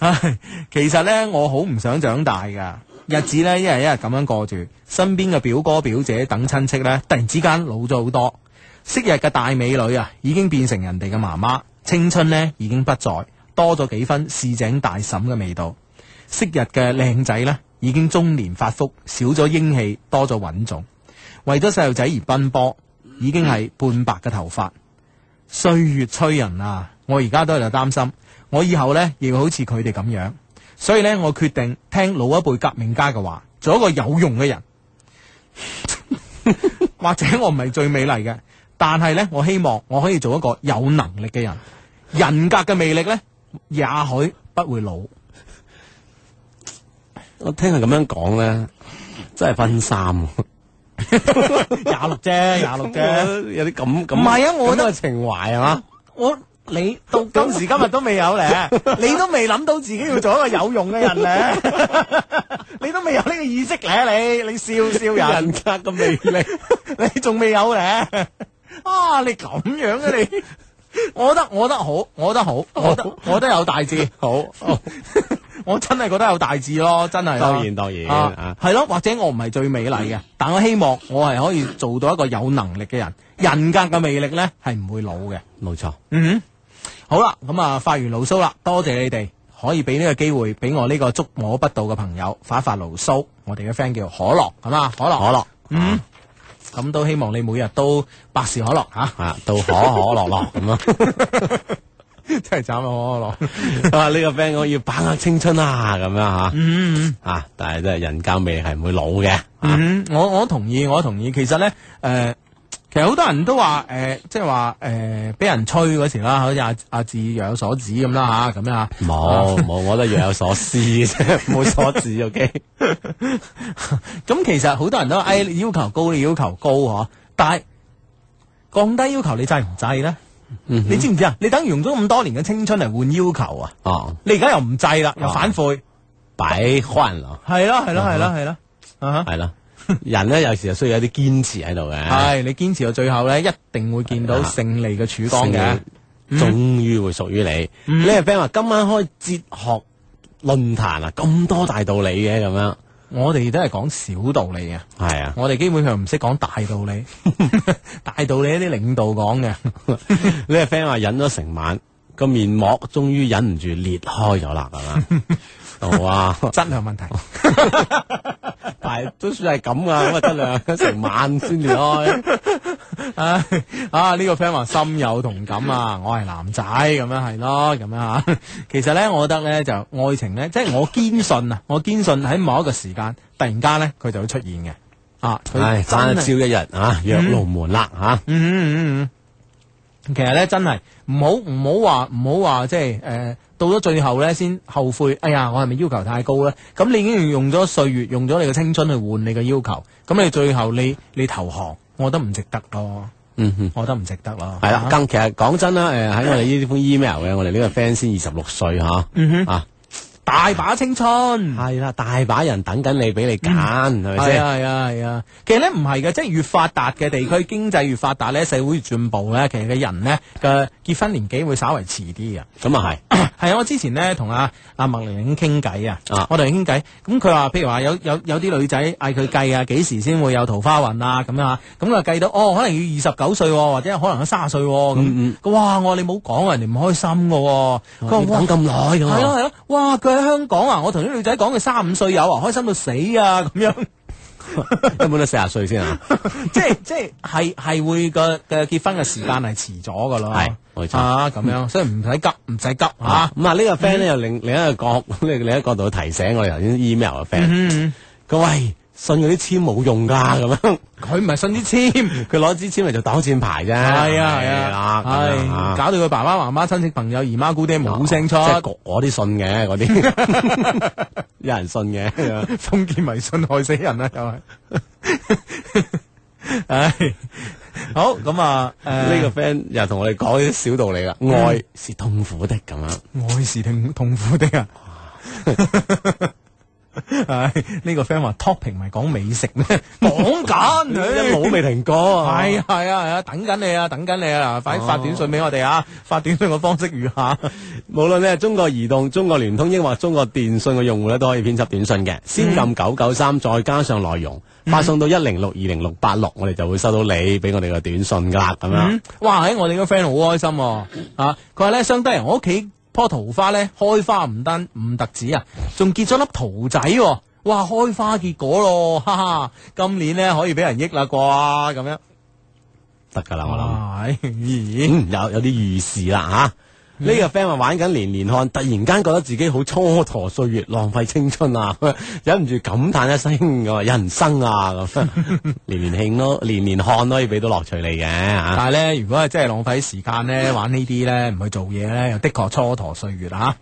唉， 其實咧我好唔想長大噶。日子咧，一日一日咁樣過住，身邊嘅表哥表姐等親戚咧，突然之間老咗好多。昔日嘅大美女啊，已經變成人哋嘅媽媽，青春咧已經不在，多咗幾分市井大嬸嘅味道。昔日嘅靚仔咧，已經中年發福，少咗英氣，多咗穩重。為咗細路仔而奔波，已經係半白嘅頭髮。歲、嗯、月催人啊！我而家都喺度擔心，我以後咧，亦好似佢哋咁樣。所以咧，我決定聽老一輩革命家嘅話，做一個有用嘅人。 或者我唔係最美麗嘅，但係咧，我希望我可以做一個有能力嘅人。人格嘅魅力咧，也許不會老。我聽佢咁樣講咧，真係分三，廿六啫，廿六啫，有啲咁咁唔係啊！我咁嘅情懷係嘛？我。你到今時今日都未有咧， 你都未諗到自己要做一個有用嘅人咧、啊， 你都未有呢個意識咧、啊，你你笑笑人，人格嘅魅力， 你仲未有咧， 啊你咁樣嘅、啊、你， 我覺得我覺得好，我覺得好，我覺得我都有大志，好，我真係覺得有大志 咯，真係，當然當然，係咯，啊、或者我唔係最美麗嘅，嗯、但我希望我係可以做到一個有能力嘅人，人格嘅魅力咧係唔會老嘅，冇錯錯，嗯哼好啦，咁、嗯、啊，發完牢騷啦，多謝你哋可以俾呢個機會俾我呢個捉摸不到嘅朋友發發牢騷。我哋嘅 friend 叫可樂，係嘛？可樂，可樂樂，嗯，咁、啊、都希望你每日都百事可樂吓，吓都可可樂樂咁咯，真係慘我可可樂。啊，呢個 friend 我要把握青春啊，咁樣吓，嗯，啊，嗯嗯啊但係真係人間味係唔會老嘅。啊、嗯，我我同意，我同意。其實咧，誒、呃。其實好多人都話誒，即係話誒，俾人吹嗰時啦，好似阿阿志若有所指咁啦吓，咁啊，冇冇，我都若有所思嘅啫，冇所指 ok。咁其實好多人都誒要求高，你要求高嗬，但係降低要求你制唔制呢？你知唔知啊？你等用咗咁多年嘅青春嚟換要求啊？你而家又唔制啦，又反悔，擺返咯，係咯係咯係咯係咯，係啦。 人咧有時就需要有啲堅持喺度嘅，係 你堅持到最後咧，一定會見到勝利嘅曙光嘅，啊，終於會屬於你。呢個 friend 話今晚開哲學論壇啊，咁多大道理嘅咁樣，我哋都係講小道理嘅。係啊，我哋基本上唔識講大道理， 大道理啲領導講嘅。呢個 friend 話忍咗成晚個面膜，終於忍唔住裂開咗啦，係嘛。好啊，質 量問題 但，但係都算係咁噶，咁嘅質量成晚先離開啊呢、啊這個 friend 話心有同感啊，我係男仔咁樣係咯，咁樣吓、啊。其實咧，我覺得咧就愛情咧，即係我堅信啊，我堅信喺某一個時間，突然間咧佢就會出現嘅啊。係，花銷一日啊，若露、嗯、門啦啊。嗯嗯嗯嗯，嗯，嗯。其實咧，真係唔好唔好話唔好話即係誒。就是到咗最後咧，先後悔，哎呀，我係咪要求太高咧？咁你已經用咗歲月，用咗你嘅青春去換你嘅要求，咁你最後你你投降，我覺得唔值得咯。嗯哼，我覺得唔值得咯。係啦的，更、啊、其實講真啦，誒、呃、喺我哋呢啲封 email 嘅、嗯哼，我哋呢個 friend 先二十六歲嚇，啊。嗯哼啊大把青春係啦，大把人等緊你俾你揀，係咪先？係啊吧，係啊，係啊。其實咧唔係嘅，即係越發達嘅地區，經濟越發達咧，社會越進步咧，其實個人呢，嘅結婚年紀會稍為遲啲啊。咁啊係，係啊！ 我之前呢，同阿阿麥玲玲傾偈啊，寧寧啊我哋傾偈，咁佢話譬如話有有有啲女仔嗌佢計啊，幾時先會有桃花運啊？咁樣啊，咁啊計到哦，可能要二十九歲，或者可能要卅歲。咁嗯，嗯。哇！我話你唔好講啊，人哋唔開心噶，我話等咁耐係係哇！香港啊，我同啲女仔講佢三五歲有啊，開心到死啊，咁樣根本都四十歲先啊，即係即係係係會個嘅結婚嘅時間係遲咗噶咯，係冇錯啊，咁樣所以唔使急唔使急吓，咁啊、嗯、個呢個 friend 咧又另、嗯、另一個角度，另一個角度提醒我哋頭先 email 嘅 friend，嗯，各位。信嗰啲籤冇用噶，咁樣佢唔係信啲籤，佢攞支籤嚟做擋箭牌啫。係啊係啊，係搞到佢爸爸媽媽親戚朋友姨媽姑爹冇聲出，即係嗰啲信嘅嗰啲，有人信嘅封建迷信害死人啊！又係，唉，好咁啊，呢個 friend 又同我哋講啲小道理啦。愛是痛苦的，咁樣愛是痛苦的啊。係呢、 哎這個 friend 話 topic 唔係講美食咩？講緊， 一路都未停過。係係啊係啊，等緊你啊，等緊你啊！嗱，快發短信俾我哋啊！發短信嘅方式如下： 無論你係中國移動、中國聯通、抑或中國電信嘅用戶咧，都可以編輯短信嘅。嗯、先撳九九三，再加上內容，發送到一零六二零六八六，我哋就會收到你俾我哋嘅短信噶啦。咁樣哇，喺、嗯、我哋個 friend 好開心啊！佢話咧，兄弟，我屋企。棵桃花咧開花唔單唔特止啊，仲結咗粒桃仔喎、啊！哇，開花結果咯，哈哈！今年呢可以俾人益啦啩，咁樣得噶啦，我諗、哎嗯、有有啲預示啦吓。呢、mm hmm. 個 friend 話玩緊連連看，突然間覺得自己好蹉跎歲月，浪費青春啊！ 忍唔住感嘆一聲、啊：，我人生啊，年年慶咯，年年看都可以俾到樂趣嚟嘅。啊、但係咧，如果係真係浪費時間咧，mm hmm. 玩呢啲咧，唔去做嘢咧，又的確蹉跎歲月啊！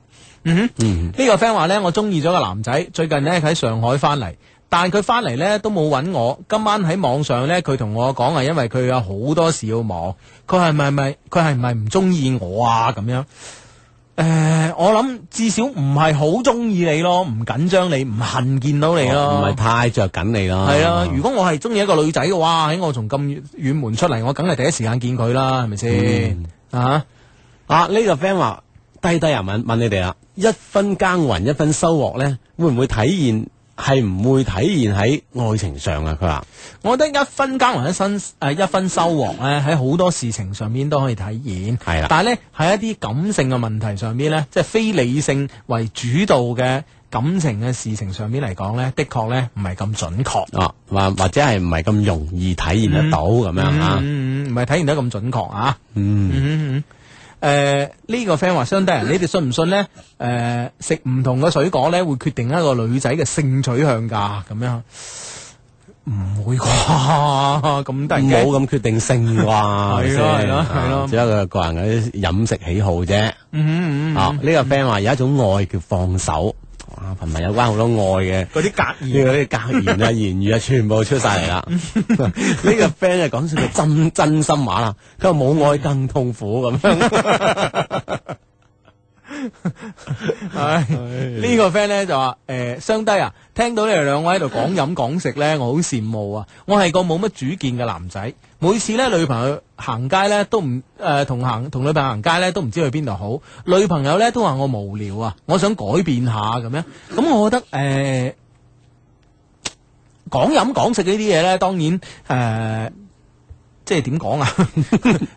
嗯、mm、哼，嗯、hmm. mm，hmm. 個呢個 friend 話咧，我中意咗個男仔，最近咧喺上海翻嚟。但佢翻嚟咧都冇揾我。今晚喺網上咧，佢同我講係，因為佢有好多事要忙。佢係咪咪佢係咪唔中意我啊？咁樣？誒、呃，我諗至少唔係好中意你咯，唔緊張你，唔恨見到你咯，唔係、啊、太着緊你咯。係啊，如果我係中意一個女仔嘅話，喺我從咁遠門出嚟，我梗係第一時間見佢啦，係咪先啊？啊呢個 friend 話低低人，問問你哋啦，一分耕耘一分收穫咧，會唔會體現？係唔會體現喺愛情上嘅，佢話我覺得一分耕耘一分誒一分收穫咧，喺好多事情上面都可以體現。係啦的，但係咧喺一啲感性嘅問題上邊咧，即係非理性為主導嘅感情嘅事情上邊嚟講咧，的確咧唔係咁準確哦、啊，或或者係唔係咁容易體現得到咁、嗯、樣啊？唔係、嗯嗯、體現得咁準確啊嗯嗯？嗯。誒，呢、呃這個 friend 話相弟，你哋信唔信呢？誒、呃，食唔同嘅水果咧，會決定一個女仔嘅性取向噶，咁樣唔會啩？咁得冇咁決定性啩、啊？係咯係咯係咯，以啊啊、只係個人嘅飲食喜好啫。嗯嗯嗯、啊，呢個 friend 話、嗯、有一種愛叫放手。啊，同埋有關好多愛嘅，嗰啲格言，啲格言啊，啊 言語啊，全部出晒嚟啦。呢 個 friend 就講出個真真心話啦，佢話冇愛更痛苦咁樣。 係、 哎、 呢個 friend 咧就話誒，雙、呃、低啊！聽到你哋兩位喺度講飲講食咧，我好羨慕啊！我係個冇乜主見嘅男仔，每次咧女朋友行街咧都唔誒、呃、同行，同女朋友行街咧都唔知去邊度好。女朋友咧都話我無聊啊，我想改變下咁樣。咁我覺得誒、呃，講飲講食呢啲嘢咧，當然誒、呃，即係點講啊？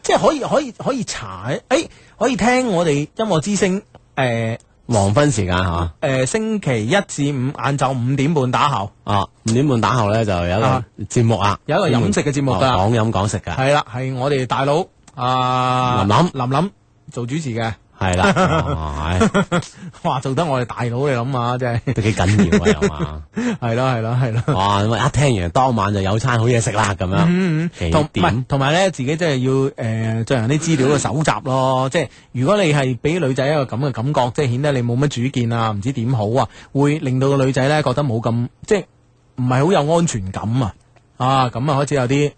即係可以可以可以踩誒。可以聽我哋音樂之聲誒、呃、黃昏時間吓誒星期一至五晏晝五點半打後啊五點半打後咧就有一個節目啊有一個飲食嘅節目嘅講飲講食㗎係啦係我哋大佬啊、呃、林林林林做主持嘅。係啦，哇！啊、 做得我哋大佬你諗下，真係都幾緊要 啊，又嘛？係咯，係咯，係咯！哇！一聽完當晚就有餐好嘢食啦，咁樣同埋咧，自己真係要誒呃、進行啲資料嘅搜集咯。即係如果你係俾女仔一個咁嘅感覺，即係顯得你冇乜主見啊，唔知點好啊，會令到個女仔咧覺得冇咁即係唔係好有安全感啊啊！咁啊，開始有啲。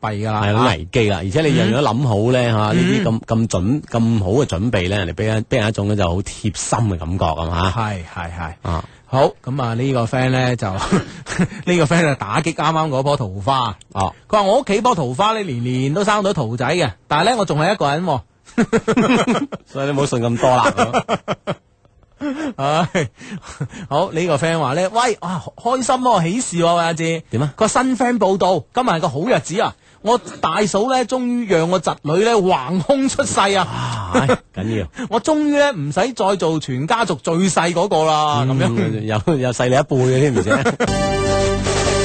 弊噶啦，係咯，危機啦，而且你樣樣諗好咧吓，呢啲咁咁準咁好嘅準備咧，人哋俾人俾人一種咧就好貼心嘅感覺啊嘛，係係係，好咁啊呢 個 friend 咧就呢個 friend 就打擊啱啱嗰棵桃花，哦，佢話我屋企棵桃花咧年年都生到桃仔嘅，但係咧我仲係一個人。哦， 所以你唔 好信咁多啦，係，好呢個 friend 話咧，喂，哇開心咯，哦，喜事，哦，阿志點啊？個新 friend 報道，今日係個好日子啊！我大嫂咧，終於讓我侄女咧橫空出世啊！緊、 哎、要， 我終於咧唔使再做全家族最、嗯樣嗯、細嗰個啦，咁樣又又細你一半嘅添，唔知。